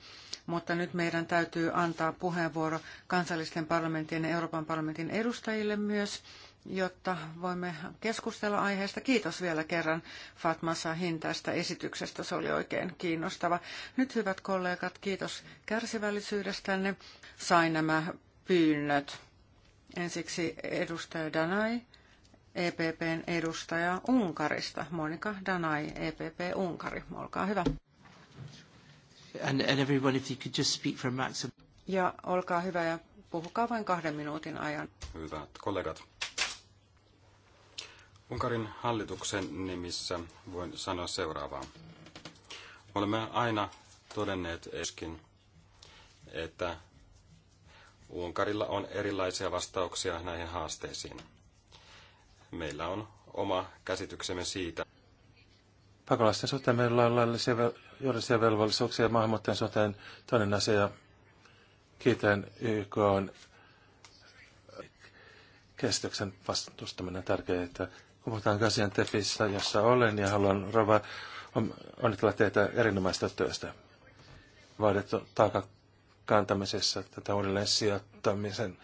mutta nyt meidän täytyy antaa puheenvuoro kansallisten parlamenttien ja Euroopan parlamentin edustajille myös, jotta voimme keskustella aiheesta. Kiitos vielä kerran Fatma Sahin tästä esityksestä, se oli oikein kiinnostava. Nyt hyvät kollegat, kiitos kärsivällisyydestänne. Sain nämä pyynnöt. Ensiksi edustaja Danai. EPPn edustaja Unkarista, Monika Danai, EPP Unkari. Olkaa hyvä and, and everyone if you could just speak for maximum. Ja olkaa hyvä ja puhukaa vain kahden minuutin ajan. Hyvät kollegat. Unkarin hallituksen nimissä voin sanoa seuraavaa. Olemme aina todenneet eskin, että Unkarilla on erilaisia vastauksia näihin haasteisiin. Meillä on oma käsityksemme siitä, Pakolaisten suhteen meillä on laillisia juridisia velvollisuuksia ja maahanmuuttajien suhteen toinen asia. Kiitän YK on kestyksen vastustaminen tärkeää, että kun puhutaan Gaziantepissa, jossa olen ja haluan rova onnitella teitä erinomaista työstä. Vaadittu taakan kantamisessa tätä uudelleen sijoittamisen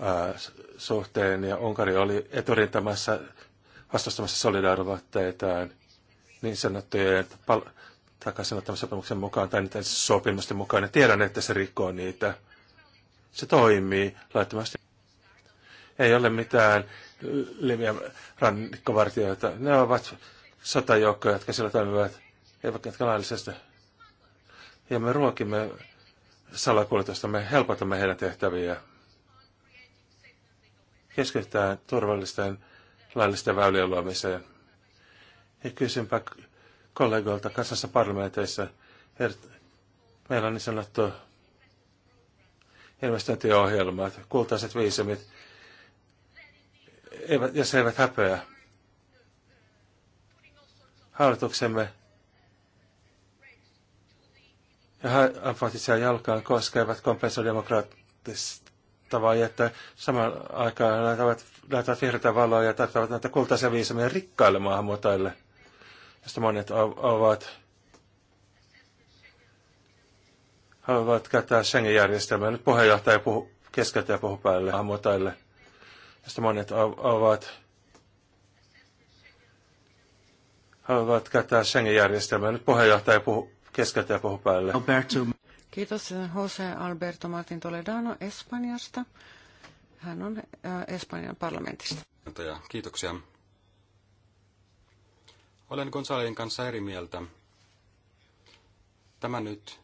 ää, suhteen ja Unkari oli eturintamassa vastustamassa solidaarivaatteitaan niin sanottujen pal- sopimuksen mukaan tai niiden sopimusten mukaan. Ja niin tiedän, että se rikkoo niitä. Se toimii laittomasti. Ei ole mitään liviä rannikkovartijoita. Ne ovat sotajoukkoja, jotka siellä toimivat, eivät jotka laillisesti. Ja me ruokimme salakuljetusta, me helpotamme heidän tehtäviä. Keskitytään turvallisten laillisten väylien luomiseen. Ja kysynpä kollegoilta kansassa parlamenteissa. Meillä on niin sanottu investointiohjelmat, kultaiset viisumit, eivät, jos he eivät häpeä. Hallituksemme ja ampuvat jalkaan, koskevat eivät kompensoi demokraattista Samaan aikaan näyttävät, vihreitä valoa ja näitä kultaisia viisumia rikkaille maahanmuuttajille josta monet ovat haluavat käyttää Schengen-järjestelmää. Nyt puheenjohtaja puhuu keskeltä ja puhuu päälle hahmotaille, josta monet ovat haluavat käyttää Schengen-järjestelmää. Nyt puheenjohtaja puhuu keskeltä ja puhuu päälle. Alberto. Kiitos Jose Alberto Martin Toledano Espanjasta. Hän on Espanjan parlamentista. Kiitoksia. Olen Gonsalin kanssa eri mieltä. Tämä nyt,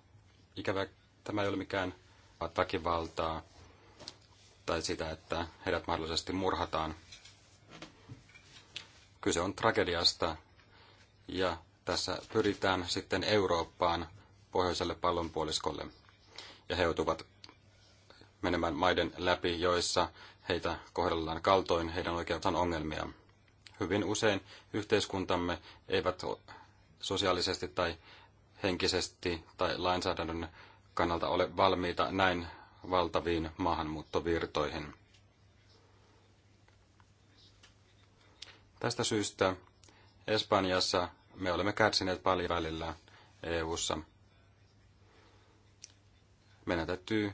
ikävä, tämä ei ole mikään väkivaltaa tai sitä, että heidät mahdollisesti murhataan. Kyse on tragediasta ja tässä pyritään sitten Eurooppaan pohjoiselle pallonpuoliskolle. Ja he joutuvat menemään maiden läpi, joissa heitä kohdellaan kaltoin, heidän oikeutan ongelmiaan. Hyvin usein yhteiskuntamme eivät sosiaalisesti tai henkisesti tai lainsäädännön kannalta ole valmiita näin valtaviin maahanmuuttovirtoihin. Tästä syystä Espanjassa me olemme kärsineet paljon välillä EU-ssa. Meidän täytyy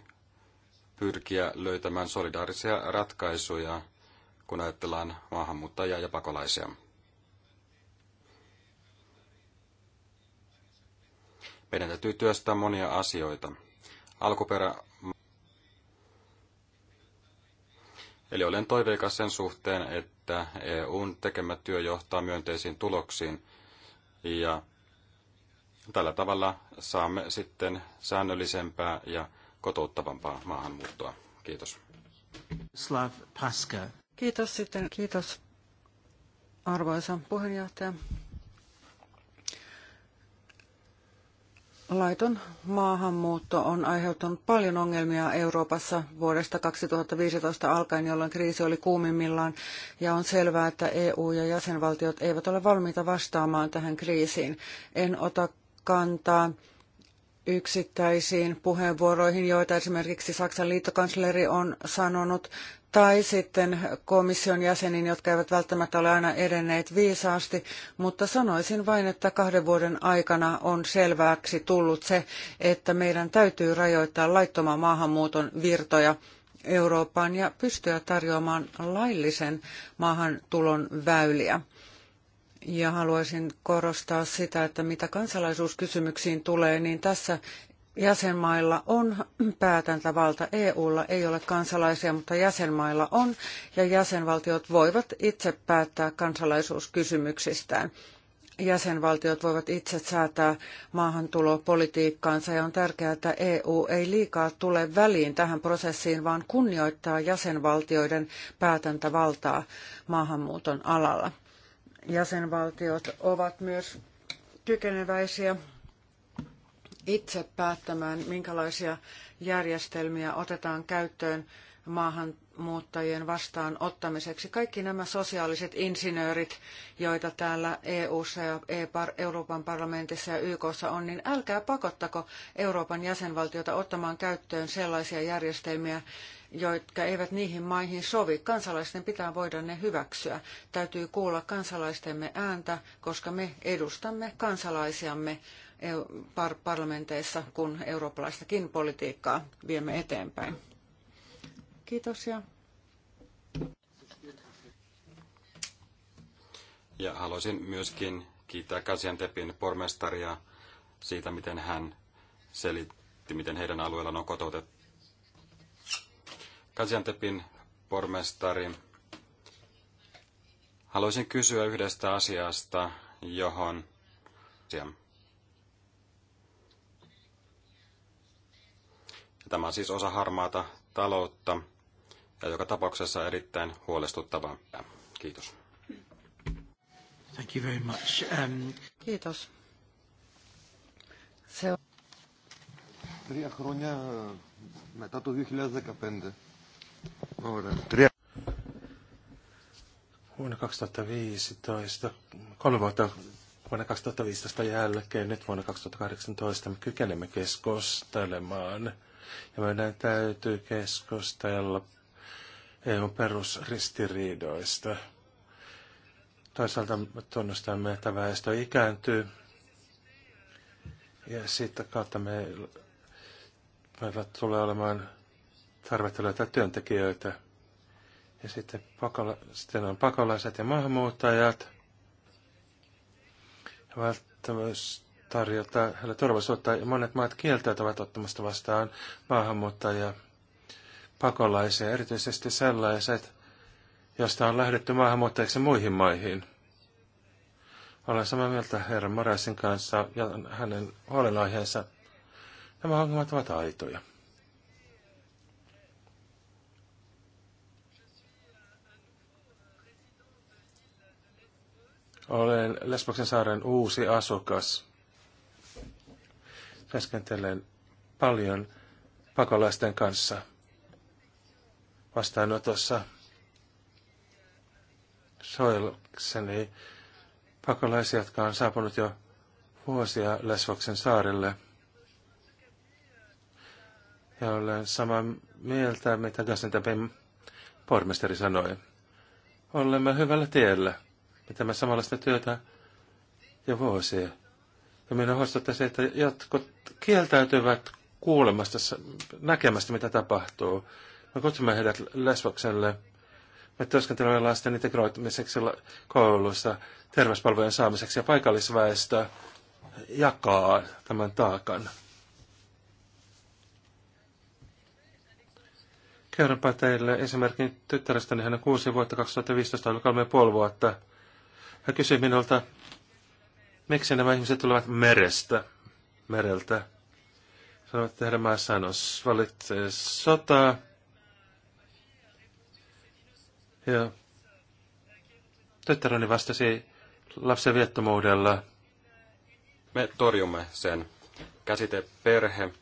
pyrkiä löytämään solidaarisia ratkaisuja kun ajatellaan maahanmuuttajia ja pakolaisia. Meidän täytyy työstää monia asioita. Alkuperä... Eli olen toiveikas sen suhteen, että EUn tekemä työ johtaa myönteisiin tuloksiin ja tällä tavalla saamme sitten säännöllisempää ja kotouttavampaa maahanmuuttoa. Kiitos. Slav Paska. Kiitos sitten, kiitos arvoisa puheenjohtaja. Laiton maahanmuutto on aiheuttanut paljon ongelmia Euroopassa vuodesta 2015 alkaen, jolloin kriisi oli kuumimmillaan, ja on selvää, että EU ja jäsenvaltiot eivät ole valmiita vastaamaan tähän kriisiin. En ota kantaa yksittäisiin puheenvuoroihin, joita esimerkiksi Saksan liittokansleri on sanonut tai sitten komission jäseniin, jotka eivät välttämättä ole aina edenneet viisaasti, mutta sanoisin vain, että kahden vuoden aikana on selväksi tullut se, että meidän täytyy rajoittaa laittoman maahanmuuton virtoja Eurooppaan ja pystyä tarjoamaan laillisen maahantulon väyliä. Ja haluaisin korostaa sitä, että mitä kansalaisuuskysymyksiin tulee, niin tässä jäsenmailla on päätäntävalta. EUlla ei ole kansalaisia, mutta jäsenmailla on, ja jäsenvaltiot voivat itse päättää kansalaisuuskysymyksistään. Jäsenvaltiot voivat itse säätää maahantulopolitiikkaansa ja on tärkeää, että EU ei liikaa tule väliin tähän prosessiin, vaan kunnioittaa jäsenvaltioiden päätäntävaltaa maahanmuuton alalla. Jäsenvaltiot ovat myös kykeneväisiä itse päättämään, minkälaisia järjestelmiä otetaan käyttöön maahanmuuttajien vastaanottamiseksi. Kaikki nämä sosiaaliset insinöörit, joita täällä EU:ssa ja e Euroopan parlamentissa ja YKssa on, niin älkää pakottako Euroopan jäsenvaltioita ottamaan käyttöön sellaisia järjestelmiä, jotka eivät niihin maihin sovi. Kansalaisten pitää voida ne hyväksyä. Täytyy kuulla kansalaistemme ääntä, koska me edustamme kansalaisiamme parlamenteissa kuin eurooppalaistakin politiikkaa viemme eteenpäin. Kiitos ja... Ja haluaisin myöskin kiittää Kasiantepin pormestaria siitä, miten hän selitti, miten heidän alueellaan on kotoutettu. Kasiantepin pormestari, haluaisin kysyä yhdestä asiasta, johon... Tämä on siis osa harmaata taloutta ja joka tapauksessa erittäin huolestuttavaa. Kiitos. Thank you very much. Um... Kiitos. Se on... Τρία χρόνια μετά το 2015. Ωραία. Τρία. Vuonna 2015, kolme vuotta vuonna 2015 jälkeen, nyt vuonna 2018 me kykenemme keskustelemaan ja meidän täytyy keskustella EUn perusristiriidoista. Toisaalta tunnustamme, että väestö ikääntyy. Ja siitä kautta meillä, meillä tulee olemaan tarvetta löytää työntekijöitä. Ja sitten, pakola, sitten on pakolaiset ja maahanmuuttajat. Ja välttämättä tarjota heille turvallisuutta. Ja monet maat kieltäytyvät ottamasta vastaan maahanmuuttajia, pakolaisia, erityisesti sellaiset, joista on lähdetty maahanmuuttajiksi muihin maihin. Olen samaa mieltä herran Moraisin kanssa ja hänen huolenaiheensa. Nämä ongelmat ovat aitoja. Olen Lesboksen saaren uusi asukas työskentelee paljon pakolaisten kanssa vastaanotossa suojelukseni pakolaisia, jotka on saapunut jo vuosia Lesvoksen saarelle. Ja olen samaa mieltä, mitä Gassentabin pormesteri sanoi. Olemme hyvällä tiellä. Me teemme samanlaista työtä jo vuosia. Ja minä huolestuttaa se, että jotkut kieltäytyvät kuulemasta, näkemästä, mitä tapahtuu. Me kutsumme heidät lesbokselle. Me työskentelemme lasten integroitumiseksi koulussa, terveyspalvelujen saamiseksi ja paikallisväestö jakaa tämän taakan. Kerronpa teille esimerkin tyttärestäni, hän on kuusi vuotta 2015, oli kolme ja puoli vuotta. Hän kysyi minulta, Miksi nämä ihmiset tulevat merestä, mereltä? Sanovat, että herra sanos. valitsee sotaa. Ja tyttäroni vastasi lapsen viettomuudella. Me torjumme sen. Käsite perhe,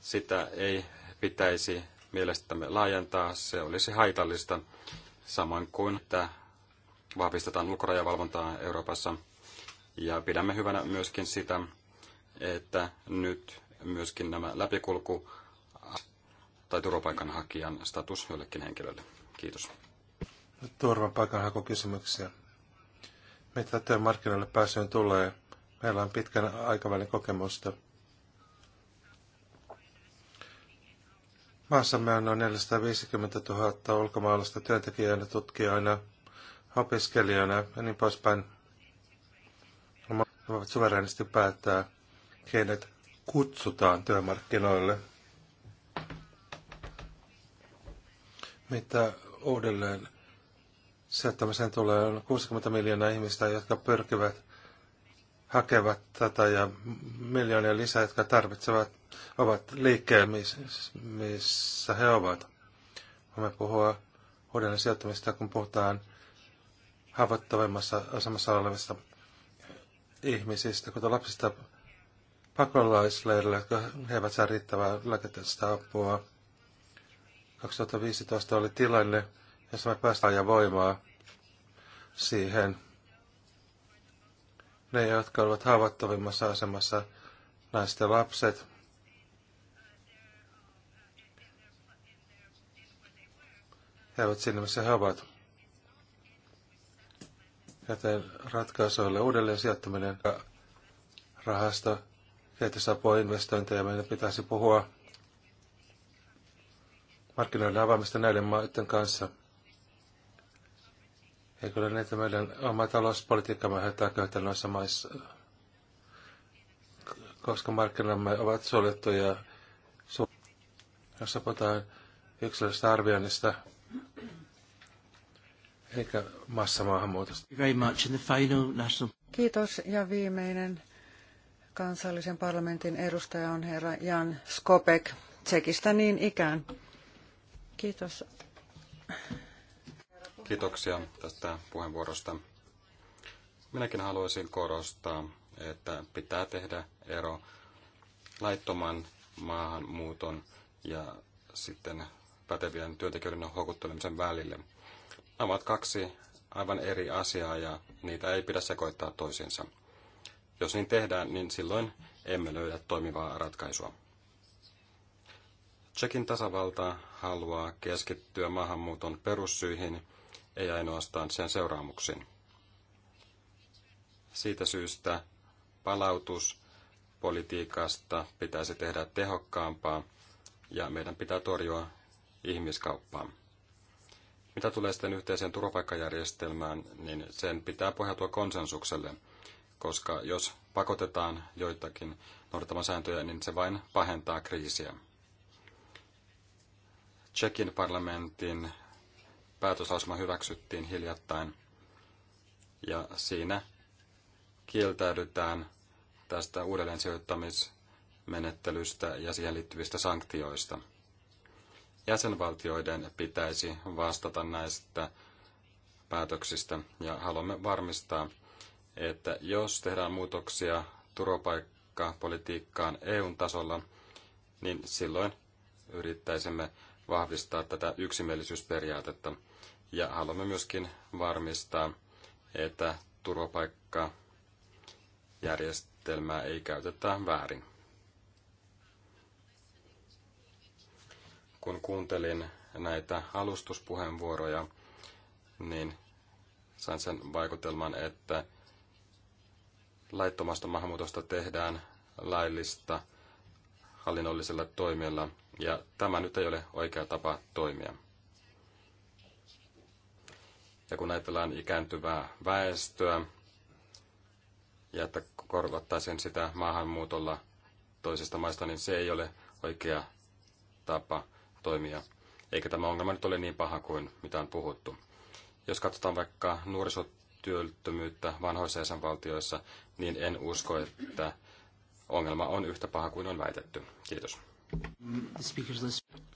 sitä ei pitäisi mielestämme laajentaa. Se olisi haitallista, samoin kuin että vahvistetaan ulkorajavalvontaa Euroopassa – ja pidämme hyvänä myöskin sitä, että nyt myöskin nämä läpikulku tai turvapaikanhakijan status jollekin henkilölle. Kiitos. Turvapaikanhakukysymyksiä. Mitä työmarkkinoille pääsyyn tulee? Meillä on pitkän aikavälin kokemusta. Maassamme on noin 450 000 ulkomaalaista työntekijöinä, tutkijoina, opiskelijoina ja niin poispäin. He voivat suverenisti päättää, kenet kutsutaan työmarkkinoille. Mitä uudelleen sijoittamiseen tulee on 60 miljoonaa ihmistä, jotka pyrkivät hakevat tätä ja miljoonia lisää, jotka tarvitsevat, ovat liikkeen, missä he ovat. Voimme puhua uudelleen sijoittamista, kun puhutaan haavoittavimmassa asemassa olevista ihmisistä, kuten lapsista pakolaisleirillä, jotka he eivät saa riittävää lääketieteellistä apua. 2015 oli tilanne, jossa me päästään ja voimaa siihen. Ne, jotka olivat haavoittuvimmassa asemassa, naiset ja lapset, he ovat sinne, missä he ovat. Joten ratkaisuille uudelleen sijoittaminen rahasto investointeja meidän pitäisi puhua markkinoiden avaamista näiden maiden kanssa. Ei kyllä näitä meidän oma talouspolitiikkamme hätää köytä noissa maissa, koska markkinamme ovat suljettuja. Jos puhutaan yksilöllisestä arvioinnista, eikä massamaahanmuutosta. Kiitos ja viimeinen kansallisen parlamentin edustaja on herra Jan Skopek Tsekistä niin ikään. Kiitos. Kiitoksia tästä puheenvuorosta. Minäkin haluaisin korostaa, että pitää tehdä ero laittoman maahanmuuton ja sitten pätevien työntekijöiden houkuttelemisen välille. Nämä ovat kaksi aivan eri asiaa ja niitä ei pidä sekoittaa toisiinsa. Jos niin tehdään, niin silloin emme löydä toimivaa ratkaisua. Tsekin tasavalta haluaa keskittyä maahanmuuton perussyihin, ei ainoastaan sen seuraamuksiin. Siitä syystä palautuspolitiikasta pitäisi tehdä tehokkaampaa ja meidän pitää torjua ihmiskauppaa. Mitä tulee sitten yhteiseen turvapaikkajärjestelmään, niin sen pitää pohjautua konsensukselle, koska jos pakotetaan joitakin noudattamaan sääntöjä, niin se vain pahentaa kriisiä. Tsekin parlamentin päätöslausuma hyväksyttiin hiljattain, ja siinä kieltäydytään tästä uudelleensijoittamismenettelystä ja siihen liittyvistä sanktioista – jäsenvaltioiden pitäisi vastata näistä päätöksistä ja haluamme varmistaa, että jos tehdään muutoksia turvapaikkapolitiikkaan EUn tasolla, niin silloin yrittäisimme vahvistaa tätä yksimielisyysperiaatetta. Ja haluamme myöskin varmistaa, että turvapaikkajärjestelmää ei käytetä väärin. kun kuuntelin näitä alustuspuheenvuoroja, niin sain sen vaikutelman, että laittomasta maahanmuutosta tehdään laillista hallinnollisella toimilla ja tämä nyt ei ole oikea tapa toimia. Ja kun ajatellaan ikääntyvää väestöä, ja että korvattaisiin sitä maahanmuutolla toisista maista, niin se ei ole oikea tapa toimia. Eikä tämä ongelma nyt ole niin paha kuin mitä on puhuttu. Jos katsotaan vaikka nuorisotyöttömyyttä vanhoissa jäsenvaltioissa, niin en usko, että ongelma on yhtä paha kuin on väitetty. Kiitos.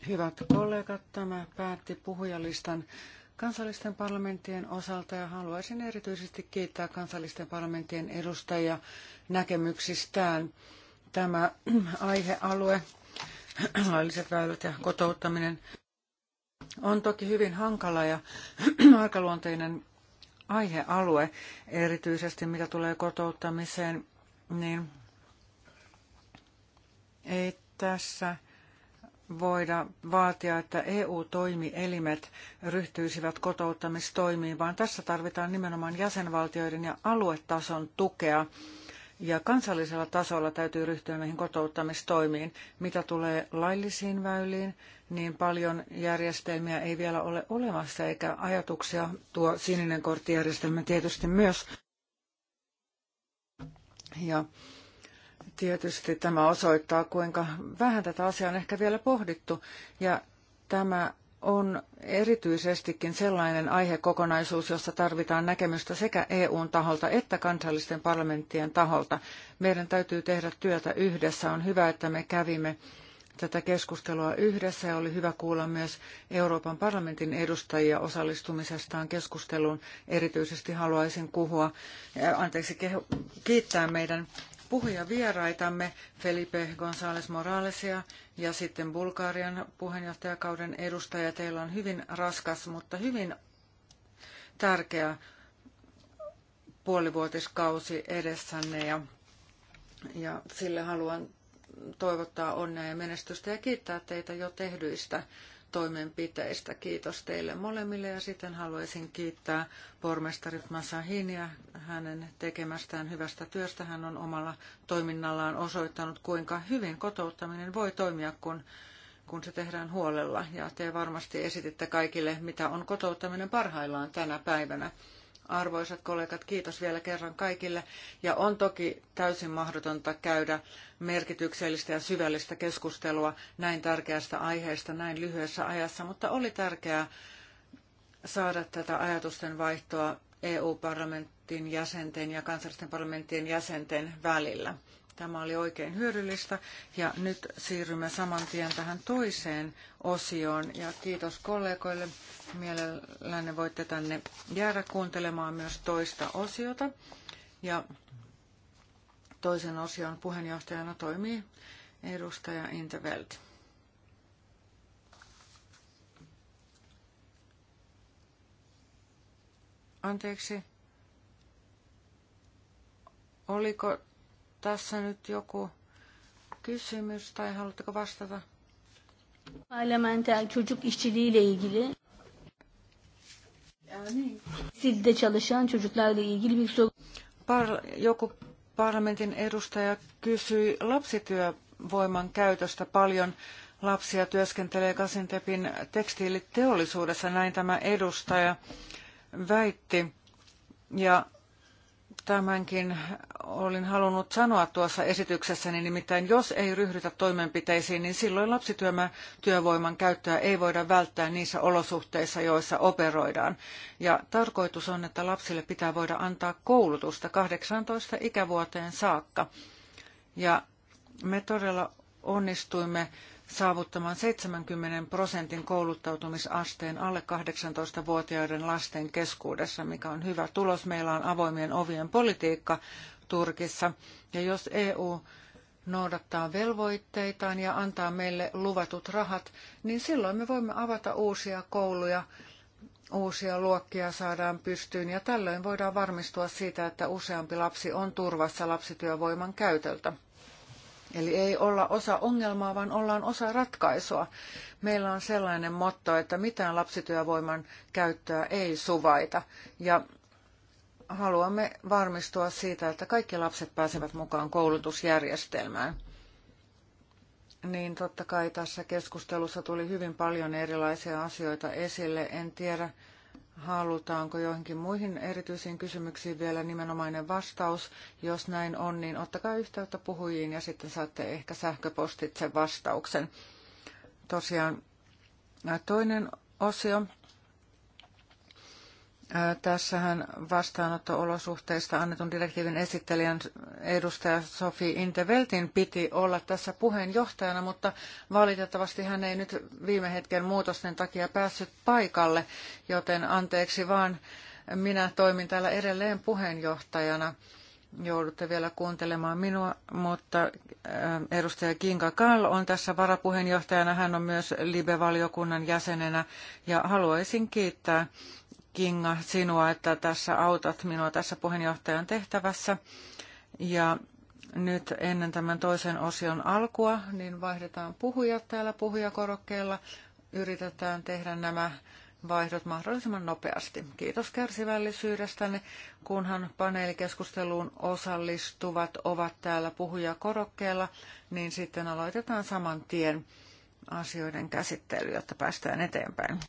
Hyvät kollegat, tämä päätti puhujalistan kansallisten parlamenttien osalta ja haluaisin erityisesti kiittää kansallisten parlamenttien edustajia näkemyksistään. Tämä aihealue lailliset väylät ja kotouttaminen on toki hyvin hankala ja [clears throat] arkaluonteinen aihealue, erityisesti mitä tulee kotouttamiseen, niin ei tässä voida vaatia, että EU-toimielimet ryhtyisivät kotouttamistoimiin, vaan tässä tarvitaan nimenomaan jäsenvaltioiden ja aluetason tukea ja kansallisella tasolla täytyy ryhtyä meihin kotouttamistoimiin. Mitä tulee laillisiin väyliin, niin paljon järjestelmiä ei vielä ole olemassa, eikä ajatuksia tuo sininen korttijärjestelmä tietysti myös. Ja tietysti tämä osoittaa, kuinka vähän tätä asiaa on ehkä vielä pohdittu. Ja tämä on erityisestikin sellainen aihekokonaisuus, jossa tarvitaan näkemystä sekä EUn taholta että kansallisten parlamenttien taholta. Meidän täytyy tehdä työtä yhdessä. On hyvä, että me kävimme tätä keskustelua yhdessä ja oli hyvä kuulla myös Euroopan parlamentin edustajia osallistumisestaan keskusteluun. Erityisesti haluaisin kuhua, eh, anteeksi, kiittää meidän puhuja Felipe González Moralesia ja sitten Bulgarian puheenjohtajakauden edustaja. Teillä on hyvin raskas, mutta hyvin tärkeä puolivuotiskausi edessänne ja, ja sille haluan toivottaa onnea ja menestystä ja kiittää teitä jo tehdyistä toimenpiteistä. Kiitos teille molemmille ja sitten haluaisin kiittää pormestari Masahinia hänen tekemästään hyvästä työstä. Hän on omalla toiminnallaan osoittanut, kuinka hyvin kotouttaminen voi toimia, kun, kun se tehdään huolella. Ja te varmasti esititte kaikille, mitä on kotouttaminen parhaillaan tänä päivänä. Arvoisat kollegat, kiitos vielä kerran kaikille. Ja on toki täysin mahdotonta käydä merkityksellistä ja syvällistä keskustelua näin tärkeästä aiheesta näin lyhyessä ajassa, mutta oli tärkeää saada tätä ajatusten vaihtoa EU-parlamentin jäsenten ja kansallisten parlamenttien jäsenten välillä. Tämä oli oikein hyödyllistä ja nyt siirrymme saman tien tähän toiseen osioon ja kiitos kollegoille. Mielellänne voitte tänne jäädä kuuntelemaan myös toista osiota ja toisen osion puheenjohtajana toimii edustaja Intervelt. Anteeksi. Oliko tässä nyt joku kysymys tai haluatteko vastata? Parlamenter çocuk işçiliği ile ilgili niin. SİD'de çalışan çocuklarla ilgili bir soru. Par, joku parlamentin edustaja kysyi lapsityövoiman käytöstä paljon. Lapsia työskentelee Kasintepin tekstiiliteollisuudessa, näin tämä edustaja väitti. Ja tämänkin olin halunnut sanoa tuossa esityksessäni, nimittäin jos ei ryhdytä toimenpiteisiin, niin silloin lapsityövoiman käyttöä ei voida välttää niissä olosuhteissa, joissa operoidaan. Ja tarkoitus on, että lapsille pitää voida antaa koulutusta 18 ikävuoteen saakka. Ja me todella onnistuimme saavuttamaan 70 prosentin kouluttautumisasteen alle 18-vuotiaiden lasten keskuudessa, mikä on hyvä tulos. Meillä on avoimien ovien politiikka Turkissa. Ja jos EU noudattaa velvoitteitaan ja antaa meille luvatut rahat, niin silloin me voimme avata uusia kouluja, uusia luokkia saadaan pystyyn ja tällöin voidaan varmistua siitä, että useampi lapsi on turvassa lapsityövoiman käytöltä. Eli ei olla osa ongelmaa, vaan ollaan osa ratkaisua. Meillä on sellainen motto, että mitään lapsityövoiman käyttöä ei suvaita. Ja haluamme varmistua siitä, että kaikki lapset pääsevät mukaan koulutusjärjestelmään. Niin totta kai tässä keskustelussa tuli hyvin paljon erilaisia asioita esille. En tiedä, Halutaanko joihinkin muihin erityisiin kysymyksiin vielä nimenomainen vastaus? Jos näin on, niin ottakaa yhteyttä puhujiin ja sitten saatte ehkä sähköpostitse vastauksen. Tosiaan toinen osio Tässähän vastaanotto-olosuhteista annetun direktiivin esittelijän edustaja Sofi Inteveltin piti olla tässä puheenjohtajana, mutta valitettavasti hän ei nyt viime hetken muutosten takia päässyt paikalle, joten anteeksi vaan minä toimin täällä edelleen puheenjohtajana. Joudutte vielä kuuntelemaan minua, mutta äh, edustaja Kinga Kall on tässä varapuheenjohtajana. Hän on myös Libe-valiokunnan jäsenenä ja haluaisin kiittää Kinga sinua, että tässä autat minua tässä puheenjohtajan tehtävässä. Ja nyt ennen tämän toisen osion alkua, niin vaihdetaan puhujat täällä puhujakorokkeella. Yritetään tehdä nämä vaihdot mahdollisimman nopeasti. Kiitos kärsivällisyydestänne, kunhan paneelikeskusteluun osallistuvat ovat täällä puhujakorokkeella, niin sitten aloitetaan saman tien asioiden käsittely, jotta päästään eteenpäin.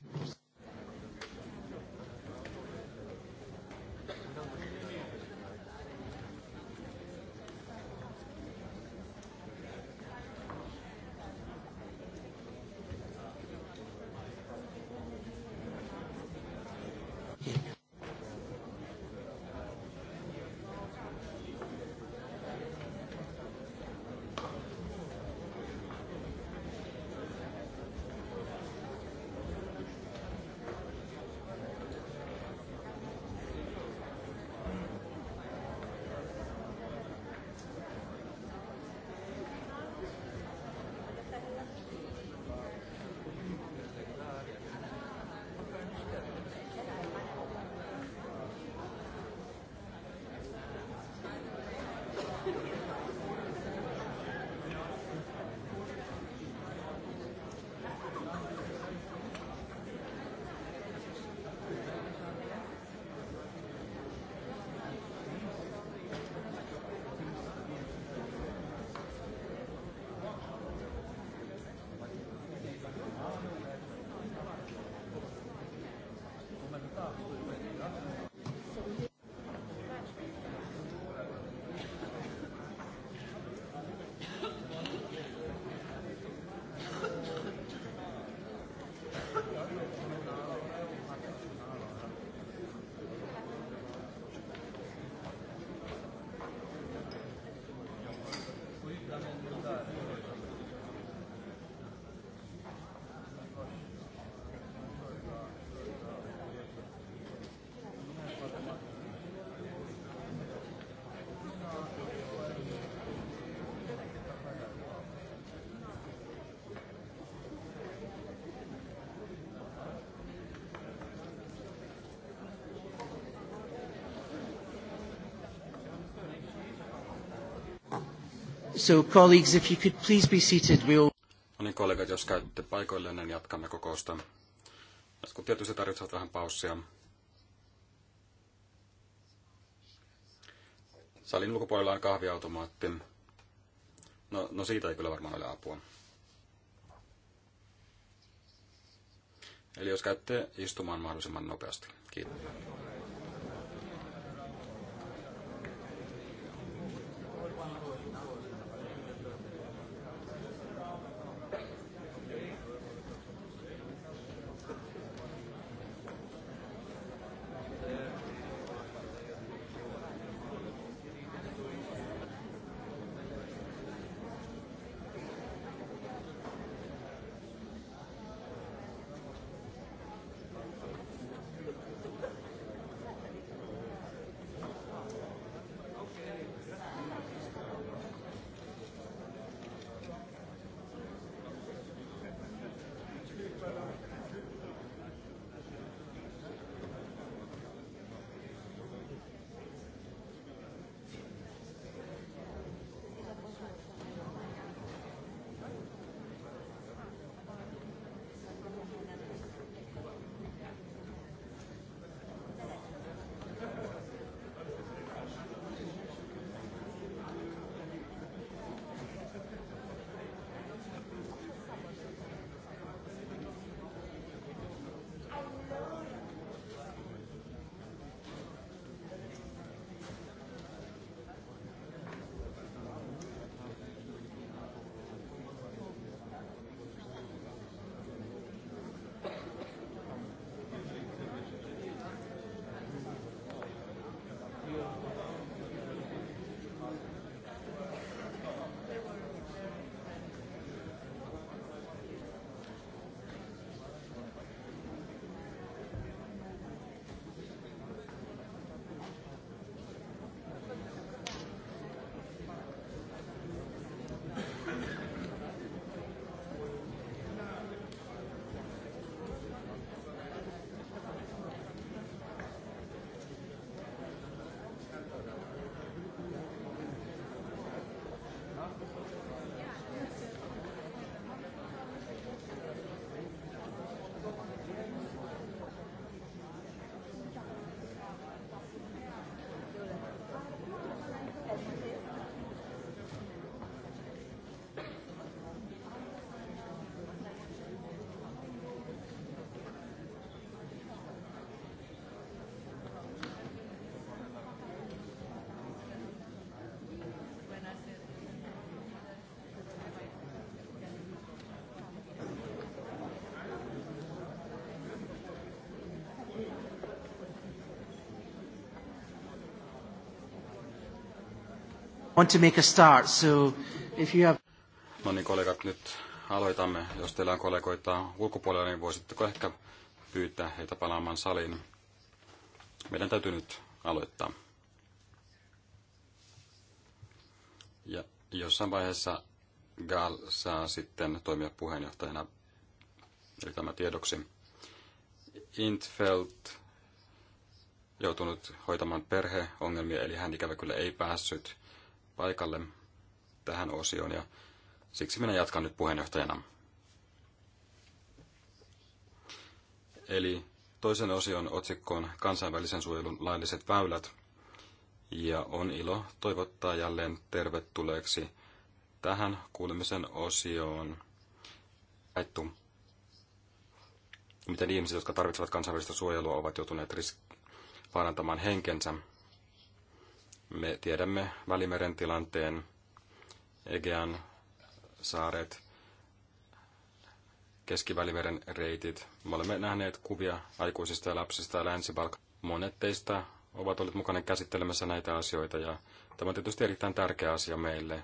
So colleagues, if you could please be seated, we'll... No niin, kollegat, jos käytte paikoilleen, niin jatkamme kokousta. Jotkut tietysti tarvitsevat vähän paussia. Salin ulkopuolella on kahviautomaatti. No, no siitä ei kyllä varmaan ole apua. Eli jos käytte istumaan mahdollisimman nopeasti. Kiitos. want to make a start, so if you have... No niin, kollegat, nyt aloitamme. Jos teillä on kollegoita ulkopuolella, niin voisitteko ehkä pyytää heitä palaamaan saliin. Meidän täytyy nyt aloittaa. Ja jossain vaiheessa Gal saa sitten toimia puheenjohtajana, eli tämä tiedoksi. Intfeld joutunut hoitamaan perheongelmia, eli hän ikävä kyllä ei päässyt paikalle tähän osioon ja siksi minä jatkan nyt puheenjohtajana. Eli toisen osion otsikkoon kansainvälisen suojelun lailliset väylät. Ja on ilo toivottaa jälleen tervetulleeksi tähän kuulemisen osioon. Aittu. Miten ihmiset, jotka tarvitsevat kansainvälistä suojelua, ovat joutuneet risk- vaarantamaan henkensä me tiedämme Välimeren tilanteen, Egean saaret, Keskivälimeren reitit. Me olemme nähneet kuvia aikuisista ja lapsista ja länsi Monet teistä ovat olleet mukana käsittelemässä näitä asioita ja tämä on tietysti erittäin tärkeä asia meille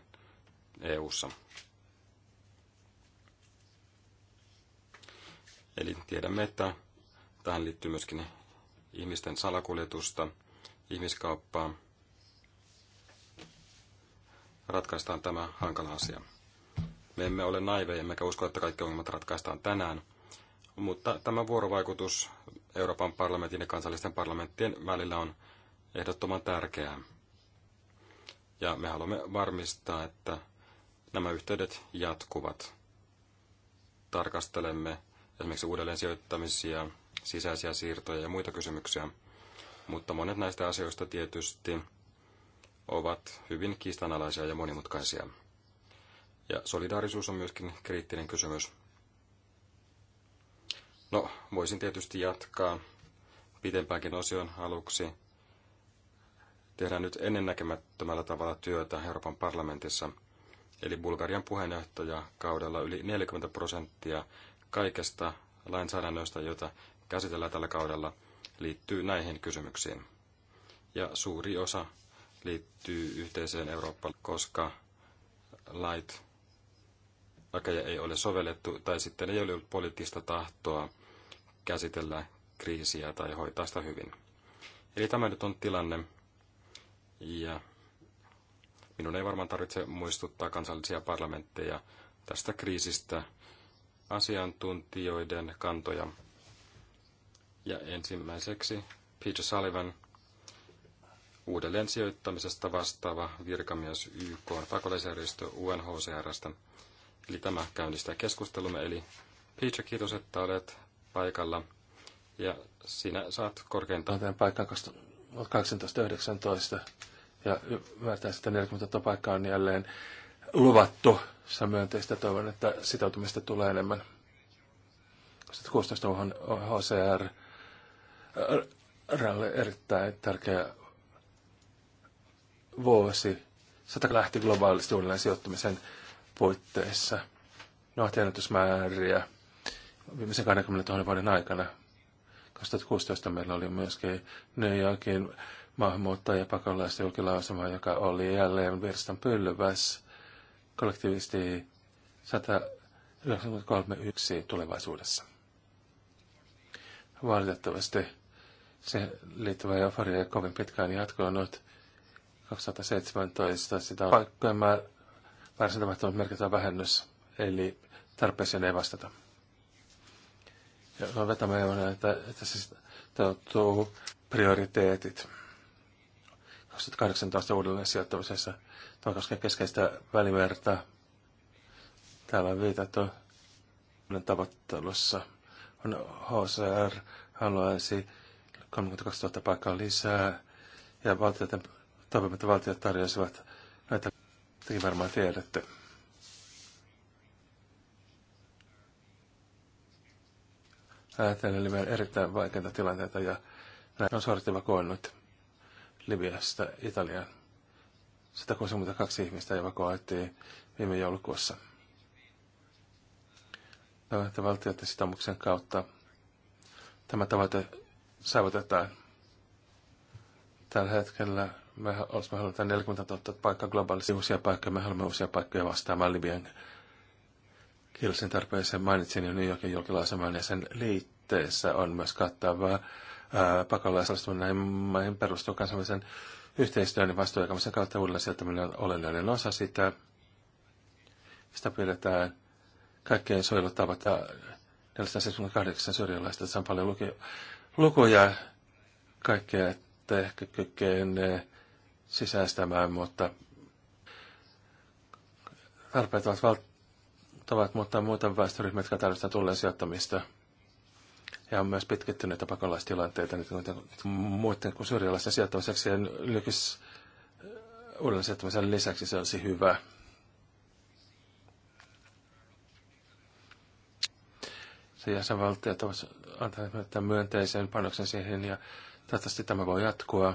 EU:ssa. Eli tiedämme, että tähän liittyy myöskin ihmisten salakuljetusta, ihmiskauppaa ratkaistaan tämä hankala asia. Me emme ole naiveja, emmekä usko, että kaikki ongelmat ratkaistaan tänään, mutta tämä vuorovaikutus Euroopan parlamentin ja kansallisten parlamenttien välillä on ehdottoman tärkeää. Ja me haluamme varmistaa, että nämä yhteydet jatkuvat. Tarkastelemme esimerkiksi uudelleen sijoittamisia, sisäisiä siirtoja ja muita kysymyksiä, mutta monet näistä asioista tietysti ovat hyvin kiistanalaisia ja monimutkaisia. Ja solidaarisuus on myöskin kriittinen kysymys. No, voisin tietysti jatkaa pitempäänkin osion aluksi. Tehdään nyt ennennäkemättömällä tavalla työtä Euroopan parlamentissa. Eli Bulgarian kaudella yli 40 prosenttia kaikesta lainsäädännöstä, jota käsitellään tällä kaudella, liittyy näihin kysymyksiin. Ja suuri osa liittyy yhteiseen Eurooppaan, koska lait lakeja ei ole sovellettu tai sitten ei ole ollut poliittista tahtoa käsitellä kriisiä tai hoitaa sitä hyvin. Eli tämä nyt on tilanne ja minun ei varmaan tarvitse muistuttaa kansallisia parlamentteja tästä kriisistä asiantuntijoiden kantoja. Ja ensimmäiseksi Peter Sullivan – uudelleen sijoittamisesta vastaava virkamies YK pakolaisjärjestö UNHCRstä. Eli tämä käynnistää keskustelumme. Eli Peter, kiitos, että olet paikalla. Ja sinä saat korkeintaan... Mä paikkaan 1819 ja ymmärtää sitä 40 tuota paikkaa on jälleen luvattu. Se myönteistä. Toivon, että sitoutumista tulee enemmän. Sitten on HCR ralle erittäin tärkeä vuosi. Sata lähti globaalisti uudelleen sijoittumisen puitteissa. No, ennätysmääriä viimeisen 20 000 vuoden aikana. 2016 meillä oli myöskin New Yorkin maahanmuuttaja pakolaisten julkilausuma, joka oli jälleen virstan pylväs kollektiivisesti 193.1 tulevaisuudessa. Valitettavasti se liittyvä euforia ei kovin pitkään jatkunut. 2017 sitä paikkojen määrä tapahtunut merkittävä vähennys, eli tarpeeseen ei vastata. Ja on vetämään, että, että se toteutuu prioriteetit. 2018 uudelleen sijoittamisessa. Tämä koskee keskeistä välimerta. Täällä on viitattu tavoittelussa. On HCR haluaisi 32 000 paikkaa lisää ja valtioiden Toivomme, että valtiot tarjoaisivat näitä, tekin varmaan tiedätte. Ajatellen Libyan erittäin vaikeita tilanteita ja näin on sortiva koonnut Libiasta Italiaan. 162 ihmistä evakuoitiin viime joulukuussa. Tavoitteen valtioiden sitomuksen kautta tämä tavoite saavutetaan. Tällä hetkellä me olisimme halunneet 40 000 paikkaa globaalisti uusia paikkoja. Me haluamme uusia paikkoja vastaamaan Libyan kielisen tarpeeseen. Mainitsin jo New Yorkin julkilauseman ja sen liitteessä on myös kattavaa pakolaisalaisuuden näihin maihin perustuu kansainvälisen yhteistyön ja vastuujakamisen kautta uudelleen sieltäminen on olennainen osa sitä. Sitä pidetään kaikkien suojelutavat 478 syrjäläistä. Tässä on paljon lukuja kaikkea, että ehkä kykenee sisäistämään, mutta tarpeet ovat valtavat, mutta muuten väestöryhmät, jotka tarvitsevat tulleen sijoittamista. Ja on myös pitkittyneitä pakolaistilanteita nyt muiden kuin syrjäläisten sijoittamiseksi ja nykyis uudelleen sijoittamisen lisäksi se olisi hyvä. Se jäsenvaltiot ovat antaneet myönteisen panoksen siihen ja toivottavasti tämä voi jatkua.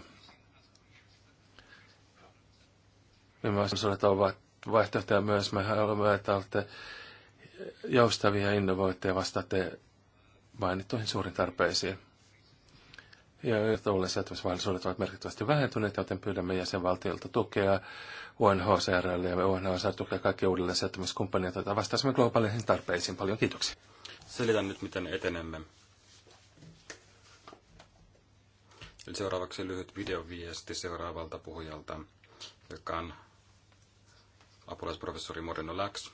Nämä asunnot ovat vaihtoehtoja myös. Me haluamme, että olette joustavia innovoitte ja vastaatte mainittuihin suurin tarpeisiin. Ja tuulen sijoittamismahdollisuudet ovat merkittävästi vähentyneet, joten pyydämme jäsenvaltiolta tukea UNHCRlle ja UNHCR tukea kaikki uudelleen sijoittamiskumppaneita, joita vastaisimme globaaleihin tarpeisiin. Paljon kiitoksia. Selitän nyt, miten etenemme. Seuraavaksi lyhyt videoviesti seuraavalta puhujalta, joka on apulaisprofessori Moreno Lax.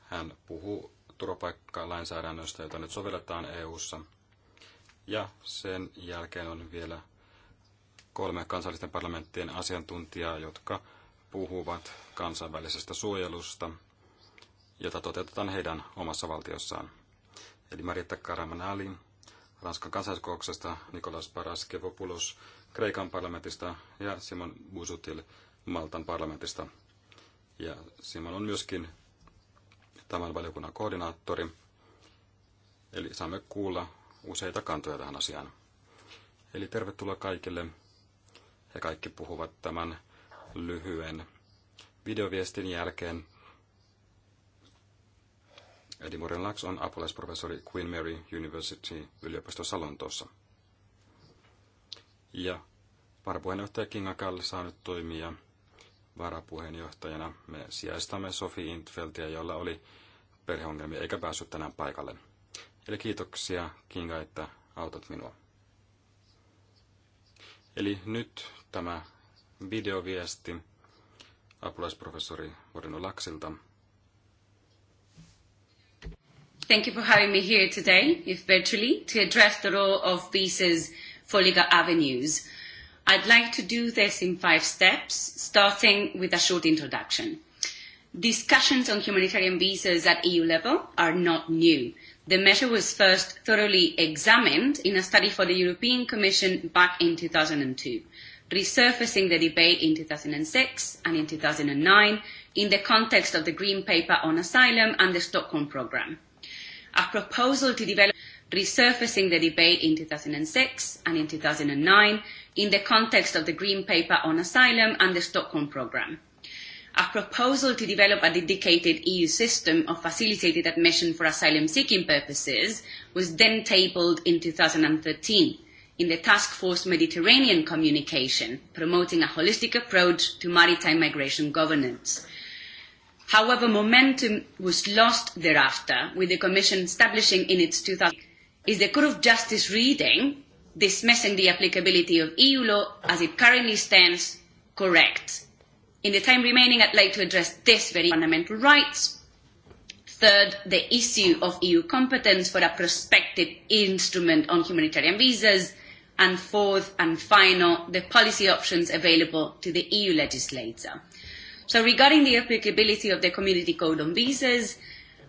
Hän puhuu turvapaikkalainsäädännöstä, jota nyt sovelletaan EU:ssa. Ja sen jälkeen on vielä kolme kansallisten parlamenttien asiantuntijaa, jotka puhuvat kansainvälisestä suojelusta, jota toteutetaan heidän omassa valtiossaan. Eli Marietta Karamanali, Ranskan kansalliskokouksesta, Nikolas Paraskevopoulos Kreikan parlamentista ja Simon Busutil Maltan parlamentista ja Simon on myöskin tämän valiokunnan koordinaattori. Eli saamme kuulla useita kantoja tähän asiaan. Eli tervetuloa kaikille. He kaikki puhuvat tämän lyhyen videoviestin jälkeen. Eddie Morin Laks on apulaisprofessori Queen Mary University yliopistossa Lontoossa. Ja varapuheenjohtaja Kinga Kall saa nyt toimia varapuheenjohtajana. Me sijaistamme Sofi Intfeltiä, jolla oli perheongelmia eikä päässyt tänään paikalle. Eli kiitoksia Kinga, että autat minua. Eli nyt tämä videoviesti apulaisprofessori Vorino Laksilta. Thank you for having me here today, if virtually, to address the role of visas for legal avenues. I'd like to do this in five steps, starting with a short introduction. Discussions on humanitarian visas at EU level are not new. The measure was first thoroughly examined in a study for the European Commission back in 2002, resurfacing the debate in 2006 and in 2009 in the context of the Green Paper on Asylum and the Stockholm Programme. A proposal to develop resurfacing the debate in 2006 and in 2009 in the context of the Green Paper on Asylum and the Stockholm Programme. A proposal to develop a dedicated EU system of facilitated admission for asylum seeking purposes was then tabled in 2013 in the Task Force Mediterranean communication promoting a holistic approach to maritime migration governance. However, momentum was lost thereafter, with the Commission establishing in its 2000 is the Court of Justice reading dismissing the applicability of EU law as it currently stands correct? In the time remaining, I'd like to address this very fundamental rights. Third, the issue of EU competence for a prospective instrument on humanitarian visas. And fourth and final, the policy options available to the EU legislator. So regarding the applicability of the Community Code on Visas,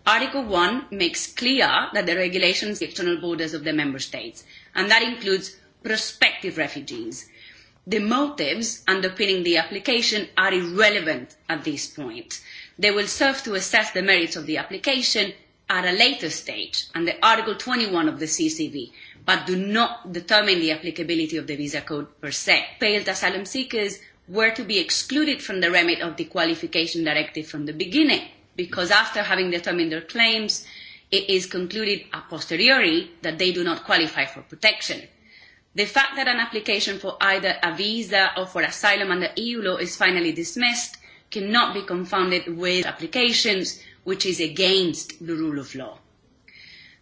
Article 1 makes clear that the regulations the external borders of the member states, and that includes prospective refugees. The motives underpinning the application are irrelevant at this point. They will serve to assess the merits of the application at a later stage under Article 21 of the CCV, but do not determine the applicability of the visa code per se. Failed asylum seekers were to be excluded from the remit of the qualification directive from the beginning because after having determined their claims, it is concluded a posteriori that they do not qualify for protection. The fact that an application for either a visa or for asylum under EU law is finally dismissed cannot be confounded with applications which is against the rule of law.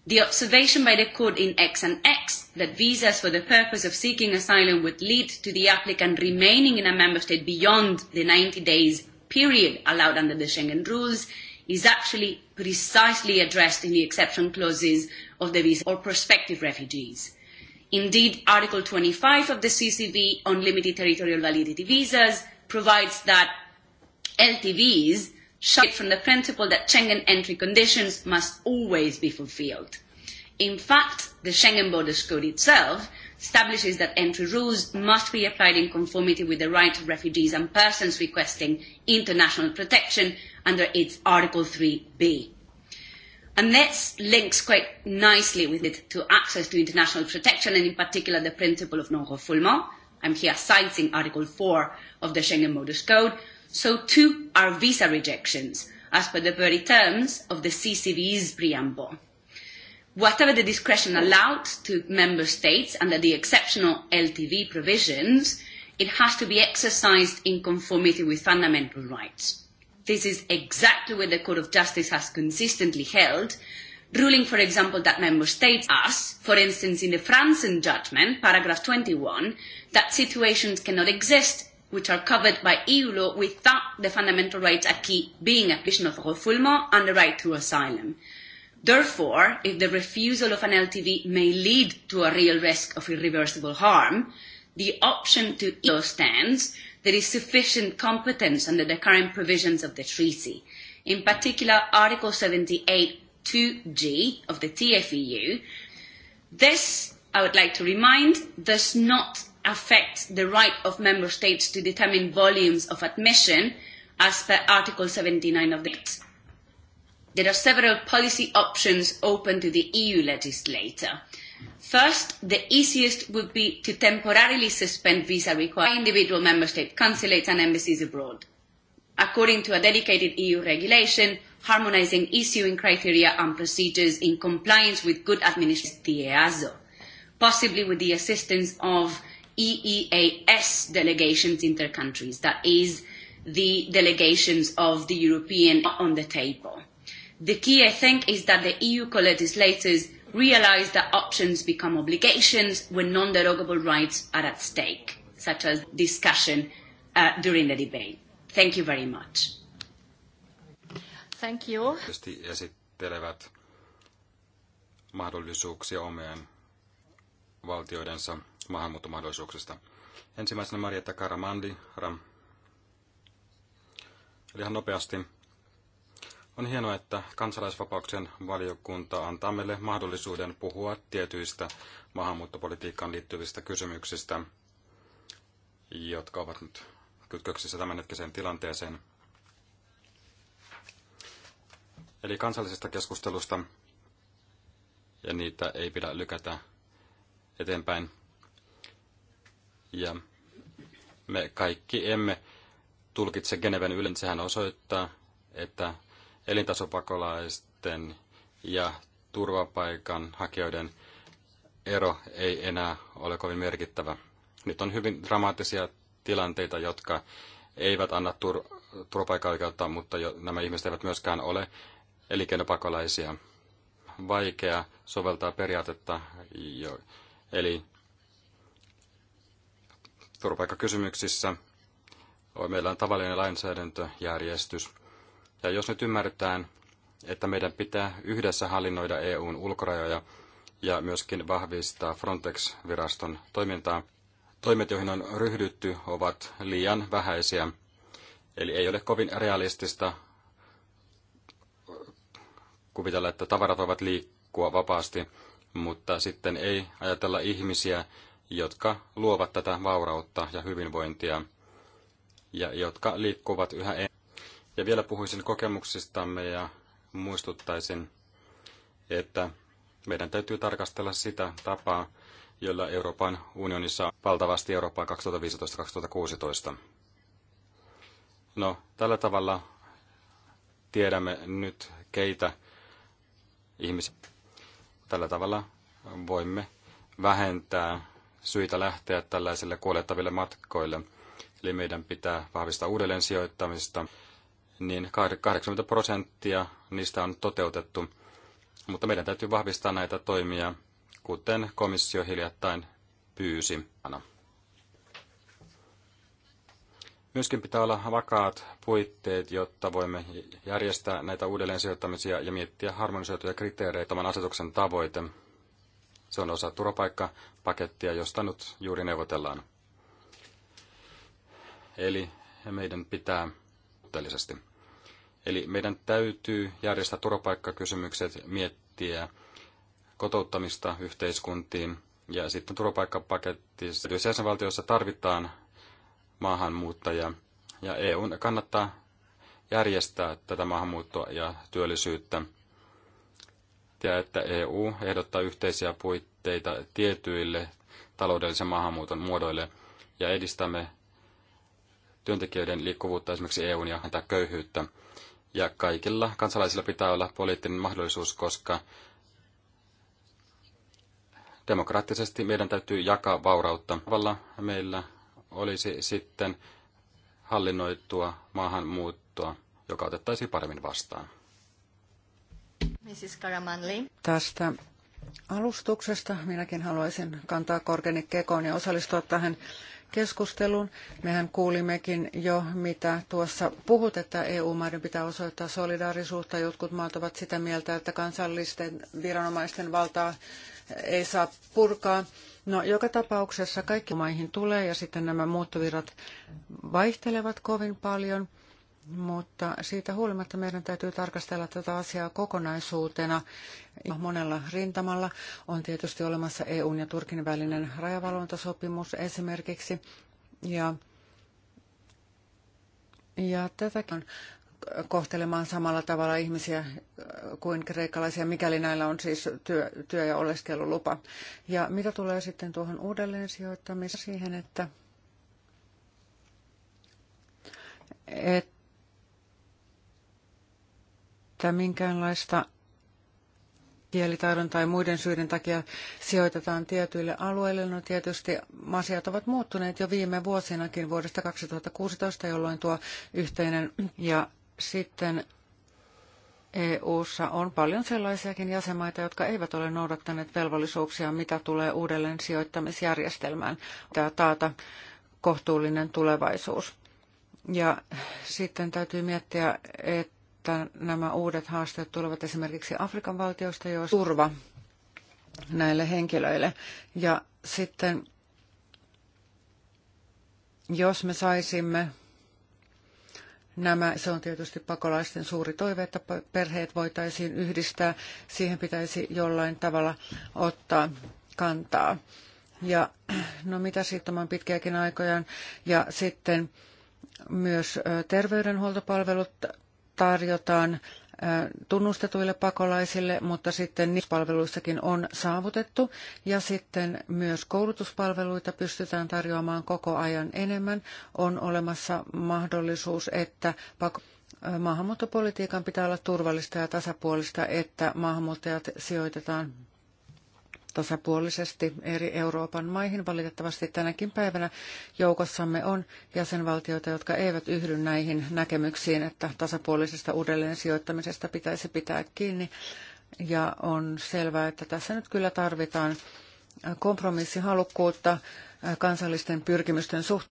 The observation by the court in X and X that visas for the purpose of seeking asylum would lead to the applicant remaining in a member state beyond the 90 days period allowed under the Schengen rules is actually precisely addressed in the exception clauses of the visa or prospective refugees. Indeed, Article 25 of the CCV on limited territorial validity visas provides that LTVs shift from the principle that Schengen entry conditions must always be fulfilled. In fact, the Schengen Borders Code itself establishes that entry rules must be applied in conformity with the rights of refugees and persons requesting international protection under its Article 3b. And this links quite nicely with it to access to international protection and in particular the principle of non-refoulement. I'm here citing Article 4 of the Schengen Modus Code. So two are visa rejections as per the very terms of the CCV's preamble whatever the discretion allowed to member states under the exceptional LTV provisions, it has to be exercised in conformity with fundamental rights. This is exactly what the Court of Justice has consistently held, ruling, for example, that member states us, for instance, in the Franzen judgment, paragraph 21, that situations cannot exist which are covered by EU law without the fundamental rights acquis being a condition of refoulement and the right to asylum. Therefore, if the refusal of an LTV may lead to a real risk of irreversible harm, the option to EO stands there is sufficient competence under the current provisions of the treaty. In particular, Article 78 2G of the TFEU. This, I would like to remind, does not affect the right of member states to determine volumes of admission as per Article 79 of the there are several policy options open to the EU legislator. First, the easiest would be to temporarily suspend visa requirements by individual member state consulates and embassies abroad, according to a dedicated EU regulation harmonising issuing criteria and procedures in compliance with good administration e possibly with the assistance of EEAS delegations inter countries, that is, the delegations of the European on the table. The key, I think, is that the EU co-legislators realise that options become obligations when non-derogable rights are at stake, such as discussion uh, during the debate. Thank you very much. Thank you. esittelevät mahdollisuuksia omien valtioidensa maahanmuuttomahdollisuuksista. Ensimmäisenä Marietta Karamandi. Eli ihan nopeasti on hienoa, että kansalaisvapauksien valiokunta antaa meille mahdollisuuden puhua tietyistä maahanmuuttopolitiikkaan liittyvistä kysymyksistä, jotka ovat nyt kytköksissä tämänhetkiseen tilanteeseen. Eli kansallisesta keskustelusta, ja niitä ei pidä lykätä eteenpäin. Ja me kaikki emme tulkitse Geneven ylen, sehän osoittaa, että elintasopakolaisten ja turvapaikan hakijoiden ero ei enää ole kovin merkittävä. Nyt on hyvin dramaattisia tilanteita, jotka eivät anna tur- turvapaikkaoikeutta, mutta jo, nämä ihmiset eivät myöskään ole elinkeinopakolaisia. Vaikea soveltaa periaatetta, jo, eli turvapaikkakysymyksissä meillä on tavallinen lainsäädäntöjärjestys – ja jos nyt ymmärretään, että meidän pitää yhdessä hallinnoida EUn ulkorajoja ja myöskin vahvistaa Frontex-viraston toimintaa, toimet, joihin on ryhdytty, ovat liian vähäisiä. Eli ei ole kovin realistista kuvitella, että tavarat voivat liikkua vapaasti, mutta sitten ei ajatella ihmisiä, jotka luovat tätä vaurautta ja hyvinvointia ja jotka liikkuvat yhä enemmän ja vielä puhuisin kokemuksistamme ja muistuttaisin, että meidän täytyy tarkastella sitä tapaa, jolla Euroopan unionissa on valtavasti Eurooppaa 2015-2016. No, tällä tavalla tiedämme nyt, keitä ihmisiä. Tällä tavalla voimme vähentää syitä lähteä tällaisille kuolettaville matkoille. Eli meidän pitää vahvistaa uudelleen sijoittamista niin 80 prosenttia niistä on toteutettu. Mutta meidän täytyy vahvistaa näitä toimia, kuten komissio hiljattain pyysi. Myöskin pitää olla vakaat puitteet, jotta voimme järjestää näitä uudelleensijoittamisia ja miettiä harmonisoituja kriteereitä tämän asetuksen tavoite. Se on osa turvapaikkapakettia, josta nyt juuri neuvotellaan. Eli meidän pitää suhteellisesti. Eli meidän täytyy järjestää turvapaikkakysymykset, miettiä kotouttamista yhteiskuntiin ja sitten turvapaikkapakettissa jäsenvaltioissa tarvitaan maahanmuuttajia ja EU kannattaa järjestää tätä maahanmuuttoa ja työllisyyttä. Ja että EU ehdottaa yhteisiä puitteita tietyille taloudellisen maahanmuuton muodoille ja edistämme työntekijöiden liikkuvuutta esimerkiksi EUn ja köyhyyttä. Ja kaikilla kansalaisilla pitää olla poliittinen mahdollisuus, koska demokraattisesti meidän täytyy jakaa vaurautta. Tavalla meillä olisi sitten hallinnoitua maahanmuuttoa, joka otettaisiin paremmin vastaan. Mrs. Tästä alustuksesta minäkin haluaisin kantaa korkeni kekoon ja osallistua tähän keskustelun. Mehän kuulimmekin jo, mitä tuossa puhut, että EU-maiden pitää osoittaa solidaarisuutta. Jotkut maat ovat sitä mieltä, että kansallisten viranomaisten valtaa ei saa purkaa. No, joka tapauksessa kaikki maihin tulee ja sitten nämä muuttovirrat vaihtelevat kovin paljon mutta siitä huolimatta meidän täytyy tarkastella tätä asiaa kokonaisuutena. Monella rintamalla on tietysti olemassa EUn ja Turkin välinen rajavalvontasopimus esimerkiksi. Ja, ja tätäkin kohtelemaan samalla tavalla ihmisiä kuin kreikkalaisia, mikäli näillä on siis työ, työ- ja oleskelulupa. Ja mitä tulee sitten tuohon uudelleen sijoittamiseen siihen, että, että että minkäänlaista kielitaidon tai muiden syiden takia sijoitetaan tietyille alueille. No tietysti asiat ovat muuttuneet jo viime vuosinakin vuodesta 2016, jolloin tuo yhteinen ja sitten EU:ssa on paljon sellaisiakin jäsenmaita, jotka eivät ole noudattaneet velvollisuuksia, mitä tulee uudelleen sijoittamisjärjestelmään. Tämä taata kohtuullinen tulevaisuus. Ja sitten täytyy miettiä, että että nämä uudet haasteet tulevat esimerkiksi Afrikan valtioista, jos turva näille henkilöille. Ja sitten jos me saisimme nämä, se on tietysti pakolaisten suuri toive, että perheet voitaisiin yhdistää, siihen pitäisi jollain tavalla ottaa kantaa. Ja no mitä sitten on pitkiäkin aikojaan. Ja sitten myös terveydenhuoltopalvelut tarjotaan tunnustetuille pakolaisille, mutta sitten niissä palveluissakin on saavutettu. Ja sitten myös koulutuspalveluita pystytään tarjoamaan koko ajan enemmän. On olemassa mahdollisuus, että pakolaisille maahanmuuttopolitiikan pitää olla turvallista ja tasapuolista, että maahanmuuttajat sijoitetaan tasapuolisesti eri Euroopan maihin. Valitettavasti tänäkin päivänä joukossamme on jäsenvaltioita, jotka eivät yhdy näihin näkemyksiin, että tasapuolisesta uudelleen sijoittamisesta pitäisi pitää kiinni. Ja on selvää, että tässä nyt kyllä tarvitaan kompromissihalukkuutta kansallisten pyrkimysten suhteen.